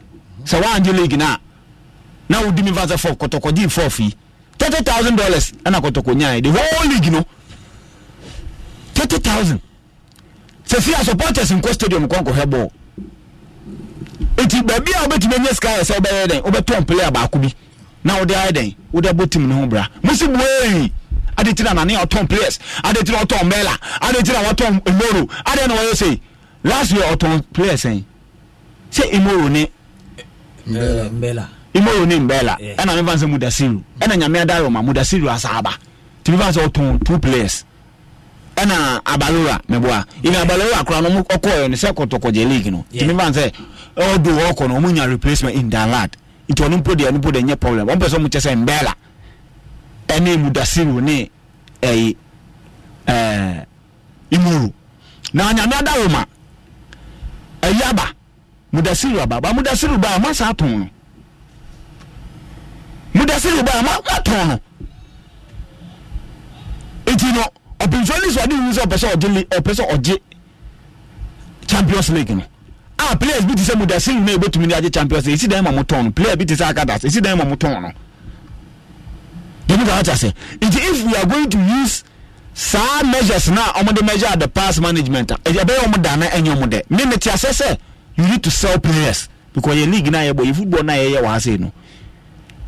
sẹ́ wọ́n àǹjẹ́ league náà náà wọ́n di mi fásitì fọ́ kọ́tọ́kọ́jì fọ́ fi thirty thousand dollars ẹ̀na kọ́tọ́kọ́ nyà yẹ the whole league no thirty thousand. sɛsi fia supporters nkɔ stadium kɔ nkɔhwɛ bɔɔl nti baabi a wobɛtumi anya sika yɛ sɛ wobɛyɛ dɛn wobɛtɔn player baako bi na wode ayɛ dɛn wode abɔ tim ne ho bra mosi buei ade ti nane a ɔtɔn players ade ti na ɔtɔn mɛla ade ti na wɔtɔn emoro ade na wɔyɛ sɛ last year ɔtɔn players ɛn sɛ emoro ne mbɛla imoro ne mbɛla ɛna mefa sɛ mudasiru ɛna nyame adayɔ ma mudasiru asaaba tibi fa sɛ ɔtɔn two players ɛna abalura mɛboa even abalora kora no ɔkɔɛ no sɛ kɔtɔkɔgye league no tumi ban sɛ ɔdo ɔkɔ no ɔmu nya replacement in dalad nti ɔno mpo deɛ ɔno mpo deɛ nyɛ problem ɔmpɛ sɛ ɔmo kyɛ sɛ mbɛla ɛne mudasiru ne ɛyi ɛɛ imuru na nyame ada woma ɛyi aba mudasiru aba ba mudasiru ba ama saa tɔn no mudasiru ba ama ama no eti no ɔpinso ni sɛ ɔde wu sɛ ɔpɛ sɛ ɔgye ɔpɛ sɛ ɔgye champions league no a ah, players bi ti sɛ mudasin na ebetumi de agye champions league esi dan ma mo tɔn no player bi ti sɛ akadas esi dan ma mo tɔn no yɛn ka ata sɛ nti if we are going to use saa measures na ɔmo de measure the past management a eh, ɛbɛyɛ ɔmo dan na ɛnyɛ ɔmo dɛ mi mi ti asɛ sɛ you need to sell players because yɛ league na yɛ bɔ yɛ football na yɛ yɛ wɔ ase no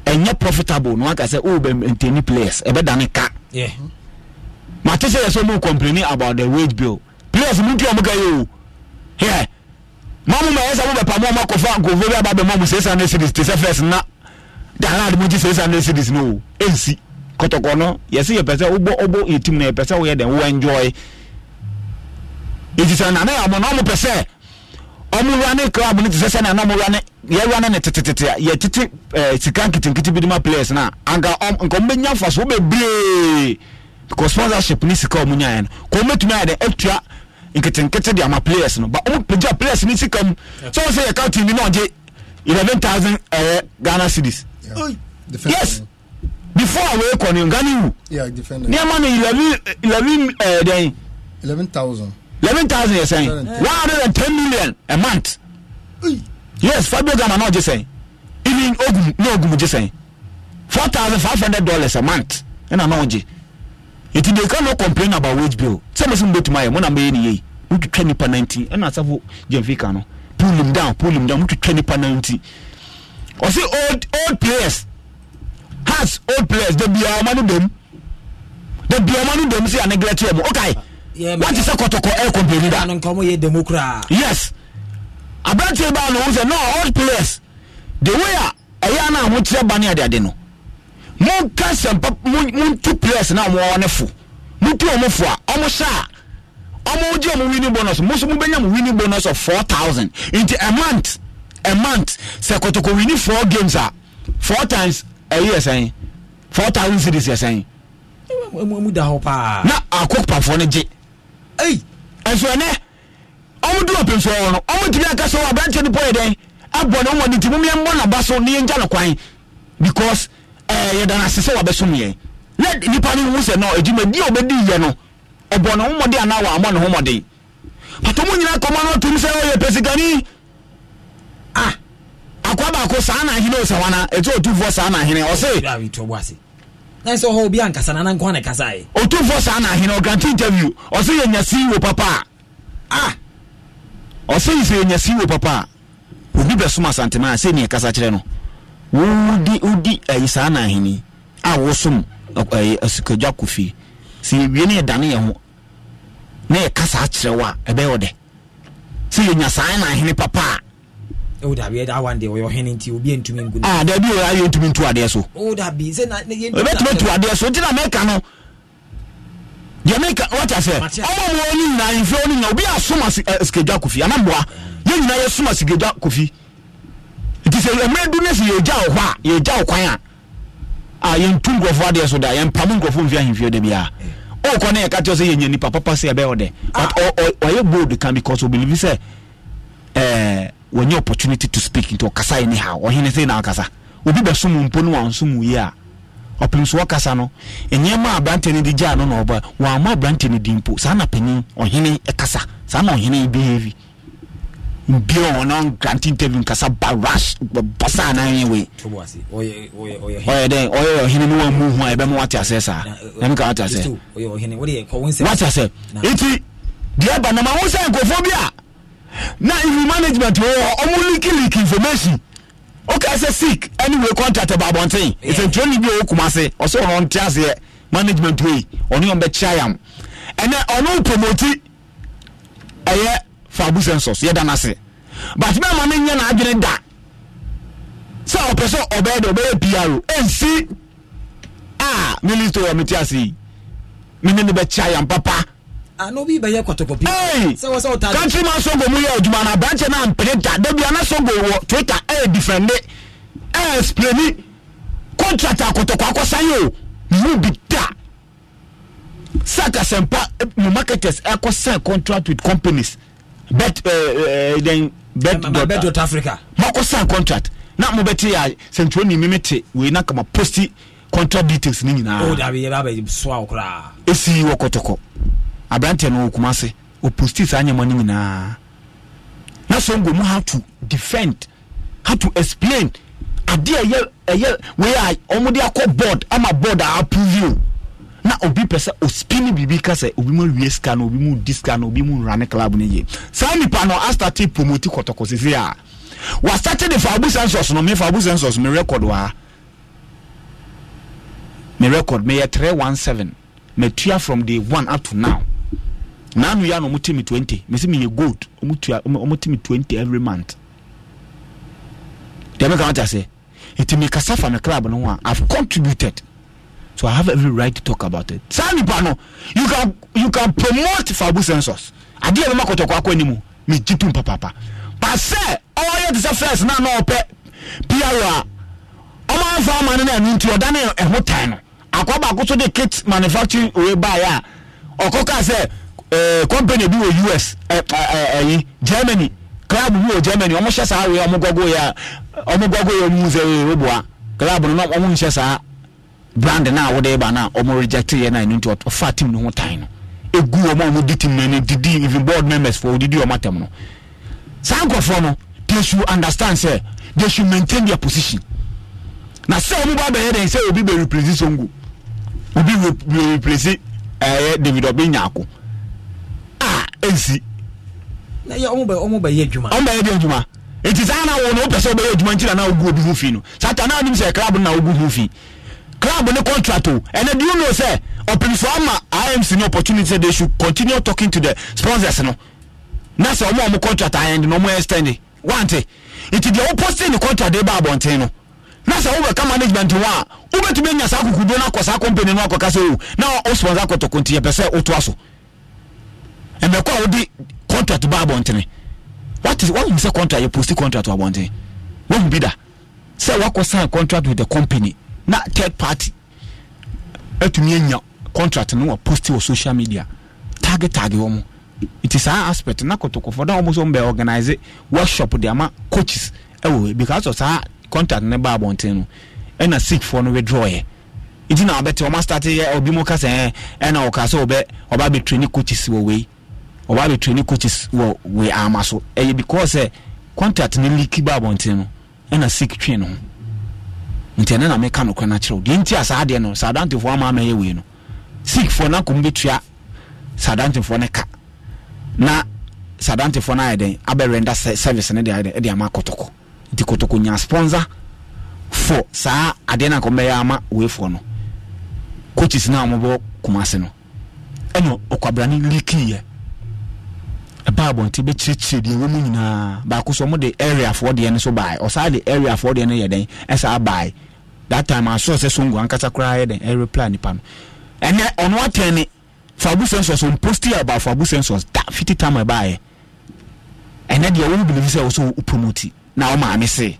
ɛnyɛ profitable na waka sɛ o oh, bɛ ntɛni players ɛbɛ dan ne ka. Yeah mate sɛ yɛ sɛ mu about the wage bill players mu ntua mu ka yɛ o hɛ mamu ma yɛ sɛ mo bɛ pamu ɔmo akɔfa nkɔfo bi aba bɛ mamu six hundred series te sɛ first na dahara de mo gye six hundred series no o ɛnsi kɔtɔkɔ no yɛsɛ yɛpɛ sɛ wobɔ ɔbɔ yɛ tim na yɛpɛ sɛ woyɛ dɛn wo enjoy eti sɛ nana yɛ ɔmo na ɔmo pɛ sɛ ɔmo wura ne club ne te sɛ sɛ nana ɔmo wura ne yɛ wura ne ne tetetete yɛ tete ɛɛ sika nketenkete bi de ma players na anka ɔmo nka ɔmo bɛ nya fa so ɔmo bɛ bree because sponsorship ne sika ɔmo nyaeɛ no kò ɔmo etumi ayɛ dɛ etua eh, nketenkete de ama players no but ɔmo pagya players ne sika mu so ɔmo sɛ yɛ ka team bi na ɔgye eleven thousand ɛyɛ eh, ghana cedis yes before awɔye kɔ ni? ghana iwu nneɛma no eleven eleven ɛɛ eh, dɛn eleven thousand eleven thousand yɛ sɛn one hundred and ten million a month yes fabio ghana na ɔgye sɛn even ogun na ogun gye sɛn four thousand five hundred dollars a month ɛna na ɔgye nti they no complain about wage bill sɛ mo sɛ mobɛtumi ayɛ mo na mɛyɛ ne yei wotwitwa nipa nanti ɛna asafo gyamfi ka no pull him down pull him down wotwitwa nipa nanti ɔse old old players has old players da biaa ɔma no dam da biaa ɔma no dam sɛ anegrɛ kyerɛ mu okay ah, wante sɛ kɔtɔkɔ ɛyɛ complain da yes aberanteɛ baa no wo sɛ no old players the way a ɛyɛ ana ahokyerɛ ba ne no monka sɛmpa montu players na ɔmowɔ ne fo motu ɔmo fo a ɔmo hyɛ a ɔmo gye ɔmo winning bonus mo nso mobɛnya mo winning bonus of four thousand nti a month a month sɛ kotoko winni four games a four times ɛyi yɛ sɛn four thousand series yɛ sɛn. mu da hɔ na akopafoɔ no gye. ɛyi ɛnso ɛnɛ ɔmo duro pɛnso wɔn no ɔmo tìmi akasɛ wɔ aberanteɛ nipa yɛ dɛn abɔ ne wɔn ne ti mu mi ɛmbɔ n'aba so ne yɛn gya no kwan because. Eh, yɛda no ase sɛ wabɛsom yɛn na nipa no hu sɛ no adwumadi a wɔbɛdi yɛ no ɔbɔ ne homɔden anaa wɔammɔ ne homɔden pato mu nyina kɔma no tom sɛ ɔyɛ oh, pɛsikani a ah, akoa baako saa na ahene ɔsɛ wana ɛti ɔtumfoɔ saa na ahene ɔse ɔtumfoɔ saa na ahene ɔgrante interview ɔse yɛnya sii wɔ e papa a ah, ɔse yi sɛ yɛnya sii wɔ e papa a obi bɛsom asantemaa sɛ neɛ kasa kyerɛ no wodi wodi ayi eh, saa na ahene a wosom ayi eh, eh, asukadwa kofi sɛ yɛwie no yɛdane yɛ ho na yɛka saa kyerɛ wo a ɛbɛyɛ ɔdɛ sɛ yɛnya saa na ahene papa a dabi ayɛ ntumi ntu adeɛ so ɛbɛtumi tu adeɛ so nti na mɛka no deɛ meka wata sɛ ɔma mɔ no nyinaa mfrɛ no nyina obi asom asikadwa kofi anamboa yɛ nyinaa yɛsom asikadwa kofi sɛ mmerɛ du ne sɛ yɛgya wo hɔ a yɛgya wo kwan a a yɛntu nkurɔfoɔ adeɛ so da yɛmpam nkurɔfoɔ mfi ahemfie da biara wokɔ ne yɛka kyerɛ sɛ yɛnya nipa papa sɛ ɛbɛyɛ dɛ but ah. ɔyɛ bold ka because obelivi sɛ eh, wɔnyɛ opportunity to speak nti ɔkasa ɛni ha ɔhene sɛ na ɔkasa obi bɛsom mpo no wansom yie a ɔpem so no nneɛma a aberanteɛ no de gyaa no na ɔba wɔamma aberanteɛ no di mpo saa na panin ɔhene ɛkasa saa na ɔhene behavi mbia wɔn na grant interview nkasa ba rash basa anan yɛ wei ɔyɛ dɛ ɔyɛ ɔhene ne wɔn mu hu a ɛbɛn mu wate asɛ saa uh, ɛmu ka wate asɛ wate asɛ eti deɛ ba na ma wɔn sɛ nkɔfo bi a na ihu management wɔ ɔmo leaky leak information ɔka sɛ sick ɛni wei contract ba abɔnten nsɛnkyerɛni bi a ɔkuma ase ɔsɛ ɔno ɔnte aseɛ management wei ɔne ɔn bɛ kyea yam ɛnɛ ɔno promoti ɛyɛ. Fabu abu sensors yɛda no ase but bɛma no nyɛ n'adwene da sɛ ɔpɛ sɛ ɔbɛyɛ de ɔbɛyɛ pr ɛnsi a ministry wɔ mete ase yi mene ne bɛkyia yɛn papa ah, country man sogo mu yɛ adwuma no aberankyɛ no ampene da da bia na wɔ twitter ɛyɛ difɛnde ɛyɛ explaini contract akɔtɔkɔ akɔsane o mu bi da sɛ kasɛmpa eh, mu marketers ɛkɔsɛn contract with companies bet den eh, eh, bet dot africa mako sign contract na mo ya yɛ ni mimi te we na kama posti contract details oh, no nyinaa ɛsii wɔ kɔtɔkɔ aberanteɛ no wɔkuma ase ɔposti saa nyɛma no nyinaa na sɛ ngo mu how to defend how to explain adeɛ ɛyɛ ɛyɛ wei a ɔmode akɔ board ama board a approve you na obi pɛ sɛ ospini biribi ka sɛ obi mu awie sika no obi mu di sika no obi mu nrane club no yie saa nipa no astate promoti kɔtɔkɔ sisi a wasate de faabu sensors no me faabu sensors me record wa me record me yɛ three one seven me tua from day one up to now nanu ya na ɔmo ti mi twenty me si mi yɛ gold ɔmo tua ɔmo ti mi twenty every month deɛ mi ka wɔn ti ase eti mi kasa fa mi club no ho a i have contributed so I have every right to talk about it. Saa nipa no, you can you can promote Fabu census. Adeɛ bɛ ma kɔtɔkɔ akɔ anim, mi gyi tum papaapa. Paase ɔyɛ te sɛ first na na ɔpɛ PRO a ɔmo anfa ama ne na ɛnu nti ɔda ne ɛho tan no. Akɔ baako so de kit manufacturing oye baayɛ a ɔkɔ kaa sɛ ɛɛ eh, company bi wɔ US ɛɛ ɛɛ ɛyi Germany club bi wɔ Germany ɔmo hyɛ saa wei ɔmo gɔgo yɛ ɔmo gɔgo yɛ ɔmo nzɛ wei wei bua club no na ɔmo nhyɛ saa brand na awode ba na ɔmo reject yɛ na ɛnu nti ɔfa team no ho tan no egu wɔn a di team no didi even board members for odidi wɔn atam no saa nkɔfoɔ no they should understand say they should maintain their position na sɛ wɔn ba bɛyɛ dɛ sɛ obi bɛ replace songo obi bɛ replace ɛyɛ david obi Ah, a ɛnsi. na yɛ ɔmo bɛ ɔmo bɛ yɛ adwuma. ɔmo bɛ yɛ deɛ adwuma nti saa na wɔn na wɔpɛ sɛ ɔbɛyɛ adwuma nkyɛn na ogu obi ho fi no saa ta na anim sɛ club na ogu ho fi club ne contract o and do you know say ɔpinfo ama imc no opportunity they should continue talking to the sponsors no na sɛ ɔmo a ɔmo contract ayɛn de na ɔmo extend wante nti deɛ wɔpɔste ne contract de ba abɔnten no na sɛ wobɛka management ho a wobɛtumi anya saa kukuduo no akɔ saa company no akɔka sɛ o na wo sponsor akɔtɔko nti yɛpɛ sɛ wotoa so ɛmɛkɔ a wode contract ba abɔntene woahu sɛ contract yɛposti contract wɔ abɔnten woahu bi da sɛ woakɔ sign contract with the company na third party atumi anya contract no waposti wɔ social media target wɔ mo nti saa aspect na kotokofoɔ na wɔn nso bɛ organize workshop de ama coaches ɛwɔ because of saa contract ne ba abɔnten no ɛna sikfoɔ no withdraw yɛ nti na abɛte wɔn astart yɛ obi mu kasa ɛn ɛna ɔka so ɔbɛ ɔba abɛ train coaches wɔ wei ɔba abɛ train coaches wɔ wei ama so ɛyɛ because ɛ contract ne leak ba abɔnten no ɛna sik train no nti ɛno na meka nokora no akyerɛ wo deɛ nti a saa deɛ no saadantefoɔ ama ama yɛ wei no sikfoɔ no akɔm bɛtua saadantefoɔ no ka na saadantefoɔ no ayɛ dɛn abɛrenda service no de ama kotoko nti kotoko nya sponsor for saa adeɛ no akɔm bɛyɛ ama weifoɔ no coaches no a wɔbɔ kumase no ɛna ɔkwabrane likiiɛ ɛbaa abɔnten bɛkyerɛkyerɛ deɛ wɔn mu nyinaa baako so wɔde area foɔ deɛ no so baae ɔsaa de area foɔ deɛ no yɛ dɛn ɛsaa baae that time asɔ sɛ songo ankasa koraa yɛ dɛn ɛreply nipa no ɛnɛ ɔno atɛn ni fabu sensors on posti about fabu sensors That fifty time ɛbaayɛ ɛnɛ deɛ wɔn believe sɛ wɔsɛ wɔ promote na wɔn maame se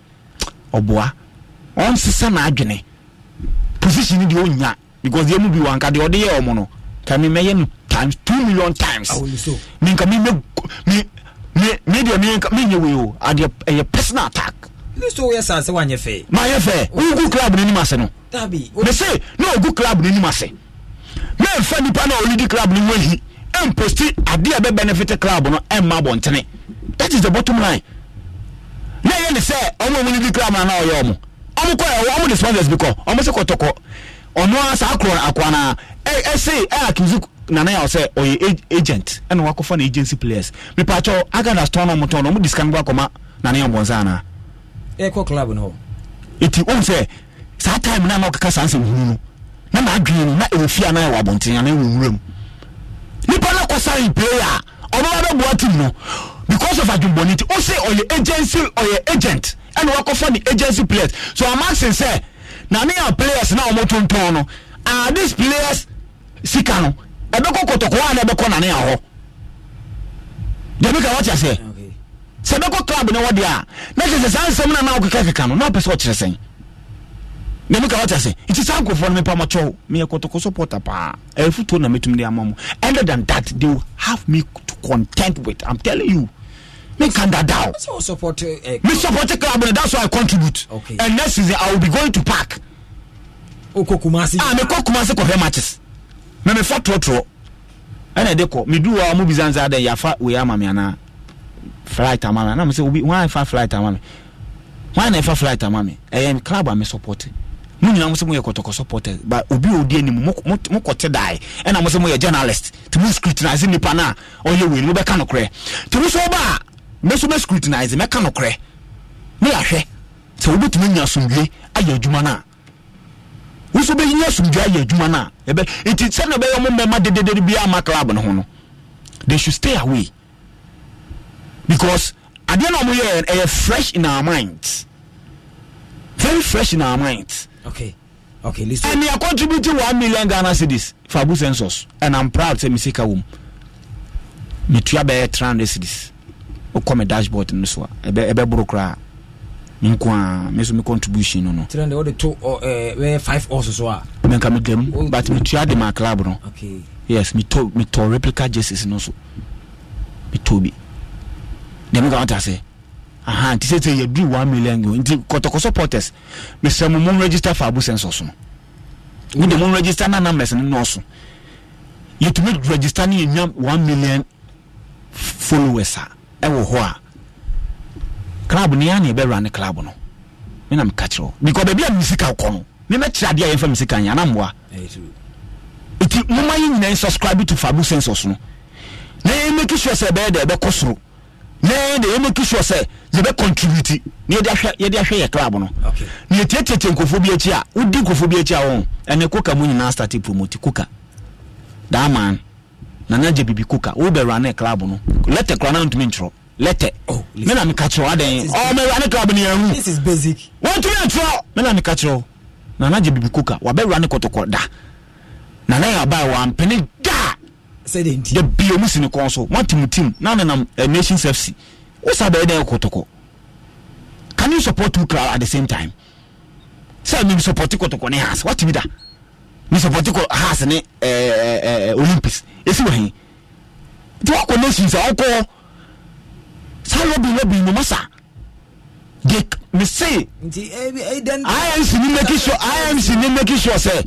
ɔboa wɔn sisa na adwene position deɛ ɔnya because deɛ mu bi wɔn anka deɛ ɔde yɛ wɔn no kàmi mɛyɛ no times two million times mi nka mi mɛ mi mi mi deɛ mi nka mi nyɛ wei o adeɛ ɛyɛ personal attack. kristo woyɛ saa mayɛ fɛ wogu club no anim ase no mese na ɔgu club no anim ase memfa nipa na ɔlidi club no wahi ɛmposti adeɛ a bɛbenefit club no ɛmma abɔntene that is the bottom line na ɛyɛ ne sɛ ɔmo club no ana ɔyɛ ɔmo ɔmo kɔ ɛwɔ ɔmo bi kɔ ɔmo kɔtɔkɔ ɔno a saa korɔ ɛse nana yà ɔyɛ agent ɛna wakɔfa na agency players mipatɔ agada na ɛkɔ club no hɔ ɛti wohu sɛ saa time no a na ɔkeka saa nsɛm hunu no na maadwene no na ɛwɔ fie anaa ɛwɔ abɔnten anaa ɛwɔ nwuram nipa no kɔsare play a ɔbɛba bɛboa team no because of adwumbɔne nti wose ɔyɛ agency ɔyɛ agent ɛna wakɔfa ne agency players so ama sen sɛ na ne a players na ɔmo tontɔn no are these players sika no ɛbɛkɔ kɔtɔkɔɔ a na ɛbɛkɔ nane a hɔ deɛ meka wate aseɛ sɛ bɛkɔ club ne wɔde a na kyerɛ sɛ saa nsɛm no na wokeka keka no na wopɛ sɛ wɔkyerɛ sɛn na meka wɔte ase nti saa nkurɔfoɔ no mepa mɔkyɛw meyɛ kɔtɔkɔ supporter paa ɛyɛfotuo na mɛtumi de ama mu other than that they will have me to content with i'm telling you menka ndadaw eh, eh, me support club no that's why i contribute okay. and next season i will be going to park ah, mekɔ kumase kɔhwɛ matches na mefa torɔtorɔ ɛna ɛde kɔ meduu a mo bisansa dɛ yɛafa wei ama me uh, anaa flight ama me na me sɛ obi wan fa flight ama me wan na ɛfa flight ama me ɛyɛ club a me support mo nyinaa mo sɛ moyɛ kɔtɔkɔ supporters but obi a odi anim mokɔte dae ɛna mo sɛ moyɛ journalist nti mo scrutinise nnipa no a ɔyɛ wei no mobɛka nokorɛ nti mo so woba a mɛso mɛscrutinise mɛka nokorɛ ne yɛahwɛ sɛ wobɛtumi nya asomdwe ayɛ adwuma no a wo so bɛnya asomdwe ayɛ adwuma no a ɛbɛ nti sɛne ɛbɛyɛ mo mmɛma dededede biaa ma club no ho no they should stay away because at adeɛ na ɔmo yɛ ɛyɛ fresh in our minds very fresh in our minds. okay okay listen. ɛni yɛ contributing one million ghana cedis for abu census and i'm proud to say Mr. si ka wom mi tuya bɛyɛ three hundred cedis o come a dashboard ni so a ɛbɛ ɛbɛ buru koraa mi a mi so mi contribution no no. three hundred o two or ɛɛ ɛɛ five ɔs oh so a. mi nka mi oh. but mi try de ma club no. okay yes mi tɔ mi tɔ replica Jesus no so mi tɔ bi deɛ meka wata sɛ aha nti sɛ sɛ yɛduru 1 million nti kɔtɔkɔ supporters mesɛ mo mom register fa abo sɛnsɔ so no wode mom register na numbers no nɔɔso yɛtumi register ni yɛnya one million followers a ɛwɔ hɔ a club ne yɛa ne yɛbɛwura ne club no mena meka kyerɛ wo because baabi a mesika kɔ no memɛkyerɛ adeɛ a yɛmfa mesika nyɛ anammoa nti moma yɛ nyinaa subscribe to fa abo sɛnsɔ so no na yɛmɛki sure sɛ ɛbɛyɛ dɛ ɛbɛkɔ soro na de yɛ mɛki sure sɛ yɛbɛ contribute na yɛde ahwɛ yɛde ahwɛ yɛ club no na yɛtiatiatia nkɔfoɔ bi akyi a wodi nkɔfoɔ bi akyi a wɔn ɛnɛ kuka mu nyinaa start promote koka daaman nana gye bibi koka wobɛwura ne club no lɛtɛ kora na ntumi nkyerɛ lɛtɛ me na meka kyerɛ adɛn ɔmɛwura oh, ne club no yɛhu wɔntumi nkyerɛ me na meka kyerɛ nana gye bibi koka wabɛwura ne kɔtɔkɔ da nana yɛ abae wampene daa da bio mu si kɔn so moatimtim na nenam uh, eh, nations fc sa bɛyɛ dɛn kotokɔ can you support two crowd at the same time sɛ me support kotokɔ ne has watimi da me support kɔ has ne uh, eh, uh, eh, olympics ɛsi wɔ he nti wakɔ nations a wokɔ saa lɔbi lɔbi no masa de me se imc ne make sure imc ne make sure sɛ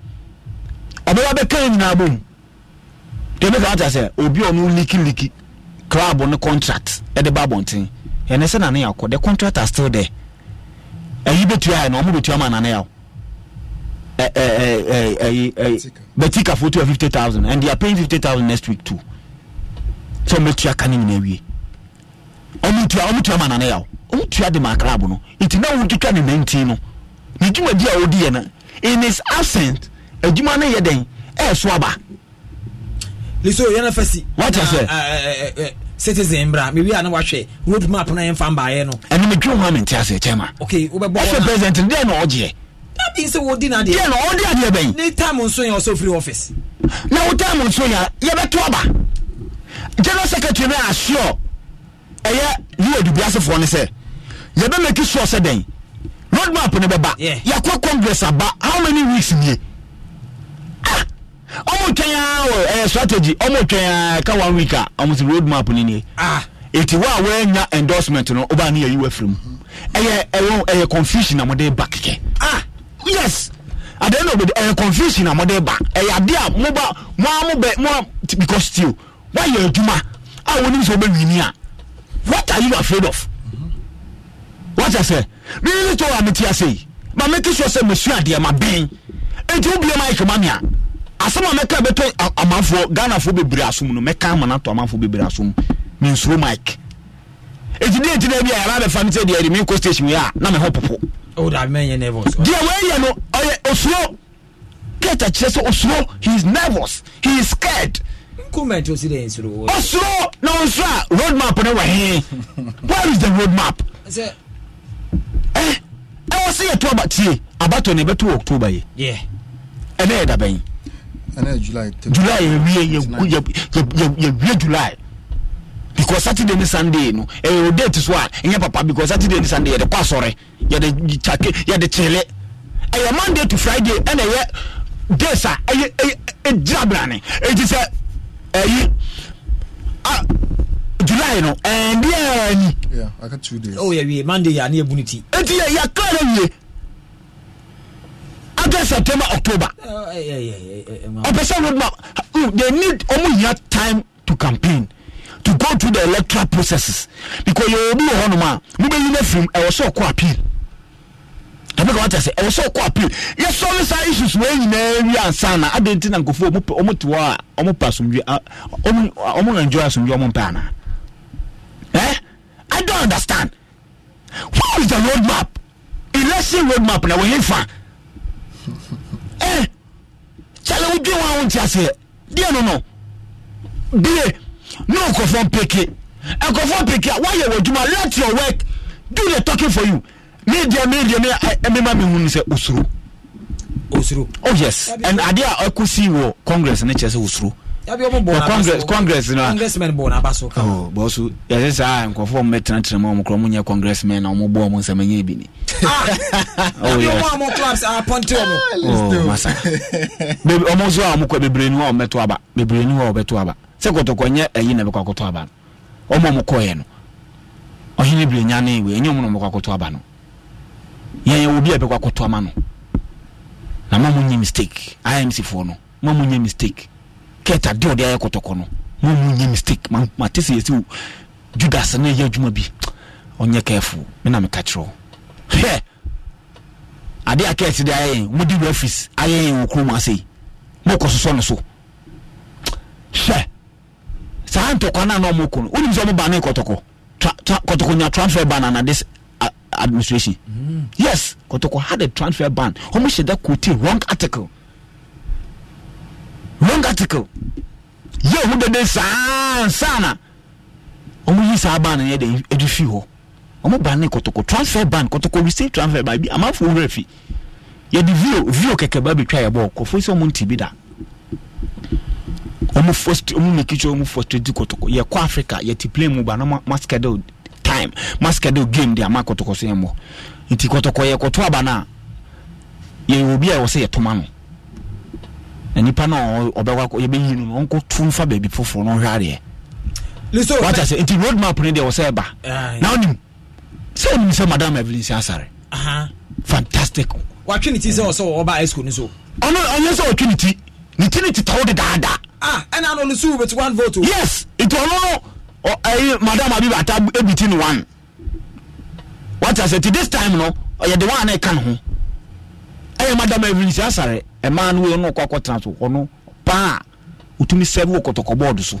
ɔbɛba bɛka nyinaa bom yɛbɛka wata sɛ obi a ɔno likiliki club no contract ɛde ba abɔnten ɛnɛ sɛ nane yakɔ the contract are still there ɛyi bɛtua yɛ na ɔmo bɛtua ma nane yaw betika for two hundred fifty thousand and they are paying fifty thousand next week too sɛ ɔmo bɛtua ka ne nyinaa wie ɔmo tua ɔmo tua ma nane yaw ɔmo tua de ma club no eti na wɔn twitwa ne nineteen no ne dwumadi a wɔdi yɛ no in his absence adwuma no yɛ den ɛɛso aba liso yɛn afa si. wata sɛ. citizen bra mewi a na wahwɛ road map na yɛmfa mbaeɛ no ɛno metwe ho a mente ase kyɛma okay wobɛbɔɛfɛ president no deɛ na ɔgyeɛ dabi sɛ wɔdi no adeɛ na ɔde adeɛ bɛn ne time nso yɛ ɔsɛ firi office na wo time nso yɛ yɛbɛto aba general secretary no asure ɛyɛ yɛ dubiasefoɔ no sɛ yɛbɛmaki sure sɛ dɛn road map no bɛba yɛkɔ congress aba how many weeks nie ọmụ twɛn ya wɔ strategy ɔmụ twɛn ya ka one week a ɔmụ si road map ni nie eti wo a wɔanya endorsement no ɔbaa ne yɛ yiwa firi mu ɛyɛ ɛwɔ ɛyɛ confusion na mɔde ba kɛkɛ ah yes at the end of ɛyɛ confusion na mɔde ba ɛyɛ ade a mo ba mo a mo bɛ mo a because still wɔayɛ adwuma a wɔnim sɛ ɔbɛ wini a what are you afraid of wɔkyɛ sɛ mi ni to a mi ti ase yi ma mi ti sɔ sɛ mi adeɛ ma bɛn. eti wo bie mic ma mi a asɛm a mɛka bɛtɔ amanfoɔ ghanafoɔ bebree asom no mɛka ama no ato amanfoɔ bebree asom mensuro mic eti deɛ nti dɛ bi a yɛba bɛfa me sɛ deɛ ɛde menkɔ station yi a na mɛhɔ popo oh, deɛ wɔyɛ no ɔyɛ osuro kɛta kyerɛ sɛ osuro he is nervous he is scared ɔsoro na ɔnso a road map wɔ he where is the road map eh, ɛwɔ sɛ yɛto aba tie abatɔ ne ɛbɛto wɔ october yi yeah ɛnɛ yɛ dabɛn ɛnɛ yɛ july july yɛ wie yɛ yɛ wie july because saturday ni sunday no ɛyɛ o date so a ɛnyɛ papa because saturday ni sunday yɛde kɔ asɔre yɛde kyake yɛde kyele ɛyɛ monday to friday ɛna ɛyɛ days a ɛyɛ ɛyɛ ɛgyina brane eti sɛ ɛyi a july no ɛndeɛ ɛni. yeah aka two days. o yɛ wie monday yɛ ani ebu ne ti. eti yɛ yɛ kaa na wie august september october ọpẹ sẹ road map they need ọmọ yẹn time to campaign to go through the electoral processes because yẹ obi wọ hɔnom a mo bɛ yi ne firim ɛwɔ sɛ ɔkɔ appeal ɛbɛ ka wata sɛ ɛwɔ sɛ ɔkɔ appeal yɛ sɔrɔ saa issues wɔ nyinaa wi ansa na adi nti na nkɔfo ɔmo ɔmo te hɔ a ɔmo pa asomdwe ɔmo ɔmo na enjoy asomdwe ɔmo mpɛ ana ɛ i don't understand what is the road map election road map na wɔ he fa ɛ kyale wodwe wa wo nte aseɛ deɛ no no bie ne ɔkɔfɔ mpeke ɛkɔfɔ mpeke a woayɛ w'adwuma let your work do the talking for you me deɛ me deɛ me mema mehu no sɛ osuro osuro oh yes and adeɛ a ɛkɔsii wɔ congress ne kyerɛ sɛ osuro yabi ɔmo bɔ n'aba na congressmen bɔ n'aba so kan. ɔ bɔn so congressmen na ɔmu bɔ ɔmu nsɛmɛ nye bi ni. yabi ɔmo ɔmo clubs apɔnte ɔmo. ɔ masa bebi ɔmo nso a ɔmo kɔ bebree na ɛbɛkɔ akɔtɔ aba no ɔmo ɔmo kɔ yɛ no ɔhene bire nya na ɔmo kɔ akɔtɔ aba no yɛn yɛ obi a ɛbɛkɔ mistake imc foɔ no mo ɔmo mistake market ade ɔde ayɛ kɔtɔkɔ no mo mu mistake ma ma te sɛ yɛsi judas ne yɛ adwuma bi ɔnyɛ careful me na meka kyerɛ hwɛ ade a kɛse de ayɛ yɛn mo di refis ayɛ wɔ kurom ase mo sosɔ ne so hwɛ saa ntɔkwa na na ɔmo kɔ no wɔn mu sɛ ɔmo ne kɔtɔkɔ kɔtɔkɔ nya transfer ban na this administration mm. yes kɔtɔkɔ had a transfer ban ɔmo hyɛ dɛ kote wrong article obstacle yɛ ho dede saa nsana wɔn yi saa ban no yɛ de fi hɔ wɔn ban ne kotoko transfer ban kotoko receive transfer ban bi amanfo wura fi yɛde vio vio kɛkɛ ba bi twa yɛ bɔ kɔfo sɛ wɔn ti bi da wɔn first wɔn make sure first di kotoko yɛ kɔ africa yɛ ti play mu ba na ma schedule time ma schedule game de ama kotoko so yɛ mɔ nti kotoko yɛ koto aba na yɛ obi a yɛ wɔ sɛ yɛ toma no nipa na ɔbɛkɔ akɔ yɛbɛyi no no ɔnkɔ tu nfa baabi foforɔ no ɔhwɛ adeɛ wata sɛ nti road map ne deɛ wɔsɛ ɛba ah, na wonim sɛ nim sɛ madam evelyn si asare fantastic watwe ne ti sɛ ɔsɛ ɔba esco no so ɔno ɔnyɛ sɛ ɔtwe ne ti ne ti ne teta wo dedaadaa ah ɛna no no suu with one vote o yes nti ɔno no ɛyi madam abi ata ebi ti ne one wata se, ti this time no ɔyɛ de one a na e ho ɛyɛ madam evelyn si asare ɛmaa no wei no ɔkɔ akɔtena so ɔno paa ɔtumi sɛre wɔ kɔtɔkɔ bɔɔdo so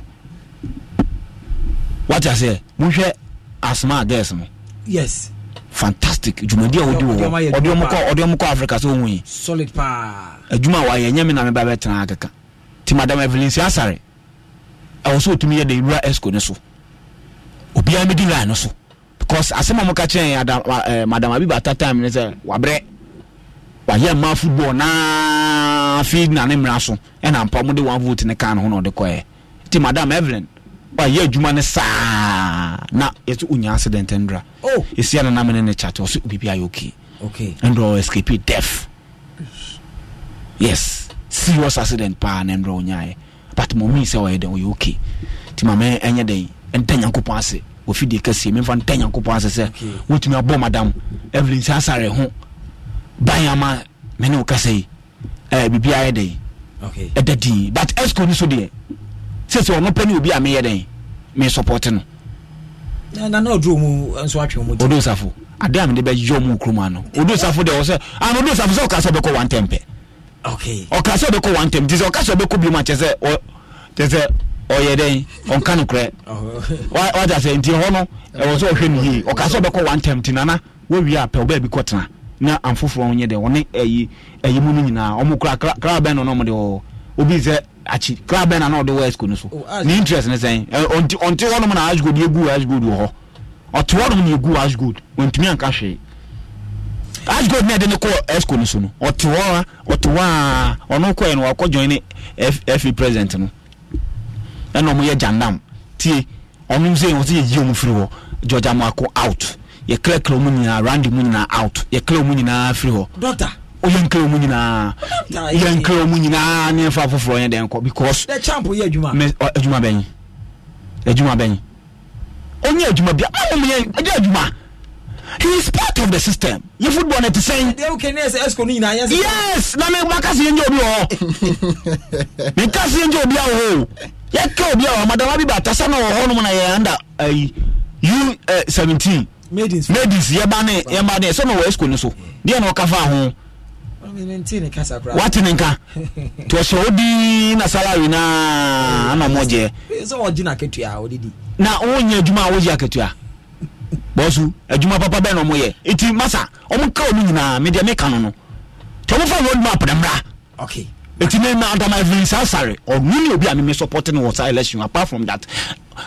wate aseɛ monhwɛ asoma agɛs no yes fantastic dwumadi a ɔde wɔ ɔde ɔmo kɔ africa sɛ ɔhu yi solid paa adwuma a wayɛ nyɛ me na meba bɛtena akeka nti madam evelyn si asare ɛwɔ sɛ ɔtumi yɛ de nwura esco ne so obiara medi line no so because asɛm a moka kyerɛ eh, madam abiba ata time ne sɛ wabrɛ wayɛ mmaa football naa fi na ne mmira so ɛna e mpa wɔn de one vote ne kan ho na ɔde kɔɛ ti madam evelyn wayɛ adwuma ne saa na yɛtɔ onya accident ndra oh! esi a nanam ne ne kyate ɔso biribi ayɛ okay ndra escape death yes serious accident paa na ndra onyaayɛ but mɔmi sɛ ɔyɛ dɛn ɔyɛ okay ti maame ɛnyɛ dɛn ɛntɛ nyankopɔn ase ofidie kɛseɛ memfa ntɛ nyankopɔn ase sɛ wotumi abɔ madam evelyn sɛ asare ho dan ama me ne wo kasa yi eh, biribiaa yɛ dɛn ɛda okay. dii but esco no so deɛ sɛsɛ ɔno pɛ ne obi a meyɛ dɛn mesupɔte no odosafo ade a mede bɛyɛ mu kurom ano odosafo deɛ ɔsɛ ana odosafo sɛ ɔka sɛ ɔbɛkɔ wantɛm pɛ ɔka sɛ ɔbɛkɔ wantɛm nti sɛ ɔka sɛ ɔbɛkɔ biom a kyɛ sɛ kyɛ sɛ ɔyɛ dɛn ɔnka no korɛ oh. wagya sɛ nti hɔ no ɛwɔ sɛ ɔhwɛ no yie ɔka sɛ ɔbɛkɔ wantɛm nti nana wowie a pɛ wobaabi kɔtena na amfoforɔ nyɛ dɛ ɔne ɛyi ɛyi mu no nyinaa ɔmo kura kra bɛn na ɔmo de wɔ obi sɛ akyi kra bɛn na na ɔde wɔ ɛsiko no so oh, ne interest ne sɛn ɔnti ɔnti hɔnom na ashgold egu ashgold wɔ hɔ ɔte hɔnom na egu ashgold ɔntumi anka hwee ashgold na ɛde ne kɔ ɛsiko no so no ɔte hɔ a ɔte hɔ a ɔno kɔɛ no wakɔ join ne ɛfi president no ɛna ɔmo yɛ gyandam tie ɔno nso yɛ ɔsi yɛ yi ɔmo firi hɔ george amako out yɛkrɛkrɛ mu nyinaa rande mu nyinaa out yɛkrɛ mu nyinaa firi hɔ dɔta yɛnkrɛ mu nyinaa yɛnkrɛ eh. mu nyinaa ne fa foforɔ yɛ dɛn kɔ because adwuma bɛn adwuma bɛn ɔnyɛ adwuma bia ɔmomyɛ ɛde adwuma he is part of the system yɛ football no te sɛn yes na maka sɛ yɛnyɛ obi wɔ hɔ meka sɛ yɛnyɛ obi a wɔ hɔ yɛka obi a wɔ madama bi baata sɛ na wɔ hɔ nom na yɛ under uh, u uh, maidens yɛba ne yɛba ne sɛ na wɔ esco no so deɛ na ɔka fa ho ti ne nka nti ɔhyɛ wodi na salary naa ana mɔgyeɛ na wonyɛ eh, eh, adwuma a wogye akatua bɔsu adwuma papa bɛɛ na ɔmoyɛ eti masa ɔmo ka ɔ no nyinaa medeɛ meka no no nti ɔmofa wɔduma na mmra okay. eti ne na adama evelyn sansare ɔno ne obi a meme support no wɔ saa election apart from that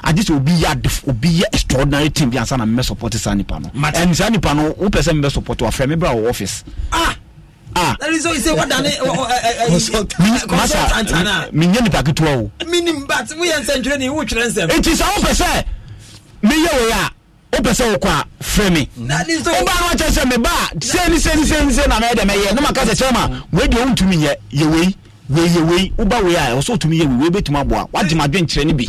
agye sɛ obi yɛ adef obi yɛ extraordinary team bi ansa na meme support saa nipa no ɛn saa nipa no wopɛ sɛ meme support wafrɛ me bra wɔ office ah ah oh, oh, eh, eh, eh, menyɛ nipa ketewa o enti sɛ wopɛ sɛ meyɛ wei a wopɛ sɛ wokɔ a frɛ me woba no wakyɛ sɛ meba a sɛni sɛni sɛni sɛ na mɛyɛ dɛ mɛyɛ ne maka sɛ kyerɛ ma wedeɛ wontumi yɛ yɛwei wei yɛ wei woba wei a ɛwɔ sɛ wotumi yɛ wei wei bɛtumi aboa wagye ma adwenkyerɛ no bi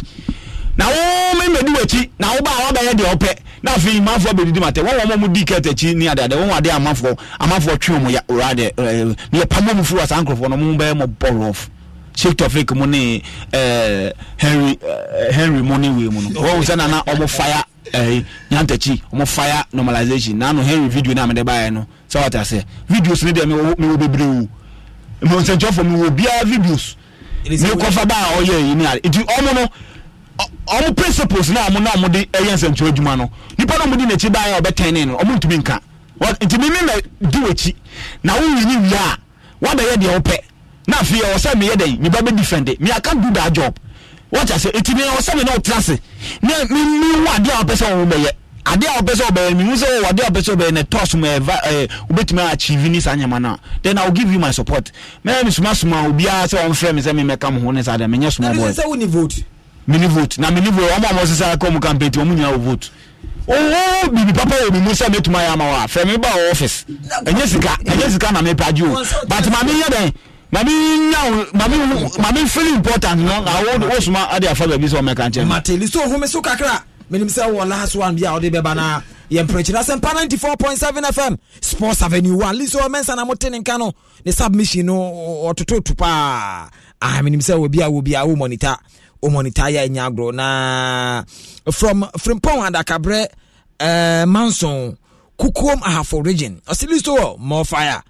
na wo memɛdi w'akyi na woba a wabɛyɛ deɛ wɔpɛ na afei manfoɔ bɛdidi matɛ wɔn wɔn mu di kɛt akyi ni adeade wɔn adeɛ amanfoɔ amanfoɔ twe wɔn ya ɔra deɛ ɛɛ yɛ pamɔ mu firi wa saa nkorɔfoɔ na wɔn bɛyɛ mo bɔl off sheik tofik mu ne ɛɛ henry ɛɛ henry mu ne wei mu no wɔn sɛ nana wɔn fire ɛɛ nyantakyi wɔn fire normalization nanu henry video naa mi de ba yɛ no sɛ wɔte ase videos ne deɛ mi wɔ bebree o nsɛnkyɛwfo mu wɔ biara videos ne kɔfa ba a ɔyɛ yi ne ade nti ɔmo no ɔmo principles na ɔmo na ɔmo de ɛyɛ nsɛnkyɛw adwuma no nipa na ɔmo di n'akyi ban a ɔbɛtɛn ne no ɔmo ntumi nka nti mi ne na di w'akyi na wowi ne wie a wabɛyɛ deɛ wopɛ na afei ɛwɔ sɛ meyɛ dɛn nipa bɛ defend me i can do that job wɔkyɛ sɛ eti mi ɛwɔ sɛ mi na ɔtena se ne mi mi wɔ adeɛ a ɔpɛ sɛ ɔmo bɛyɛ adeɛ a wɔpɛ sɛ ɔbɛyɛ mihu sɛ wɔwɔ oh, adeɛ a wɔpɛ sɛ ɔbɛyɛ na ɛtɔ so ma ɛɛ wobɛtumi achieve ni saa nyɛma no then i will give you my support mɛyɛ mi suma suma obiara sɛ wɔn fɛ mi sɛ mi mɛka mo ho ne saa deɛ mɛ nyɛ suma bɔ yɛ. ɛnisɛ wo ni vote. mi ni vote na mi ni vote wɔn a wɔn sisan kɔ mu campaign ti wɔn mu nyinaa wɔ vote owó bìbí pápá yẹ mímú sẹ mi tuma yà wa fẹmi mi pàjì o but maami yẹ dẹ maami feel important na awo o suma adi afa bẹbi sọ ọmọ ẹ kàn jẹ. màtẹ̀lí sọ ohun mi sọ kakra menim sɛ wɔ last one bi a wode bɛba no yɛ mprɛkyina sɛ mpa 94.7 fm sports avenue 1 liso ɔmɛnsa na mote ne nka no ne submission no ɔtoto to paa ah, menim sɛ wɔbi a wɔbi womɔnita womɔnita yɛ anya agorɔ na from frimpɔn adakaberɛ uh, eh, manson kukom ahafo region ɔse liso wɔ mɔfire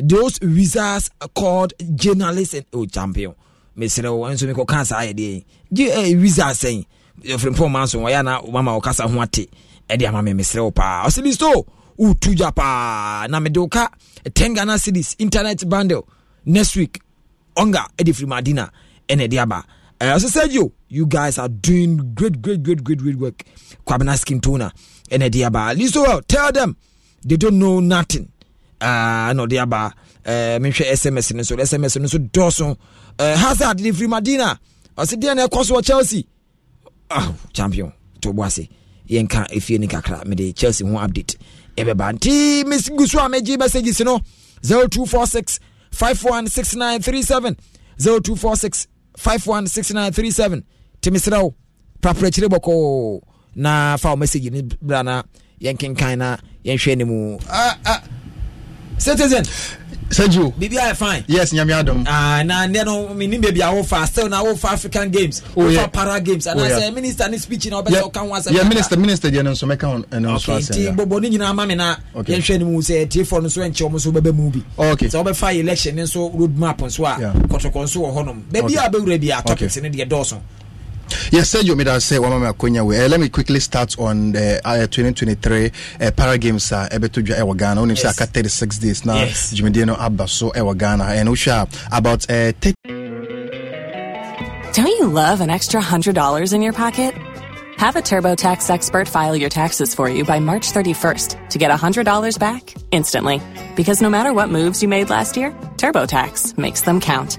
those wizards called journalists and oh, champion mesrɛ wo nso mekɔka saa yɛdeɛ eh, wizards sɛn eh, firimpɔn ma nso wɔyɛ na mama ɔkasa ho ate ɛde ama me mesrɛ wo paa ɔsi bi sto wotu gya paa na mede wo ka ten ghana cities internet bundle next week ɔnga ɛde firi madina ɛna ɛde aba so said you you guys are doing great great great great great work kwabena skin toner ɛna ɛde aba listo well tell them they don't know nothing ɛna uh, ɔde aba ɛɛ uh, mehwɛ sms no so sms no so dɔɔso ɛɛ uh, hazard de firi madina ɔsi deɛ na ɛkɔ so chelsea oh, champion to boase yɛnka ɛfie ni kakra mede chelsea ho update ɛbɛba nti mes gu so a megye messages no 0246 516937 0246 516937 nti meserɛ wo praprɛkyire bɔkɔɔ na fa wo message no bra na yɛnkenkan na yɛnhwɛ no mu uh, uh, citizen sergio biribi ayɛ fine yes nyame adom ah, na nnɛ no ni baabi a wofa still na wofa african games wofa oh, yeah. para games and oh, yeah. minister ne speech na wobɛsɛ woka ho asɛm yeah, minister minister deɛ no nso mɛka ɛno nso asɛm nti bɔbɔ no nyinaa ma me na yɛnhwɛ no mu sɛ atiefoɔ no nso ɛnkyɛ ɔm nso wobɛbɛ mu bi sɛ wobɛfa election ne nso road map nso a kɔtɔkɔ nso wɔ hɔnom baabi a wobɛwura bi a topics ne deɛ dɔɔso Yes, Sergio Mida one Wamama Konya. we let me quickly start on the uh, 2023 uh, para games. Uh, Ebetuja Ewa Ghana. Only yes. 36 days now. Yes. Jimidino abbaso. Ewa Ghana. And Usha about uh, t- Don't you love an extra $100 in your pocket? Have a TurboTax expert file your taxes for you by March 31st to get $100 back instantly. Because no matter what moves you made last year, TurboTax makes them count.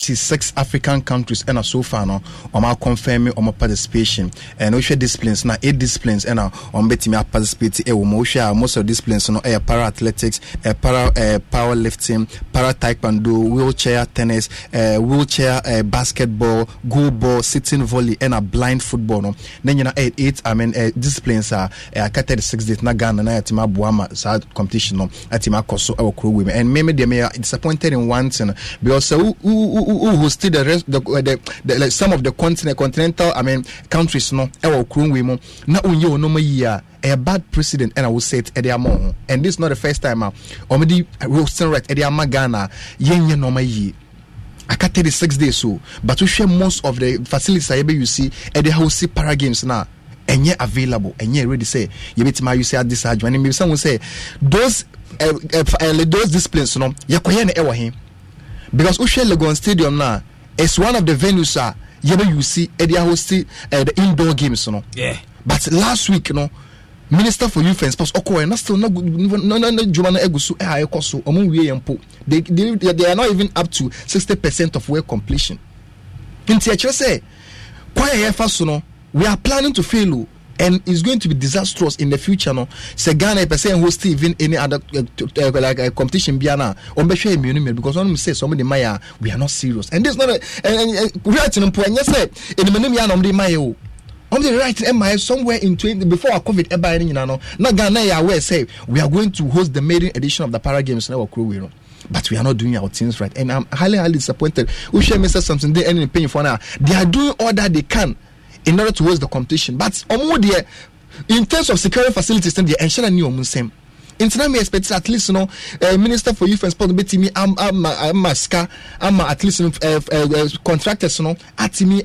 six African countries and uh, so far no on um, my confirming on my um, participation and we share disciplines now eight disciplines and on uh, um, betting my participate a eh, motion uh, most of disciplines no eh, air eh, para athletics a para power lifting para taekwondo wheelchair tennis wheelchair basketball goal ball sitting volley and a blind football no then you know eight eight I mean disciplines are uh, catered six days na Ghana na atima buama sa competition no atima koso our crew women and maybe they may disappointed in one thing because who who hosted the rest the, the, the like some of the continent continental I mean countries no Ewo kurom mo na unye onoma yie a bad president and I will say it Eddie Amon. And this is not the first time I'm already roasting right Eddie Amagana. Yen yen no my ye. I can tell the six days so, oh. but we share most of the facilities I you see at the house para games now. And yet available, and yet ready say you bet my you say at this age. When maybe someone say those uh, uh, those disciplines, you know, you're quite an because wohwɛ legon stadium now is one of the venues a you usi ɛde eh, ahosti uh, eh, the indoor games you know. yeah. but last week no minister for youth and sports ɔkɔɛ na still not good. no no, no. a ɛkɔ so ɔmo nwie yɛn mpo they they are not even up to sixty percent of work completion In ɛkyerɛ eh, sɛ kwan a yɛfa so no we are planning to fail o. Oh. and it's going to be disastrous in the future. No, say Ghana person host even any other uh, uh, like uh, competition. Biana, on be immune because when we say somebody Maya, we are not serious, and this not a reality. No, and yes, in the minimum, yeah, no, the Maya. I'm the right MI somewhere in 20 before our COVID ever you know. Now Ghana yeah, we say we are going to host the maiden edition of the Para in now crew but we are not doing our things right. And I'm highly, highly disappointed. We share Mr. Something they any pain for now. They are doing all that they can in order to host the competition but ọmọ deɛ in terms of security facilities deɛ ɛnhyɛ na new wɔn same nti na mi expect at least no uh, eh, minister for youth and sport betumi ama ama ama sika ama at least uh, uh, contractors no atumi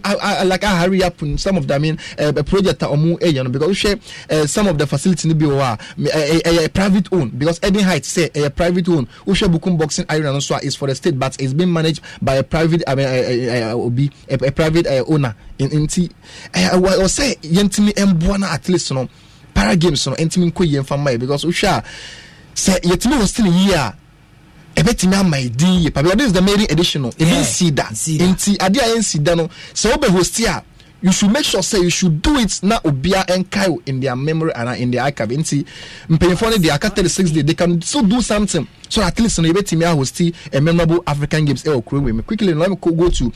like ahari up some of the I mean uh, project a ɔmo ɛyɛ no because wohwɛ uh, some of the facility no bi wɔ hɔ a ɛyɛ private own because Eden Heights sɛ ɛyɛ private own wohwɛ Bukum boxing arena no so a is for the state but it's being managed by a private I mean uh, uh, uh, obi a, a private uh, owner nti ɛwɔ sɛ yɛntumi mboa no at least no para games no ntumi nkɔ yie mfa mma because wohwɛ a sɛ yɛtumi wɔ still yie a ɛbɛtumi ama yɛ din yie papa this is the main edition no ebi nsi da nti adeɛ a yɛ nsi da no sɛ wobɛ host a you should make sure say you should do it na obia nkae o in their memory and in their archive nti mpanyinfoɔ no de aka thirty six day they can still do something so at least no yɛbɛtumi ahosti a memorable african games ɛwɔ kurom wɛmi quickly no let me go to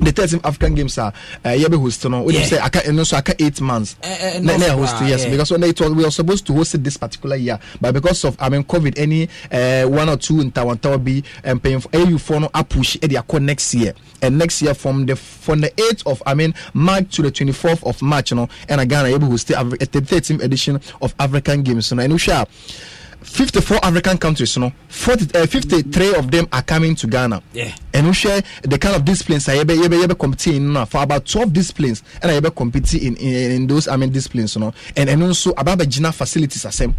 the thirteen African games are uh, Yebe host no. When yeah. say I can, and also I can eight months. Uh, uh, no, ne, host uh, yes yeah. because when it was, we were supposed to host it this particular year, but because of I mean COVID, any uh, one or two in Taiwan Tower be and paying for AU for no up push at their next year and next year from the from the eighth of I mean March to the twenty fourth of March, you know, and again I able Yebe host the thirteenth edition of African games. You know, and we shall. 54 African countries, you know, 40, uh, 53 of them are coming to Ghana. Yeah. And we share the kind of disciplines I ever, ever, ever competing in for about 12 disciplines. And I ever compete in, in, in those, I mean, disciplines, you know. And, and also, about the Gina facilities are same.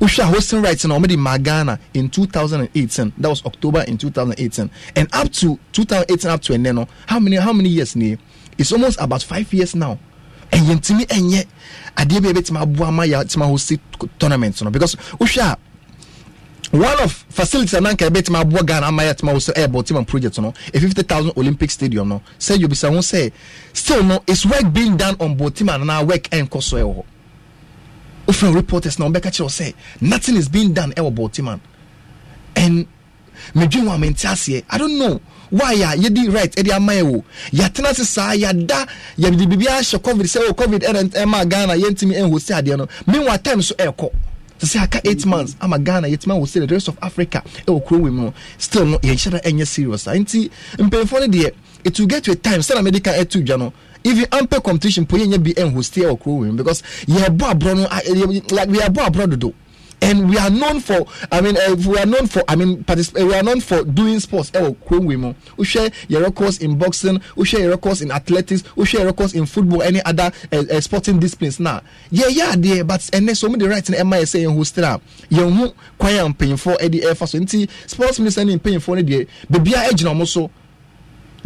We share hosting rights in already Magana in 2018. That was October in 2018. And up to 2018, up to and then, how many, how many years? It's almost about five years now. And yet, and yet, adeɛ bi a yɛbɛtumi aboa ama yɛatumi ahosi tournament no because wohwɛ a one of facilities ananka yɛbɛtumi aboa ghana ama yɛatumi ahosi ɛyɛ bɔ team and project no a fifty thousand olympic stadium no sɛ yobisa ho sɛ still no It's work being done on both team and na work ɛnkɔ so ɛwɔ hɔ wofrɛ reporters na wɔbɛka kyerɛ sɛ nothing is being done ɛwɔ bɔ team and medwin wɔ amente aseɛ i don't know why a yɛdi right ɛde ama yɛ wo yɛatena ase saa yɛada yɛde biribi ahyɛ covid sɛ o oh, covid ɛma ghana yɛntumi ɛnho eh, si adeɛ no meanwhile time so ɛrekɔ eh, te sɛ aka eight months ama ghana yɛtumi aho sɛ the rest of africa ɛwɔ eh, kuro wɔ mu no still no yɛnhyɛ da ɛnyɛ serious a ah. nti mpanyinfoɔ no deɛ it will get to a time sɛ na medical ɛtu dwa no even ampɛ competition po yɛnyɛ bi ɛnho si ɛwɔ kuro wɔ mu because yɛbɔ aborɔ no yɛbɔ aborɔ dodo and we are known for i mean uh, we are known for i mean particip- uh, we are known for doing sports ɛwɔ kurom wei mu wohwɛ yɛ records in boxing wohwɛ yɛ records in athletics wohwɛ yɛ records in football Any other uh, uh, sporting disciplines Now, yeah, yeah, adeɛ but and then so many de right na ɛma yɛ sɛ yɛn hostel a yɛn ho kwan a mpanyinfoɔ ɛde so nti sports minister ne mpanyinfoɔ no deɛ beebi a ɛgyina wɔn so.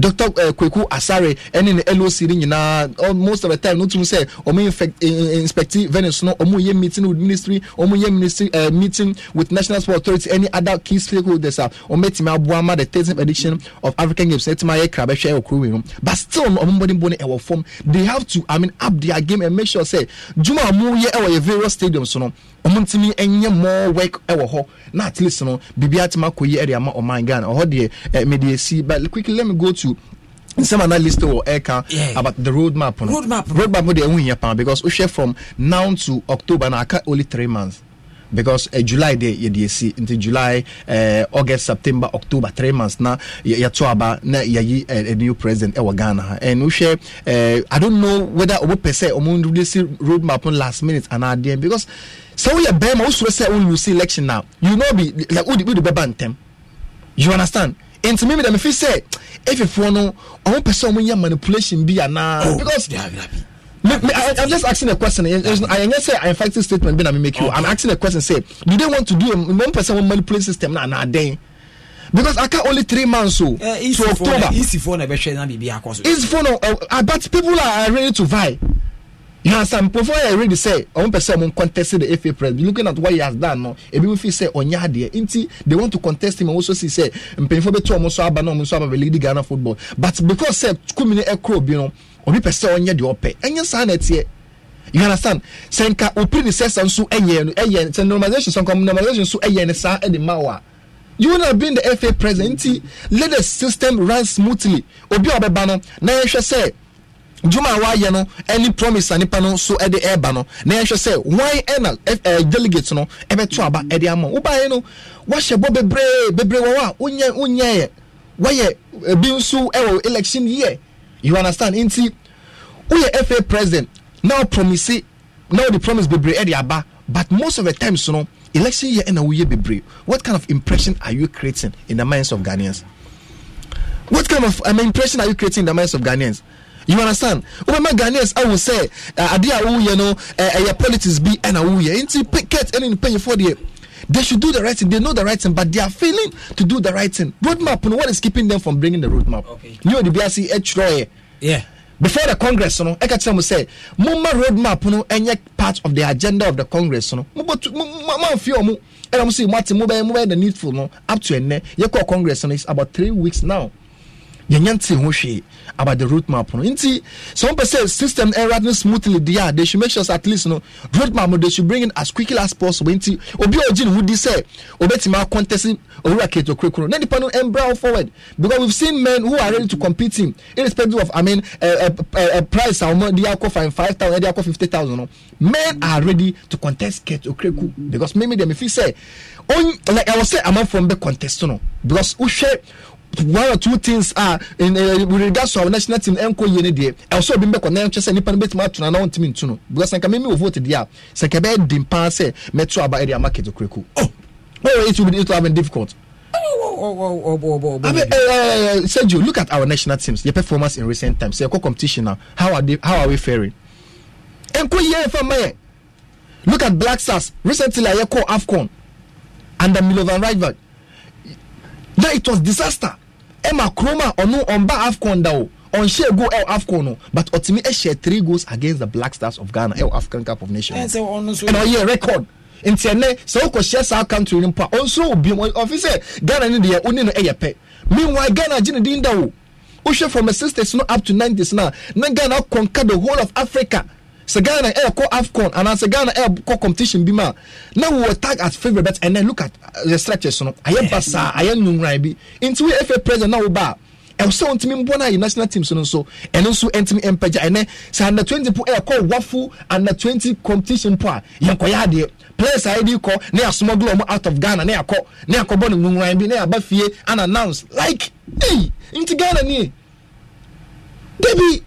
Doctor uh, kweku asare ɛne ne loc no nyinaa most of the time no tum sɛ ɔmo eh, eh, inspecti venice no ɔmo yɛ meeting with ministry ɔmo yɛ ministry uh, meeting with national sport authority any other key stakeholders a ɔmo ɛtumi aboa ma the thirteenth edition of african games ɛtumi ayɛ krabɛhwɛ ɛwɔ kuro wei no but still no ɔmo mbɔdenbɔ no ɛwɔ fam they have to i mean up their game and make sure say, juma a ɔmo yɛ ɛwɔ yɛ various stadiums no ɔmo ntumi ɛnyɛ more work ɛwɔ hɔ na at least no biribi atumi akɔ yi ɛde ama ɔman oh ghana oh ɔhɔ deɛ ɛɛ mɛ deɛ si but quickly let me go to to some analysts list aircar yeah. about the roadmap. Roadmap. Roadmap with the win Japan because we share from now to October now only three months. Because uh, July there you yeah, see until July, uh, August, September, October, three months now. Yeah, about na yeah, a new president in Ghana. And we share. Uh, I don't know whether we per se we do this roadmap on last minute and at the end because so we are bema also say we lose election now. You know be like we the be bantem. You understand? nti mímu dɛm fi sɛ efifoɔ no ɔmo pɛ sɛ ɔmo nyɛ manipulation bi anaa oh, because me, me, I, I'm just asking a question. I, I ain't say I'm emphatic statement. Been I make you. I'm asking a question. Say, do they want to do a one person manipulation system now? Nah, then because I can only three months so uh, eh, to October. Easy phone, eh, easy phone, I bet oh, eh, people are ready to buy na asampofo yɛ read sɛ ɔmo pɛ sɛ ɔmo contest the fa press looking at what he has done no ebi mo fi sɛ ɔnyɛ adeɛ nti they want to contest him ɔmo so si sɛ mpanyinfo bi to ɔmo so aba na ɔmo so aba bɛ lead ghana football but because sɛ kumuni ɛkoro bi no obi pɛ sɛ ɔnyɛ deɛ ɔpɛ ɛnyɛ saa na ɛteɛ you understand sɛ nka opiri ni sɛsɛ nso ɛyɛ no ɛyɛ sɛ normalization sɛ nka normalization nso ɛyɛ ne saa ɛde ma wa you would have been the fa president nti let the system run smoothly obi a ɔbɛba no na yɛhwɛ sɛ juma a wayɛ no ɛne promise a nipa no so ɛde ɛɛba no na yɛhwɛ sɛ wɔn ɛna ɛɛ delegate no ɛbɛto aba ɛde ama wobaayɛ no wahyɛ bɔ bebree bebree wɔn a wonyɛ wonyɛɛ wɔyɛ ebi nso ɛwɔ election year you understand nti woyɛ fa president na promise na wɔde promise bebree ɛde aba but most of the times no election year ɛna woyɛ bebree what kind of impression are you creating in the minds of ghanaians what kind of um, impression are you creating in the minds of ghanaians you understand wobɛma ghanes uh, awo sɛ adeɛ a woyɛ no ɛyɛ eh, eh, politics bi ɛna woyɛ nti picket ɛne mpanyimfoɔ deɛ they should do the right thing. They know the right thing, but they are failing to do the right thing. Roadmap, you know, what is keeping them from bringing the roadmap? Okay. You know, the BRC, H. Roy. Yeah. Before the Congress, no. know, I can tell you, say, Mumma roadmap, you know, any part of the agenda of the Congress, no. you know, Mumma fear, and I'm saying, Martin, Mumma, the needful, no, up to a year. Your Congress, no. know, it's about three weeks now yɛnyɛ nte ho hwee about the road map no nti sɛ wɔn pɛ system ɛra no smoothly deɛ a they should make sure at least no road map no they should bring in as quickly as possible nti obi a ogye ne ho di sɛ obetumi akɔntɛsi owura keto kurikuru na nipa no ɛmbra forward because we've seen men who are ready to compete in irrespective of i mean a uh, uh, price a wɔn de akɔ fine five thousand ɛde akɔ fifty thousand no men are ready to contest keto kurikuru because maybe dem fi sɛ on like i was say amafo n bɛ contest no because wohwɛ one or two things are in uh, regards to our national team ɛnkɔ yie ne deɛ ɛwɔsɔ obi mbɛkɔ nan kyɛ sɛ nipa no bɛtumi ato na na ɔntumi ntu no because nka mimi wo vote deɛ a sɛ nka bɛyɛ den paa sɛ mɛto aba ɛde ama kete kureku oh oh it will be it will have been difficult. I mean, uh, uh, Sergio, look at our national teams, their performance in recent times. Their competition now, how are they? How are we faring? Enko year for me. Look at Black Stars recently. I call Afcon under Milovan Rajvac. That it was disaster ɛma kurom a ɔno ɔnba afcon da o ɔnhyɛ goal ɛwɔ afcon no but ɔtumi ɛhyɛ three goals against the black stars of ghana ɛwɔ african cup of nations ɛna ɔyɛ record nti ɛnɛ sɛ wokɔhyɛ saa country no mpo a ɔnsoro obi mu ɔfi sɛ ghana ni deɛ wone no ɛyɛ pɛ meanwhile ghana gye ne din da o wohwɛ from the sixties no up to nineties no a na ghana conquer the whole of africa sɛ ghana ɛɛkɔ afcon anaasɛ ghana ɛɛkɔ competition bi mu a na wɔwɔ tag as favourite bet ɛnɛ look at uh, the structures no ayɛ ba saa ayɛ nnumran bi nti wo fa president na wo ba a ɛwɔ sɛ ntumi mbɔ no ayɛ national teams so no nso ɛno nso ntumi mpagya ɛnɛ sɛ under twenty po ɛɛkɔ wafo under twenty competition po a yɛnkɔyɛ adeɛ players a yɛde kɔ ne yɛasomɔgolo ɔmo out of ghana ne yɛakɔ ne yɛakɔbɔ no nnumran bi ne yɛaba fie unannounced like ei nti ghana nie debi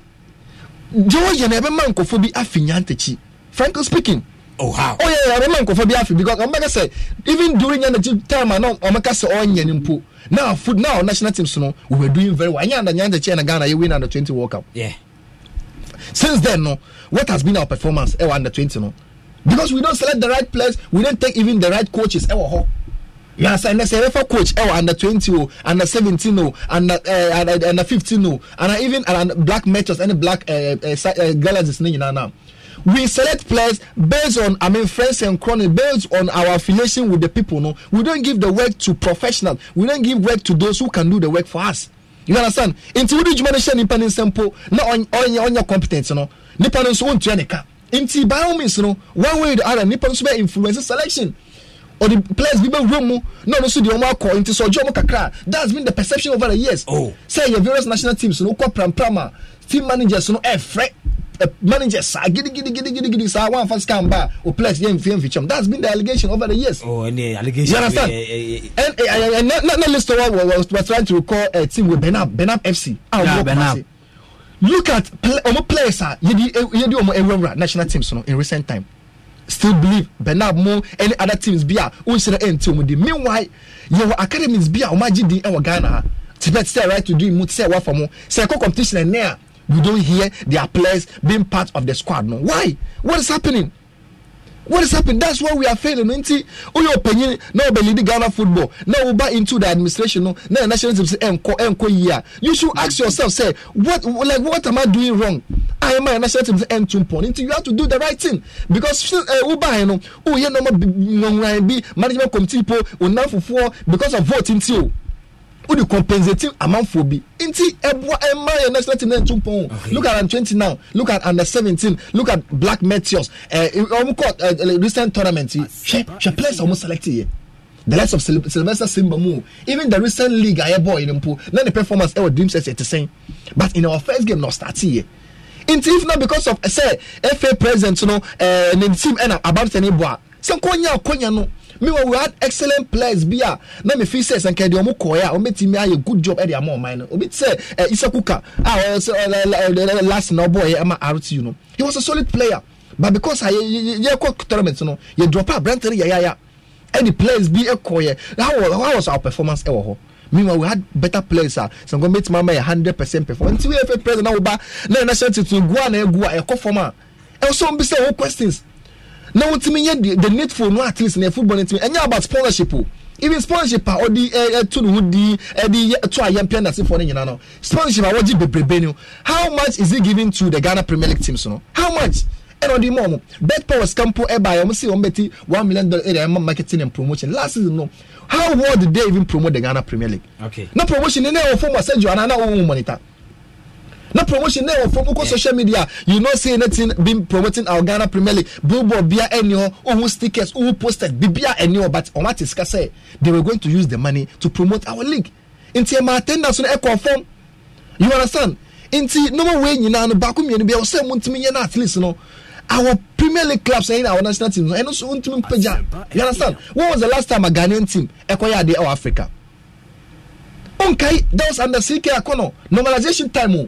joe yɛ na ɛbɛma nkɔfo bi afi nyantakyi frankly speaking oh how oh yeah yeah remember kofa bi afi because I'm gonna say even during the time I know I'm gonna say oh nyen mpo now food now national team, no we were doing very well nyanda nyanda chi na Ghana you win under 20 world cup yeah since then no what has been our performance eh under 20 no because we don't select the right players we don't take even the right coaches eh ho na sɛ ɛnɛ sɛ yɛbɛfa coach ɛwɔ eh, under twenty o oh, under seventeen o oh, under ɛɛ eh, eh, under fifteen o oh, and even under black matches ɛne black ɛɛ ɛɛ galaxies ne nyinaa na we select players based on i mean friends and cronies based on our affiliation with the people no we don't give the work to professionals we don't give work to those who can do the work for us you understand nti wo di dwuma no hyɛ nipa ne nsɛm na ɔnyɛ ɔnyɛ competent no nipa Ni nso wɔntua ne ka nti by all means no one way or the other nipa nso bɛ influence selection. Or the players bi bɛ wura mu na ɔno nso deɛ ɔmo akɔ nti sɛ ɔgye kakra that's been the perception over the years oh. sɛ yɛ various national teams no wokɔ pram prama, team managers no ɛfrɛ eh, eh, managers saa ah, gidigidigidigidi saa wanfa sika mba o players yɛ nfi film, kyɛm that's been the allegation over the years. oh ɛni allegation yɛrɛ san ɛn ɛn ɛn not least of all, we were trying to recall a team with benab benab fc. Ah, yeah, benab look at ɔmo players a ah, you eh, do ɔmo ewura national teams no in recent time still believe bernard mo any other teams bi a wonhyira ɛnti wɔn de meanwhile yɛwɔ academies bi a wɔn agye din ɛwɔ ghana ha tibet sɛ right to do mu sɛ wafa mo sɛ ɛkɔ competition ɛnɛ a you don hear their players being part of the squad no why what is happening what is happening that's why we are failing nti oyè ọpẹnyin náà ọbẹ lead ghana football náà ọba into the administration no náà national team ẹ nkọ ẹ nkọ yìí a you should ask yourself say what like what am i doing wrong i am my national team ẹ ntun pọn nti you have to do the right thing because ọba eh, yẹn no oyè nọmọ nyọnwuran bi management committee po onan fufuo because of vote nti o wode compensative amanfoɔ bi nti ɛboa ɛma yɛ national team nine two pɔn look at under twenty now look at under seventeen look at black meteors ɛɛ wɔn recent tournament yi hwɛ players a wɔn select yɛ the likes of sylvester simba mu even the recent league a yɛ bɔ yɛn mpo na ne performance ɛwɔ dream set yɛ te sɛn but in our first game na start yɛ nti if not because of sɛ fa president no ɛɛ ne team about abamtɛni bɔ a sɛ nkɔnya akɔnya no mi wɔ had excellent players bi a na mi fi sɛ sɛnkɛ deɛ ɔmo kɔɛ a ɔmo bɛ ti mi ayɛ good job ɛde ama ɔman no obi ti sɛ ɛ isakuka a ɔyɛ sɛ last na ɔbɔ ɛyɛ ama rtu no he was a solid player but because a yɛ yɛ kɔ tournament no yɛ drop a aberante no yɛyɛyɛ ɛne players bi ɛkɔyɛ how was our performance ɛwɔ hɔ meanwhile we had better players ah. so sanko mɛtumi ama yɛ hundred percent performance nti wei yɛ fɛ president na wo ba na yɛ national team to egu a na egu a ɛkɔ so n bi questions na wotumi nyɛ the need for no at least na football no ntumi ɛnyɛ about sponsorship o even sponsorship a ɔde ɛto ne ho di ɛde to a yɛmpɛ nasefoɔ no nyinaa no sponsorship a wɔgye bebrebe no how much is it giving to the ghana premier league teams no how much ɛna ɔde mu ɔmo bet powers campo ɛba ɔmo si ɔmo bɛti one million dollar area ɛma marketing and promotion last season no how well did they even promote the ghana premier league okay na promotion ne na ɛwɔ fɔm asɛju ana na ɔmo monitor na promotion na ɛwɔ fam wokɔ social media you know say anything been promoting our ghana premier league billboard bia ɛni hɔ ohun stickers ohun posters bibia ɛni hɔ but ɔmo ati sika sɛ they were going to use the money to promote our league nti ɛma attendance no ɛkɔ fam you understand nti normal way nyinaa no baako mmienu bi ɛwɔ sɛ mo ntumi yɛ na at least no our premier league clubs ɛyin our national teams ɛno so ntumi mpagya eh, you understand when was the last time a ghanaian team ɛkɔ yɛ adeɛ ɛwɔ africa Onkai, that was under ck akɔnɔ normalization time o. Oh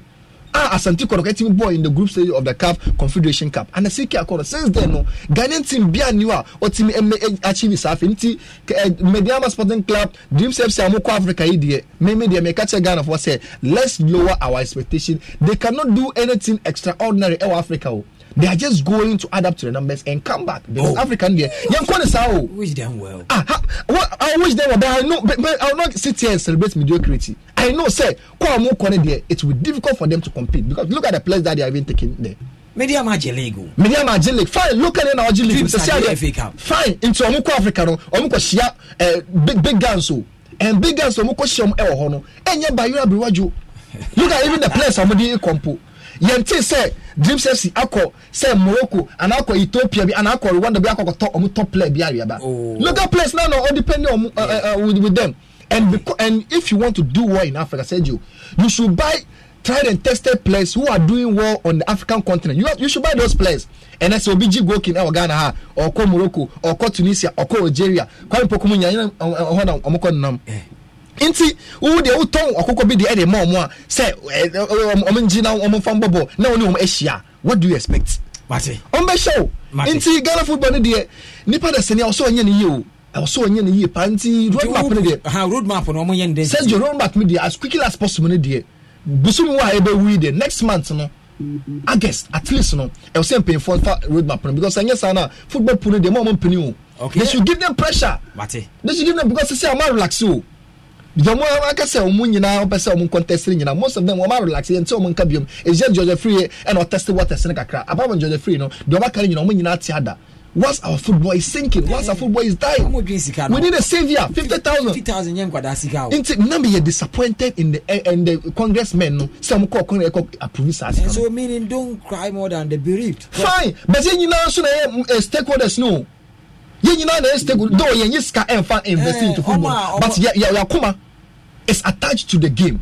a asante kɔrɔkɛ team bɔ in the group stage of the CAF confederation cup and aseke akɔrɔ since then no ghanaian team bi a new a ɔtumi ɛmɛ achieve saa afei nti mediama sporting club dreams fc a mo kɔ africa yi e deɛ mɛmɛ deɛ mɛka kyerɛ ghana fɔ sɛ let's lower our expectation they cannot do anything extraordinary ɛwɔ africa o they are just going to add up to the numbers and come back because oh. African there. Young Kwan is how wish them well. Ah, ha, well, I wish them well, but I know, but, but I will not sit here and celebrate mediocrity. I know, say, Kwan Kwan there, it will be difficult for them to compete because look at the place that they are even taking there. Media Margin League. Media Margin League. Fine, local at it now. League. are the FA Cup. Fine, into Omuko Africa, no, Omuko Shia, uh, big, big guns, so. And big guns, Omuko Shiam, Ewa Hono. And yeah, by you, Look at even the place players, somebody, Kompo yɛnte sɛ dreams fc akɔ sɛ morocco anaa akɔ ethiopia bi anaa akɔ rwanda bi akɔkɔtɔ ɔmo top player bi ariaba oh. local players na na ɔ depend on uh, with, them and because, and if you want to do well in africa sergio you should buy tried and tested players who are doing well on the african continent you, you should buy those players ɛnɛ sɛ obi gye gokin ɛwɔ ghana ha ɔkɔ morocco ɔkɔ tunisia ɔkɔ algeria kwame pokumu nyanya ɔhɔ na ɔmokɔ nenam nti wowu deɛ wotɔn ɔkokɔ bi deɛ ɛde ma ɔmo a sɛ ɔmo ngyi na ɔmo fa mbɔbɔ na wɔn wɔn ahyia what do you expect. ɔmo bɛ hyɛw nti ghana football ne deɛ nipa de sini ɔsɔ ɔnyɛ ne yie o ɔsɔ ɔnyɛ ne yie pa nti road map ne deɛ ha road map na ɔmo yɛ ne dɛ sɛ jo road map ne deɛ as quickly as possible ne deɛ busum wa a ebe wi de next month no august at least no ɛwɔ sɛ mpanyinfoɔ fa road map no because ɛnyɛ saa na football pool ne deɛ mo ɔmo mpanyin o okay they should give them pressure they should give them because sɛ ɔmo relax o jọmọ akẹsẹ ọmọ nyinaa ọbẹ sẹ ọmọ nkọntẹsiri nyinaa most of them ọmọ arolax yẹn ti ọmọ nka biom ejiya georgia free yẹ ẹna ọtẹsi waters ne kakra apamọ georgia free no deɛ ɔba kari nyinaa ɔmọ nyinaa ti ada once our football is sinking once our football is dying we need a saviour fifty thousand. fifty thousand yẹn nkwadaa sika o. Oh. nti nnam yɛ disappointed in the in the congressmen no sɛ ɔmo kɔ ɔkɔn ɛkɔ approve saa sika. so meaning don't cry more than the bereaved. fine bɛtɛ nyinaa nso na yɛ eh, stakeholders no yɛn nyinaa na yɛ stable though yɛn yi sika ɛnfa invest eh, into football but yɛ yɛ akoma is attached to the game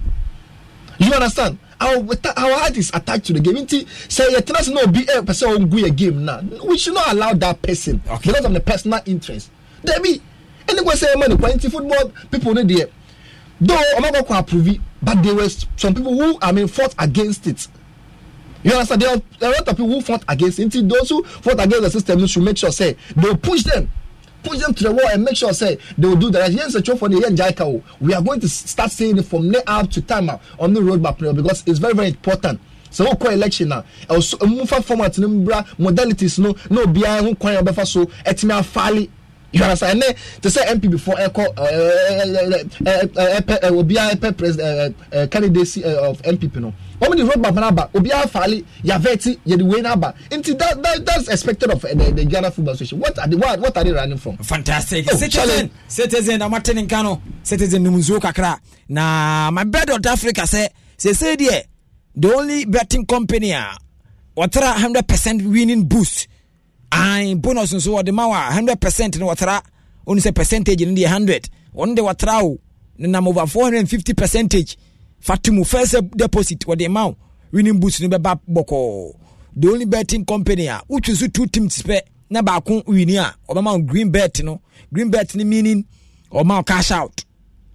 you understand our our heart is attached to the game nti sɛ yɛ tena se na obi ɛ pɛ sɛ ɔngu yɛ game na we should not allow that person okay. because of the personal interest debi ɛni say sɛ ɛma ne kwan nti football people ne deɛ though ɔmo akɔkɔ approve but there were some people who i mean fought against it. You understand? There are a lot of people who fought against it. Those who fought against the system should make sure say they push them. Push them to the wall and make sure say they will do the that. Yes, for the We are going to start seeing it from now up to time out on the roadmap because it's very, very important. So, sɛ call election now. a ɛmufa format no mbra modalities no na obiara ho kwan a wɔbɛfa so ɛtumi afaale yɔrasa ɛnɛ te sɛ npp fo ɛkɔ ɛɛ ɛɛ ɛɛ ɛpɛ obiara ɛpɛ president ɛɛ candidacy of MP, you know. How many road map n'aba obiara faale Yaveti, yɛde wei n'aba that that that's expected of uh, the, the Ghana Football Association what are they what, what are they running from. fantastic oh, citizen challenge. citizen na mate ne nka no citizen num nsuo kakra na my bed of africa sɛ sese deɛ the only betting company a ah, wɔtara hundred percent winning boost I bonus nso wɔde ma wa hundred percent ne wɔtara onu sɛ percentage in the hundred wɔn de wɔtara o oh, ne nam over four hundred and fifty percentage. Fatumu first deposit wɔde ma wo winning ni no bɛba bɔkɔɔ the only betting company a wotwi so two teams pɛ na baako wini a ah. ɔbɛma wo green bet no green bet ni meaning ɔma wo cash out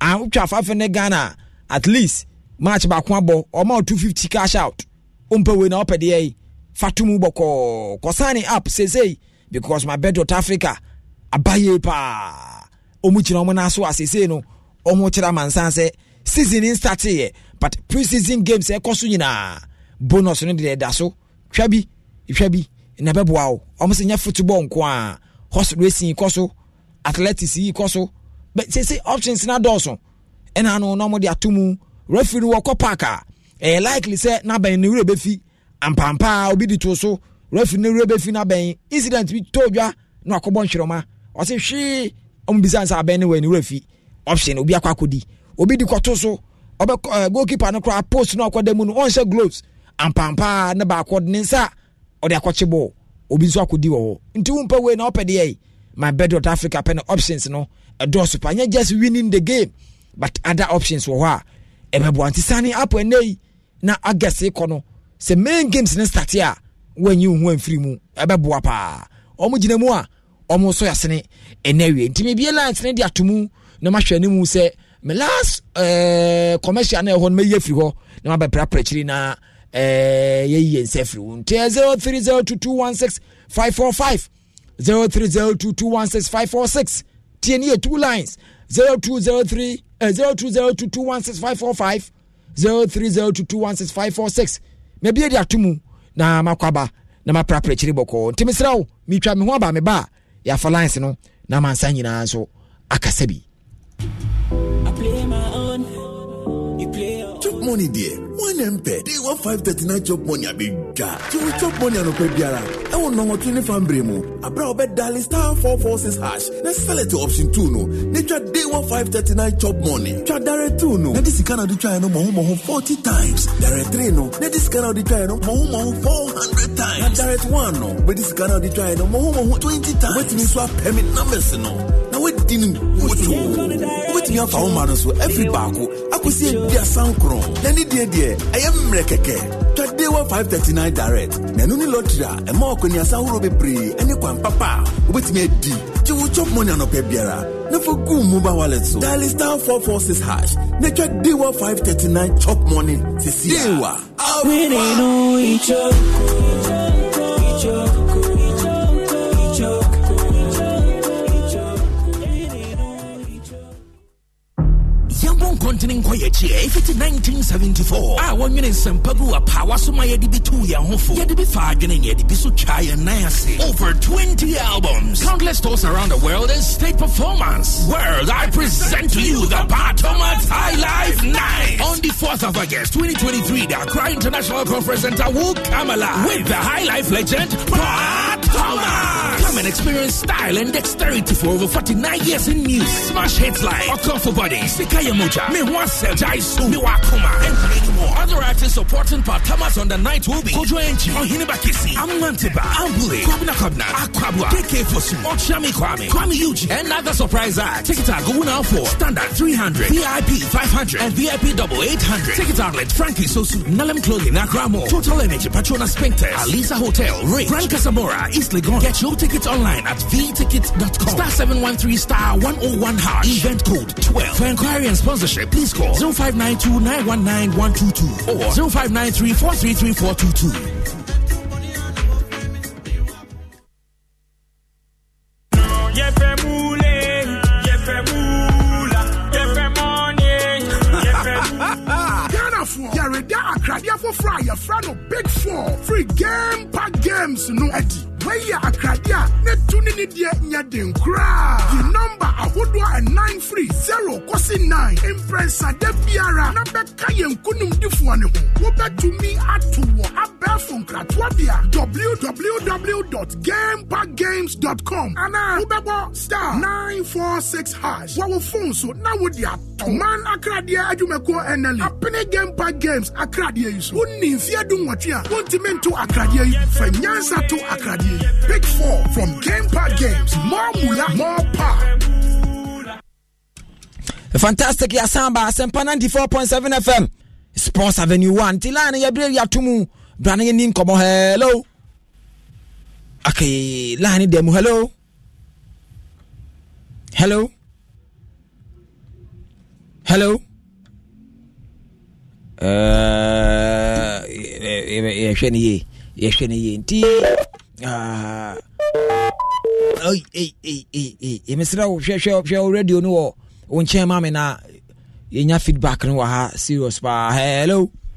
a wotwa afaafɛ ne ghana at least match baako abɔ ɔma two fifty cash out ompɛ wei na ɔpɛ deɛ yi fatumu bɔkɔɔ kɔsane app seesei because my bet dot africa abayɛ paa ɔmu gyina ɔmo n'aso a ah, seesei no ɔmo kyerɛ amansan sɛ season in start yɛ but pre-season games ɛkɔ so nyinaa bonus no deɛ ɛda so twa bi twa bi na bɛboa wo ɔmo sɛ nyɛ football nko a horse racing kɔ so athletics yi kɔ so but sese options na dɔɔso ɛna ano na ɔmo de ato mu referee no wɔkɔ park a ɛyɛ likely sɛ n'abɛn ne wura bɛfi ampampa obi de to so referee ne wura bɛfi n'abɛn incident bi to dwa na wakɔbɔ nhwerɛma ɔsi hwee ɔmo bisa nsa abɛn ne wɔ ne wura fi option obi akɔ akɔdi obi di kɔto so ɔbɛ ɛɛ goalkeeper no koraa post no akɔda mu no ɔnhyɛ gloves ampampa ne baako ne nsa ɔde akɔkye ball obi nso akɔdi wɔ hɔ nti wo mpɛ wei na ɔpɛ deɛ my bed dot africa pɛ no options no ɛdɔɔso pa nyɛ just winning the game but other options wɔ hɔ a ɛbɛboa nti sani apɔ ɛnɛ yi na agɛse kɔ no sɛ main games ne start a wɔanyi wo ho amfiri mu ɛbɛboa paa ɔmo gyina mu a ɔmo nso yɛsene ɛnɛ wie nti mebiɛ lines ne de ato mu na mahwɛ ne mu sɛ me last uh, commercial na ɛhɔ no mɛyi afiri hɔ na mabɛprapra akyiri na eh, yɛyi yɛ nsa afiri wo nti 0302216545 0302216546 tie ne yɛ two lines 0203 uh, 0202216545 0302216546 mabie de ato mu na makɔ aba na maprapra akyiri bɔkɔɔ nti mesrɛ wo metwa me ho aba me ba a yɛafa lines no na mansa nyinaa nso akasa bi money deɛ one mpɛ day one five thirty nine chop money abɛdwa nti wo chop money a anɔpɛ biara I want ɛwɔ nnɔngɔtwe ne famberɛ I brought a wobɛdale star 446 hash Let's sell it to option two no na twa day one five thirty nine chop money twa direct two no na de sika na wode twaeɛ no mmɔhommɔho 40 times Direct three no Let this sika na wode twaeɛ no mmɔhommɔho 400 times na dare 1 no wobɛde sika na wode twaeɛ no mmɔhommɔho 20 times wobɛtumi me swap me numbers no na wadi no wotoo wobɛtumi afa wo ma no so afiri baako akɔsi aduasa nkorɔn na ne deɛ deɛ ɛyɛ mmerɛ kɛkɛ twadewa 539 direct na ɛno ne lɔtri a ɛma ɔkɔniasa ahorow bebree ne kwan papa a adi gye wo chop money anɔpɛ biara na fa gu mobile wallet so diale star 446 hash na twa dewa 539 chop money sesidewa Winning on each other. yɛbɔ nkɔntene nkɔ yɛkyiɛ ɛfiti 1974 a wɔnwene If it's 1974, ah, I ma yɛde bi tuu yɛn ho fo yɛde bi fa adwene so over 20 albums countless tours around the world and state performance world i present to you the of High Life Night on the 4th of August 2023 the Accra International Conference Center will come alive with the High Life legend Batomat come and experience style and dexterity for over 49 years in news smash hits like Occur for Body Aye Mocha, Me Wasem, Jaisu, Me Wakuma, and many more. Other artists supporting Patamas on the night will be Kojo Enchi, Ohinibakisi, Amantiba, Ambule, Kwabna Kwabna, Akwabwa, KK Fosu, Ochami Kwame, Kwame Uji, and other surprise act. Tickets are going out for Standard 300, VIP 500, and VIP Double 800. are outlet Frankie Sosu, Nalem Clothing, Akramo, Total Energy, Patrona Sphincter, Alisa Hotel, Ray, Grand Casamora, East Legon. Get your tickets online at vtickets.com. Star 713 star 101 hash. Event code 12. For inquiry and sponsorship, please call 0592 919 122 or 0593 433 422. Yɛreda akradeɛ foforɔ a yɛfrɛ no big four free game games no adi mpa yi yɛ akrade a ne tu ne ne deɛ nyɛ den koraa yi nɔmba ahodoɔ ɛnan firi zero kɔsi nine mprɛnsada biara na bɛka yɛn nkonimdifoɔ ne ho wobɛtumi ato wɔ ab efunkratuabia www.gamepackgames.com ana wobɛbɔ star 946 hash wɔwo phone so na wode atɔ man akradeɛ adwumakuo ɛnɛle apene game pack games akradeɛ yi so wonni mfeɛ du nwɔtwe a wontumi nto akradeɛ yi fa nyansa to akradeɛ yi big four from game games more mula more power fantastic yɛasan ba asɛmpa 94.7 fm sports avenue 1 nti line no yɛberɛ mu dwane yɛni nkɔmmɔ hello okay line da mu hello hello hello uh, yɛhwɛ ah. oh, oh, no yie oh. yɛhwɛ no yie nti mesrɛ wo hwɛhwɛ wo radio no wɔ wo nkyɛn ma ah. me na yɛnya feedback no wɔ ah, ha serious paa hello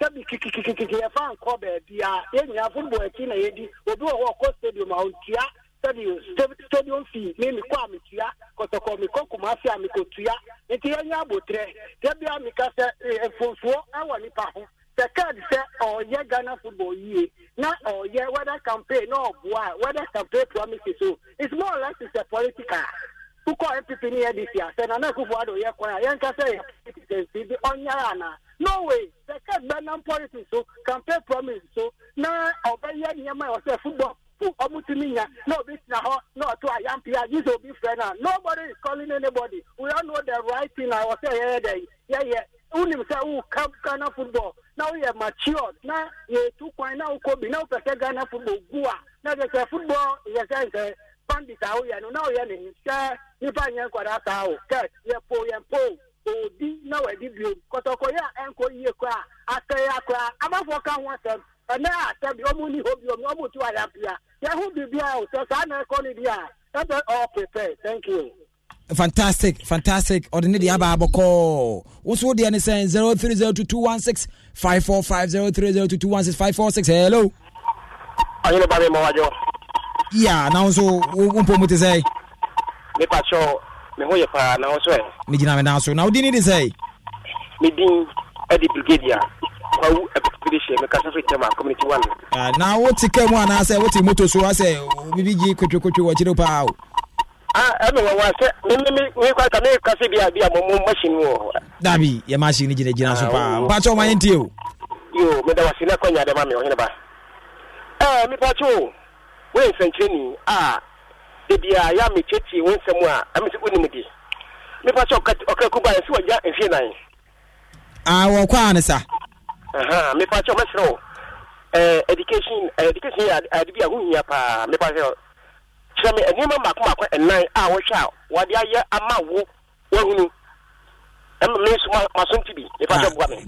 sẹbi kikikikiki yɛfa nkɔ baabi a yɛnyina football akyi na yɛdi obi wɔ hɔ stadium a ɔtua sɛbi stadium fee ne mekɔ a metua kɔtɔkɔ mekɔ kumase a mekɔtua nti yɛnyɛ abotrɛ da bia meka sɛ e- e- mfonsoɔ ɛwɔ nipa ho sɛ card sɛ ɔyɛ ghana football yie na ɔyɛ weather campaign na ɔboa weather campaign promises o it's more or less it's a political ụkọ npp na ihe dị si ase na na-ekwubu adụ ya kwa ya ya nkasa ya politics dị ọnya ya na norway seke na politics so kampe promise so na ọbẹyẹ nneema ọsẹ football fún ọmútìmí yẹn na obi tina họ na ọtọ àyàmpi ya jíṣẹ obi fere na nobody is calling anybody we all know the right thing na ọsẹ yẹ yẹ dẹ yẹ yẹ unim sẹ wù football na wù mature na yẹ tu na wù na na football nipa nyɛ nkwadaa saa o kɛ yɛ po yɛ po obi na wɔde bio kɔtɔkɔyɛ a ɛnkɔ e yie koraa asɛe akoraa amafoɔ ka ho asɛm ɛnɛ asɛm bi ɔmo ni hɔ bi ɔmo ɔmo tu ayapia yɛho biribiara o sɛ saa na ɛkɔ ne bi a ɛbɛ all prepare thank you. fantastic fantastic ɔde ne deɛ aba abɔkɔɔ woso deɛ ne sɛn 0302216545 hello ayene ba me mawajɔ ya na wo nso wo mu te sɛ mepa kyɛ me ho yɛ paa na wo so ɛ megyina me nan so na wodin ne de sɛe medin ɛde brigadia wawu e expedition mekasa so kyɛm a community one uh, na wote ka mu anaasɛ wote moto so a sɛ bibi gye kotwekotwe wɔkyere paa o ɛno wɔwɔ sɛ memekasa mekasa bi a bi a e mɔmɔ machine wɔ dabi yɛ machine no gyinagyina so paa mpa kyɛ ɔma ah, yɛntie o yo meda wa na kɔnya dɛ ma me ɔhene ba ɛɛ eh, mepa kyɛ o woyɛ nsɛnkyerɛni a ah, ebi a ya mi kyekye wo nsɛm a ɛmi sɛ wonim di nipa sɛ ɔkra kuba yɛ sɛ wagya mfie nan a ah, wɔkɔ a ne sa mepa kyɛ mɛserɛ wo eh, education eh, education yɛ ade eh, ah, bi a wohia paa mepa sɛ kyerɛ me nneɛma mmaako mmaako ɛnan a wohwɛ a wɔde ayɛ ama wo woahunu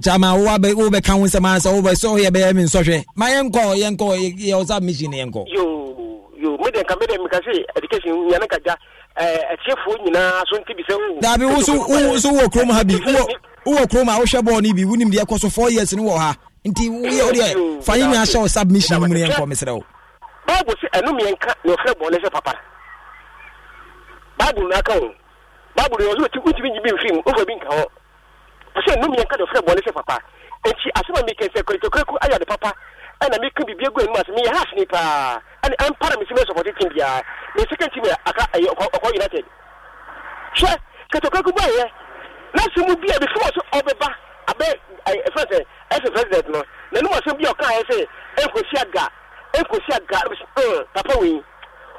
jama wo wobɛka ho nsɛm ansa wobɛ sɛ woyɛ bɛyɛ me nsɔhwɛ ma yɛnkɔ yɛnkɔ yɛwɔ sa mission yɛnkɔ bio mede nka mede meka se education nyane kagya eh, nyinaa so bi daabi so wo kurom ha bi wowɔ kurom a wohwɛ bɔɔ bi four years no wɔ ha nti woyɛ wodeɛ fa nyinaa hyɛ wo submission no mu no yɛnkɔ meserɛ wo bible papa bible no aka wo bible yɛ ɔsɛ wotumi gye bi mfim wofa bi nka hɔ papa sɛ papa ɛna meka biribi agu anim ase meyɛ hasne paa ɛne ɛmpa na mesi mɛsɔpɔte tim biara me second team aka ɛyɛ eh, ɔkɔ united hwɛ katokako baɛyɛ na sɛ mu bi eh, eh, a before sɛ ɔbɛba abɛ ɛfrɛ sɛ ɛsɛ president no nanom asɛm bi a ɔkaɛ sɛ ɛnkɔsi aga ɛnkɔsi aga papa wei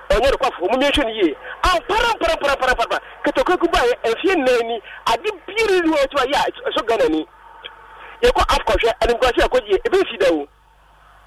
ɔnyɛ no kwafoɔ mu nyɛhwɛ no yie amparamparamparampara katokako baɛyɛ ɛmfeɛ nnaa ni ade biara ni hɔ ɛtumi ayɛ a ɛsɔ ghana ni yɛkɔ afkɔhwɛ animkwasi akɔgye ɛbɛsi da o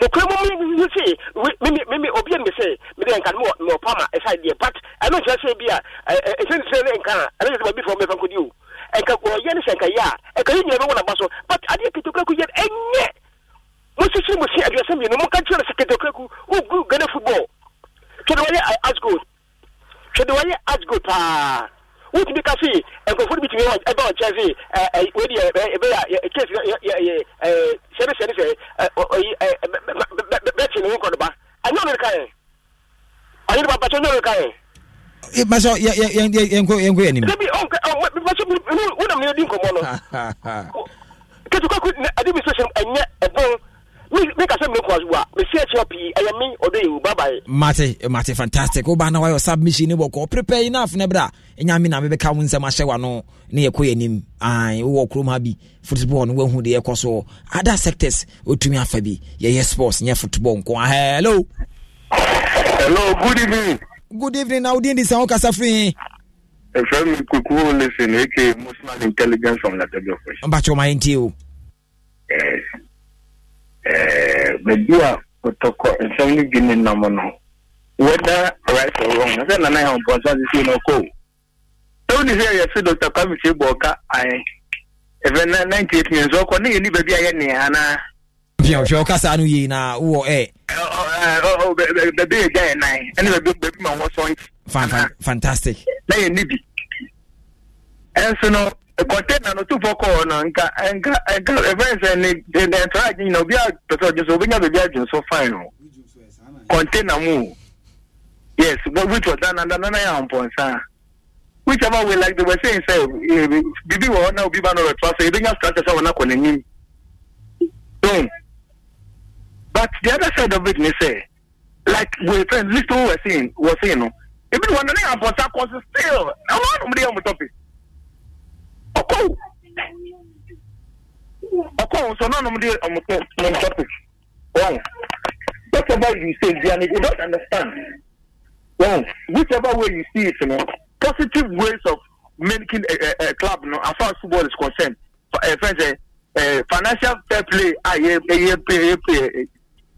nukuri mu mi si mimi mimi obi mi se mi de nkan mi wɔ pama ɛsa deɛ but ɛno nkyɛn se bi e a ɛsɛ nsɛ ne nkan a ɛno yɛ sɛ bi fɔ mi fɛ nkodi o nka wɔyɛ ne sɛ nka yɛ a nka yɛ nyina bɛ wɔ naba so but adeɛ ketokura ko yɛ ɛnyɛ mo sisi mo si aduasa mienu mo ka kyerɛ sɛ ketokura ko o gu gana football twɛ de wɔyɛ as good twɛ de wɔyɛ as good paa wotumi ka sii nkurɔfoɔ no bi tumi ɛba ɔnkyɛn sii ɛɛ wedi ɛbɛyɛ kesi ɛɛ ɛɛ sɛbisɛbi sɛ ɔyi ɛɛ bɛti ne ho nkɔdoba ɛnyɛ ɔno ne ka yɛ ɔyɛ nipa bàtɛ ɔnyɛ ɔno ne ka yɛ. Masọ yẹ yẹ yẹ yẹ yẹ nkọ yẹ nkọ yẹ nim. Ṣebí ọ̀ ọ̀ masọ mi wúnam ni odi nkɔmɔ no. Ketekwa kú adi mi sẹ́sẹ̀ ẹ̀nyẹ ẹ̀bọ̀n mate mate fantastic woba na wayɛ submission ne bɔkɔ prepare enough ne berɛ a ɛnya e na mebɛka wo nsɛm ahyɛ wano ne yɛkɔ yɛnim wowɔ kurom ha bi football no woahu deɛ ɛkɔ so other sectors ɔtumi afa bi yɛyɛ sports nyɛ football nko a ah, hello hello good evening good evening na wodin de sɛ wokasa firi he ɛfrɛ e me kukuo listen aka e emotional intelligence from latagafo mbakyɛ ɔmayɛntie o yes baabi a wɔtɔkɔ nsɛm no bi nam no whether right or wrong na sɛ nana yɛ mpɔnsa sisi no kɔ o ɛwo ne sɛ yɛse dr kwame se bɔ ae ɛfɛ na ninety eight million ɔkɔ na? yɛni baabi a yɛne anaa hwɛ ɔka saa no na wowɔ ɛ baabi yɛ nan ɛne baabi ma wɔ fantastic na bi no kɔntena no tufo kɔɔ no nka nka nka ɛfɛn sɛ ne ne ɛtɔ agye nyina obi a pɛsɛ ɔdwo so obenya beebi adwo so fain no kɔntena mu yes which was that nanda nana yɛ ampɔnsa whichever way like they were saying say eh, bibi wɔ hɔ na obi ba no ɔbɛtoa so ebenya structure sɛ wɔn akɔ n'anim so but the other side of it ne sɛ like we friend lis ten were saying were saying no ebi wɔ nana yɛ ampɔnsa kɔ so still na wɔn anum de yɛ ɔmo topic ọkọ ọkọ ọsọ náà nà mo ọmọ topic one whatever you say diane you don't understand one whichever way you see it you know, positive ways of making a, a, a club you know, as far as football is concerned uh, friends uh, uh, financial fair play ah ye ye ye play ye play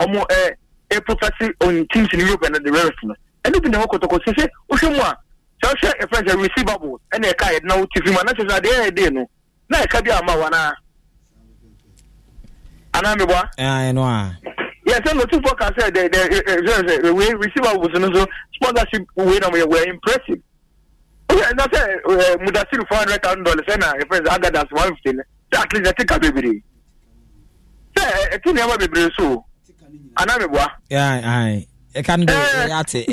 ọmọ ẹ ẹ prophecy on teams in Europe and the rest you know, ẹni bi na ẹ wọ kọtọkọ ṣe ṣe ó ṣe mu a. sɛ ɔhwɛ ɛfɛ sɛ receivables ɛna ɛka yɛde na wotu fi mu ana kyerɛ sɛ adeɛ na ɛka bi ama wɔn na. anaa mi bɔ a. ɛn no a. yɛ sɛ notifɔ ka sɛ dɛ dɛ sɛ sɛ so sponsorship wei na wɔyɛ wɔyɛ impressive ɔyɛ na sɛ muda mudasiri four hundred thousand dollars ɛna ɛfɛ sɛ agadas one fifty no sɛ at least ɛte ka bebree sɛ ɛte nneɛma bebree so anaa mi ɛka no de ɛyɛ ate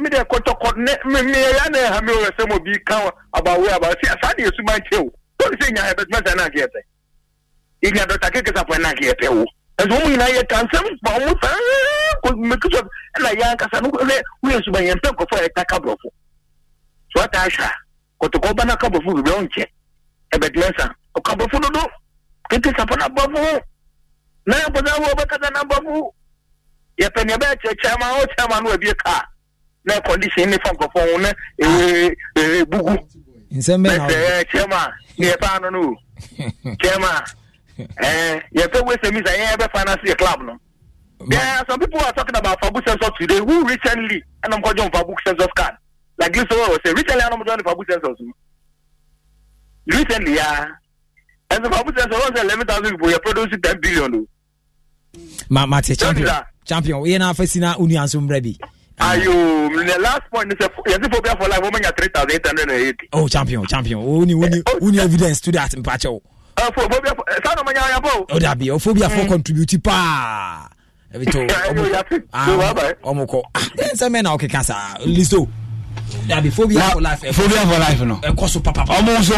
mede kɔtɔkɔ meyɛyɛ na ɛha me wɔ sɛ ma obi ka abawe aba sɛ saa deɛ ɛsuma nkyɛ wo tɔne sɛ ɛnya ɛbɛtuma sɛ nankeɛ pɛ ɛnya dɔta kekesafoɔ nankeɛ pɛ wo ɛnso wɔn nyinaa yɛ kansɛm ma wɔn saa mekusa ɛna yɛ ankasa no sɛ woyɛ suma yɛn pɛ nkɔfoɔ yɛta kaborɔfo so wata ahwɛ a kɔtɔkɔ ba na ɛbɔsa yɛpɛ nea ɛbɛyɛ kyerɛ chairman o chairman no abie kaa na condition ne fa nkɔfɔ ho na bugu nsɛm bɛ ne yɛpɛ ano no o yɛpɛ wɛsɛ sa yɛn yɛbɛ finance yɛ club no. Yeah, some people are talking about Fabu census today. Who recently, and I'm calling Fabu census card. Like this, was saying eh, recently, I'm joining Fabu census. Recently, yeah. And the Fabu census was 11,000 people. You're producing 10 billion. Ma, ma, champion champion yɛn na afɛsi na onua nso mbrɛ bi. ayo the last point is yɛsi phobia for life wɔn nya three thousand eight hundred and eighty. oh champion champion o oh, ni o oh, ni o oh. ni evidence to that mpakyɛw. phobia uh, for sanni ɔmɔ nyanya po. o dabi o phobia for mm. contribute paa. ebi to ɔmu kɔ ɛnsɛn mɛ na ɔkeka saa listo dabi phobia for life. phobia eh, for life no. ɛkɔ eh, so papapa. ɔmu nso.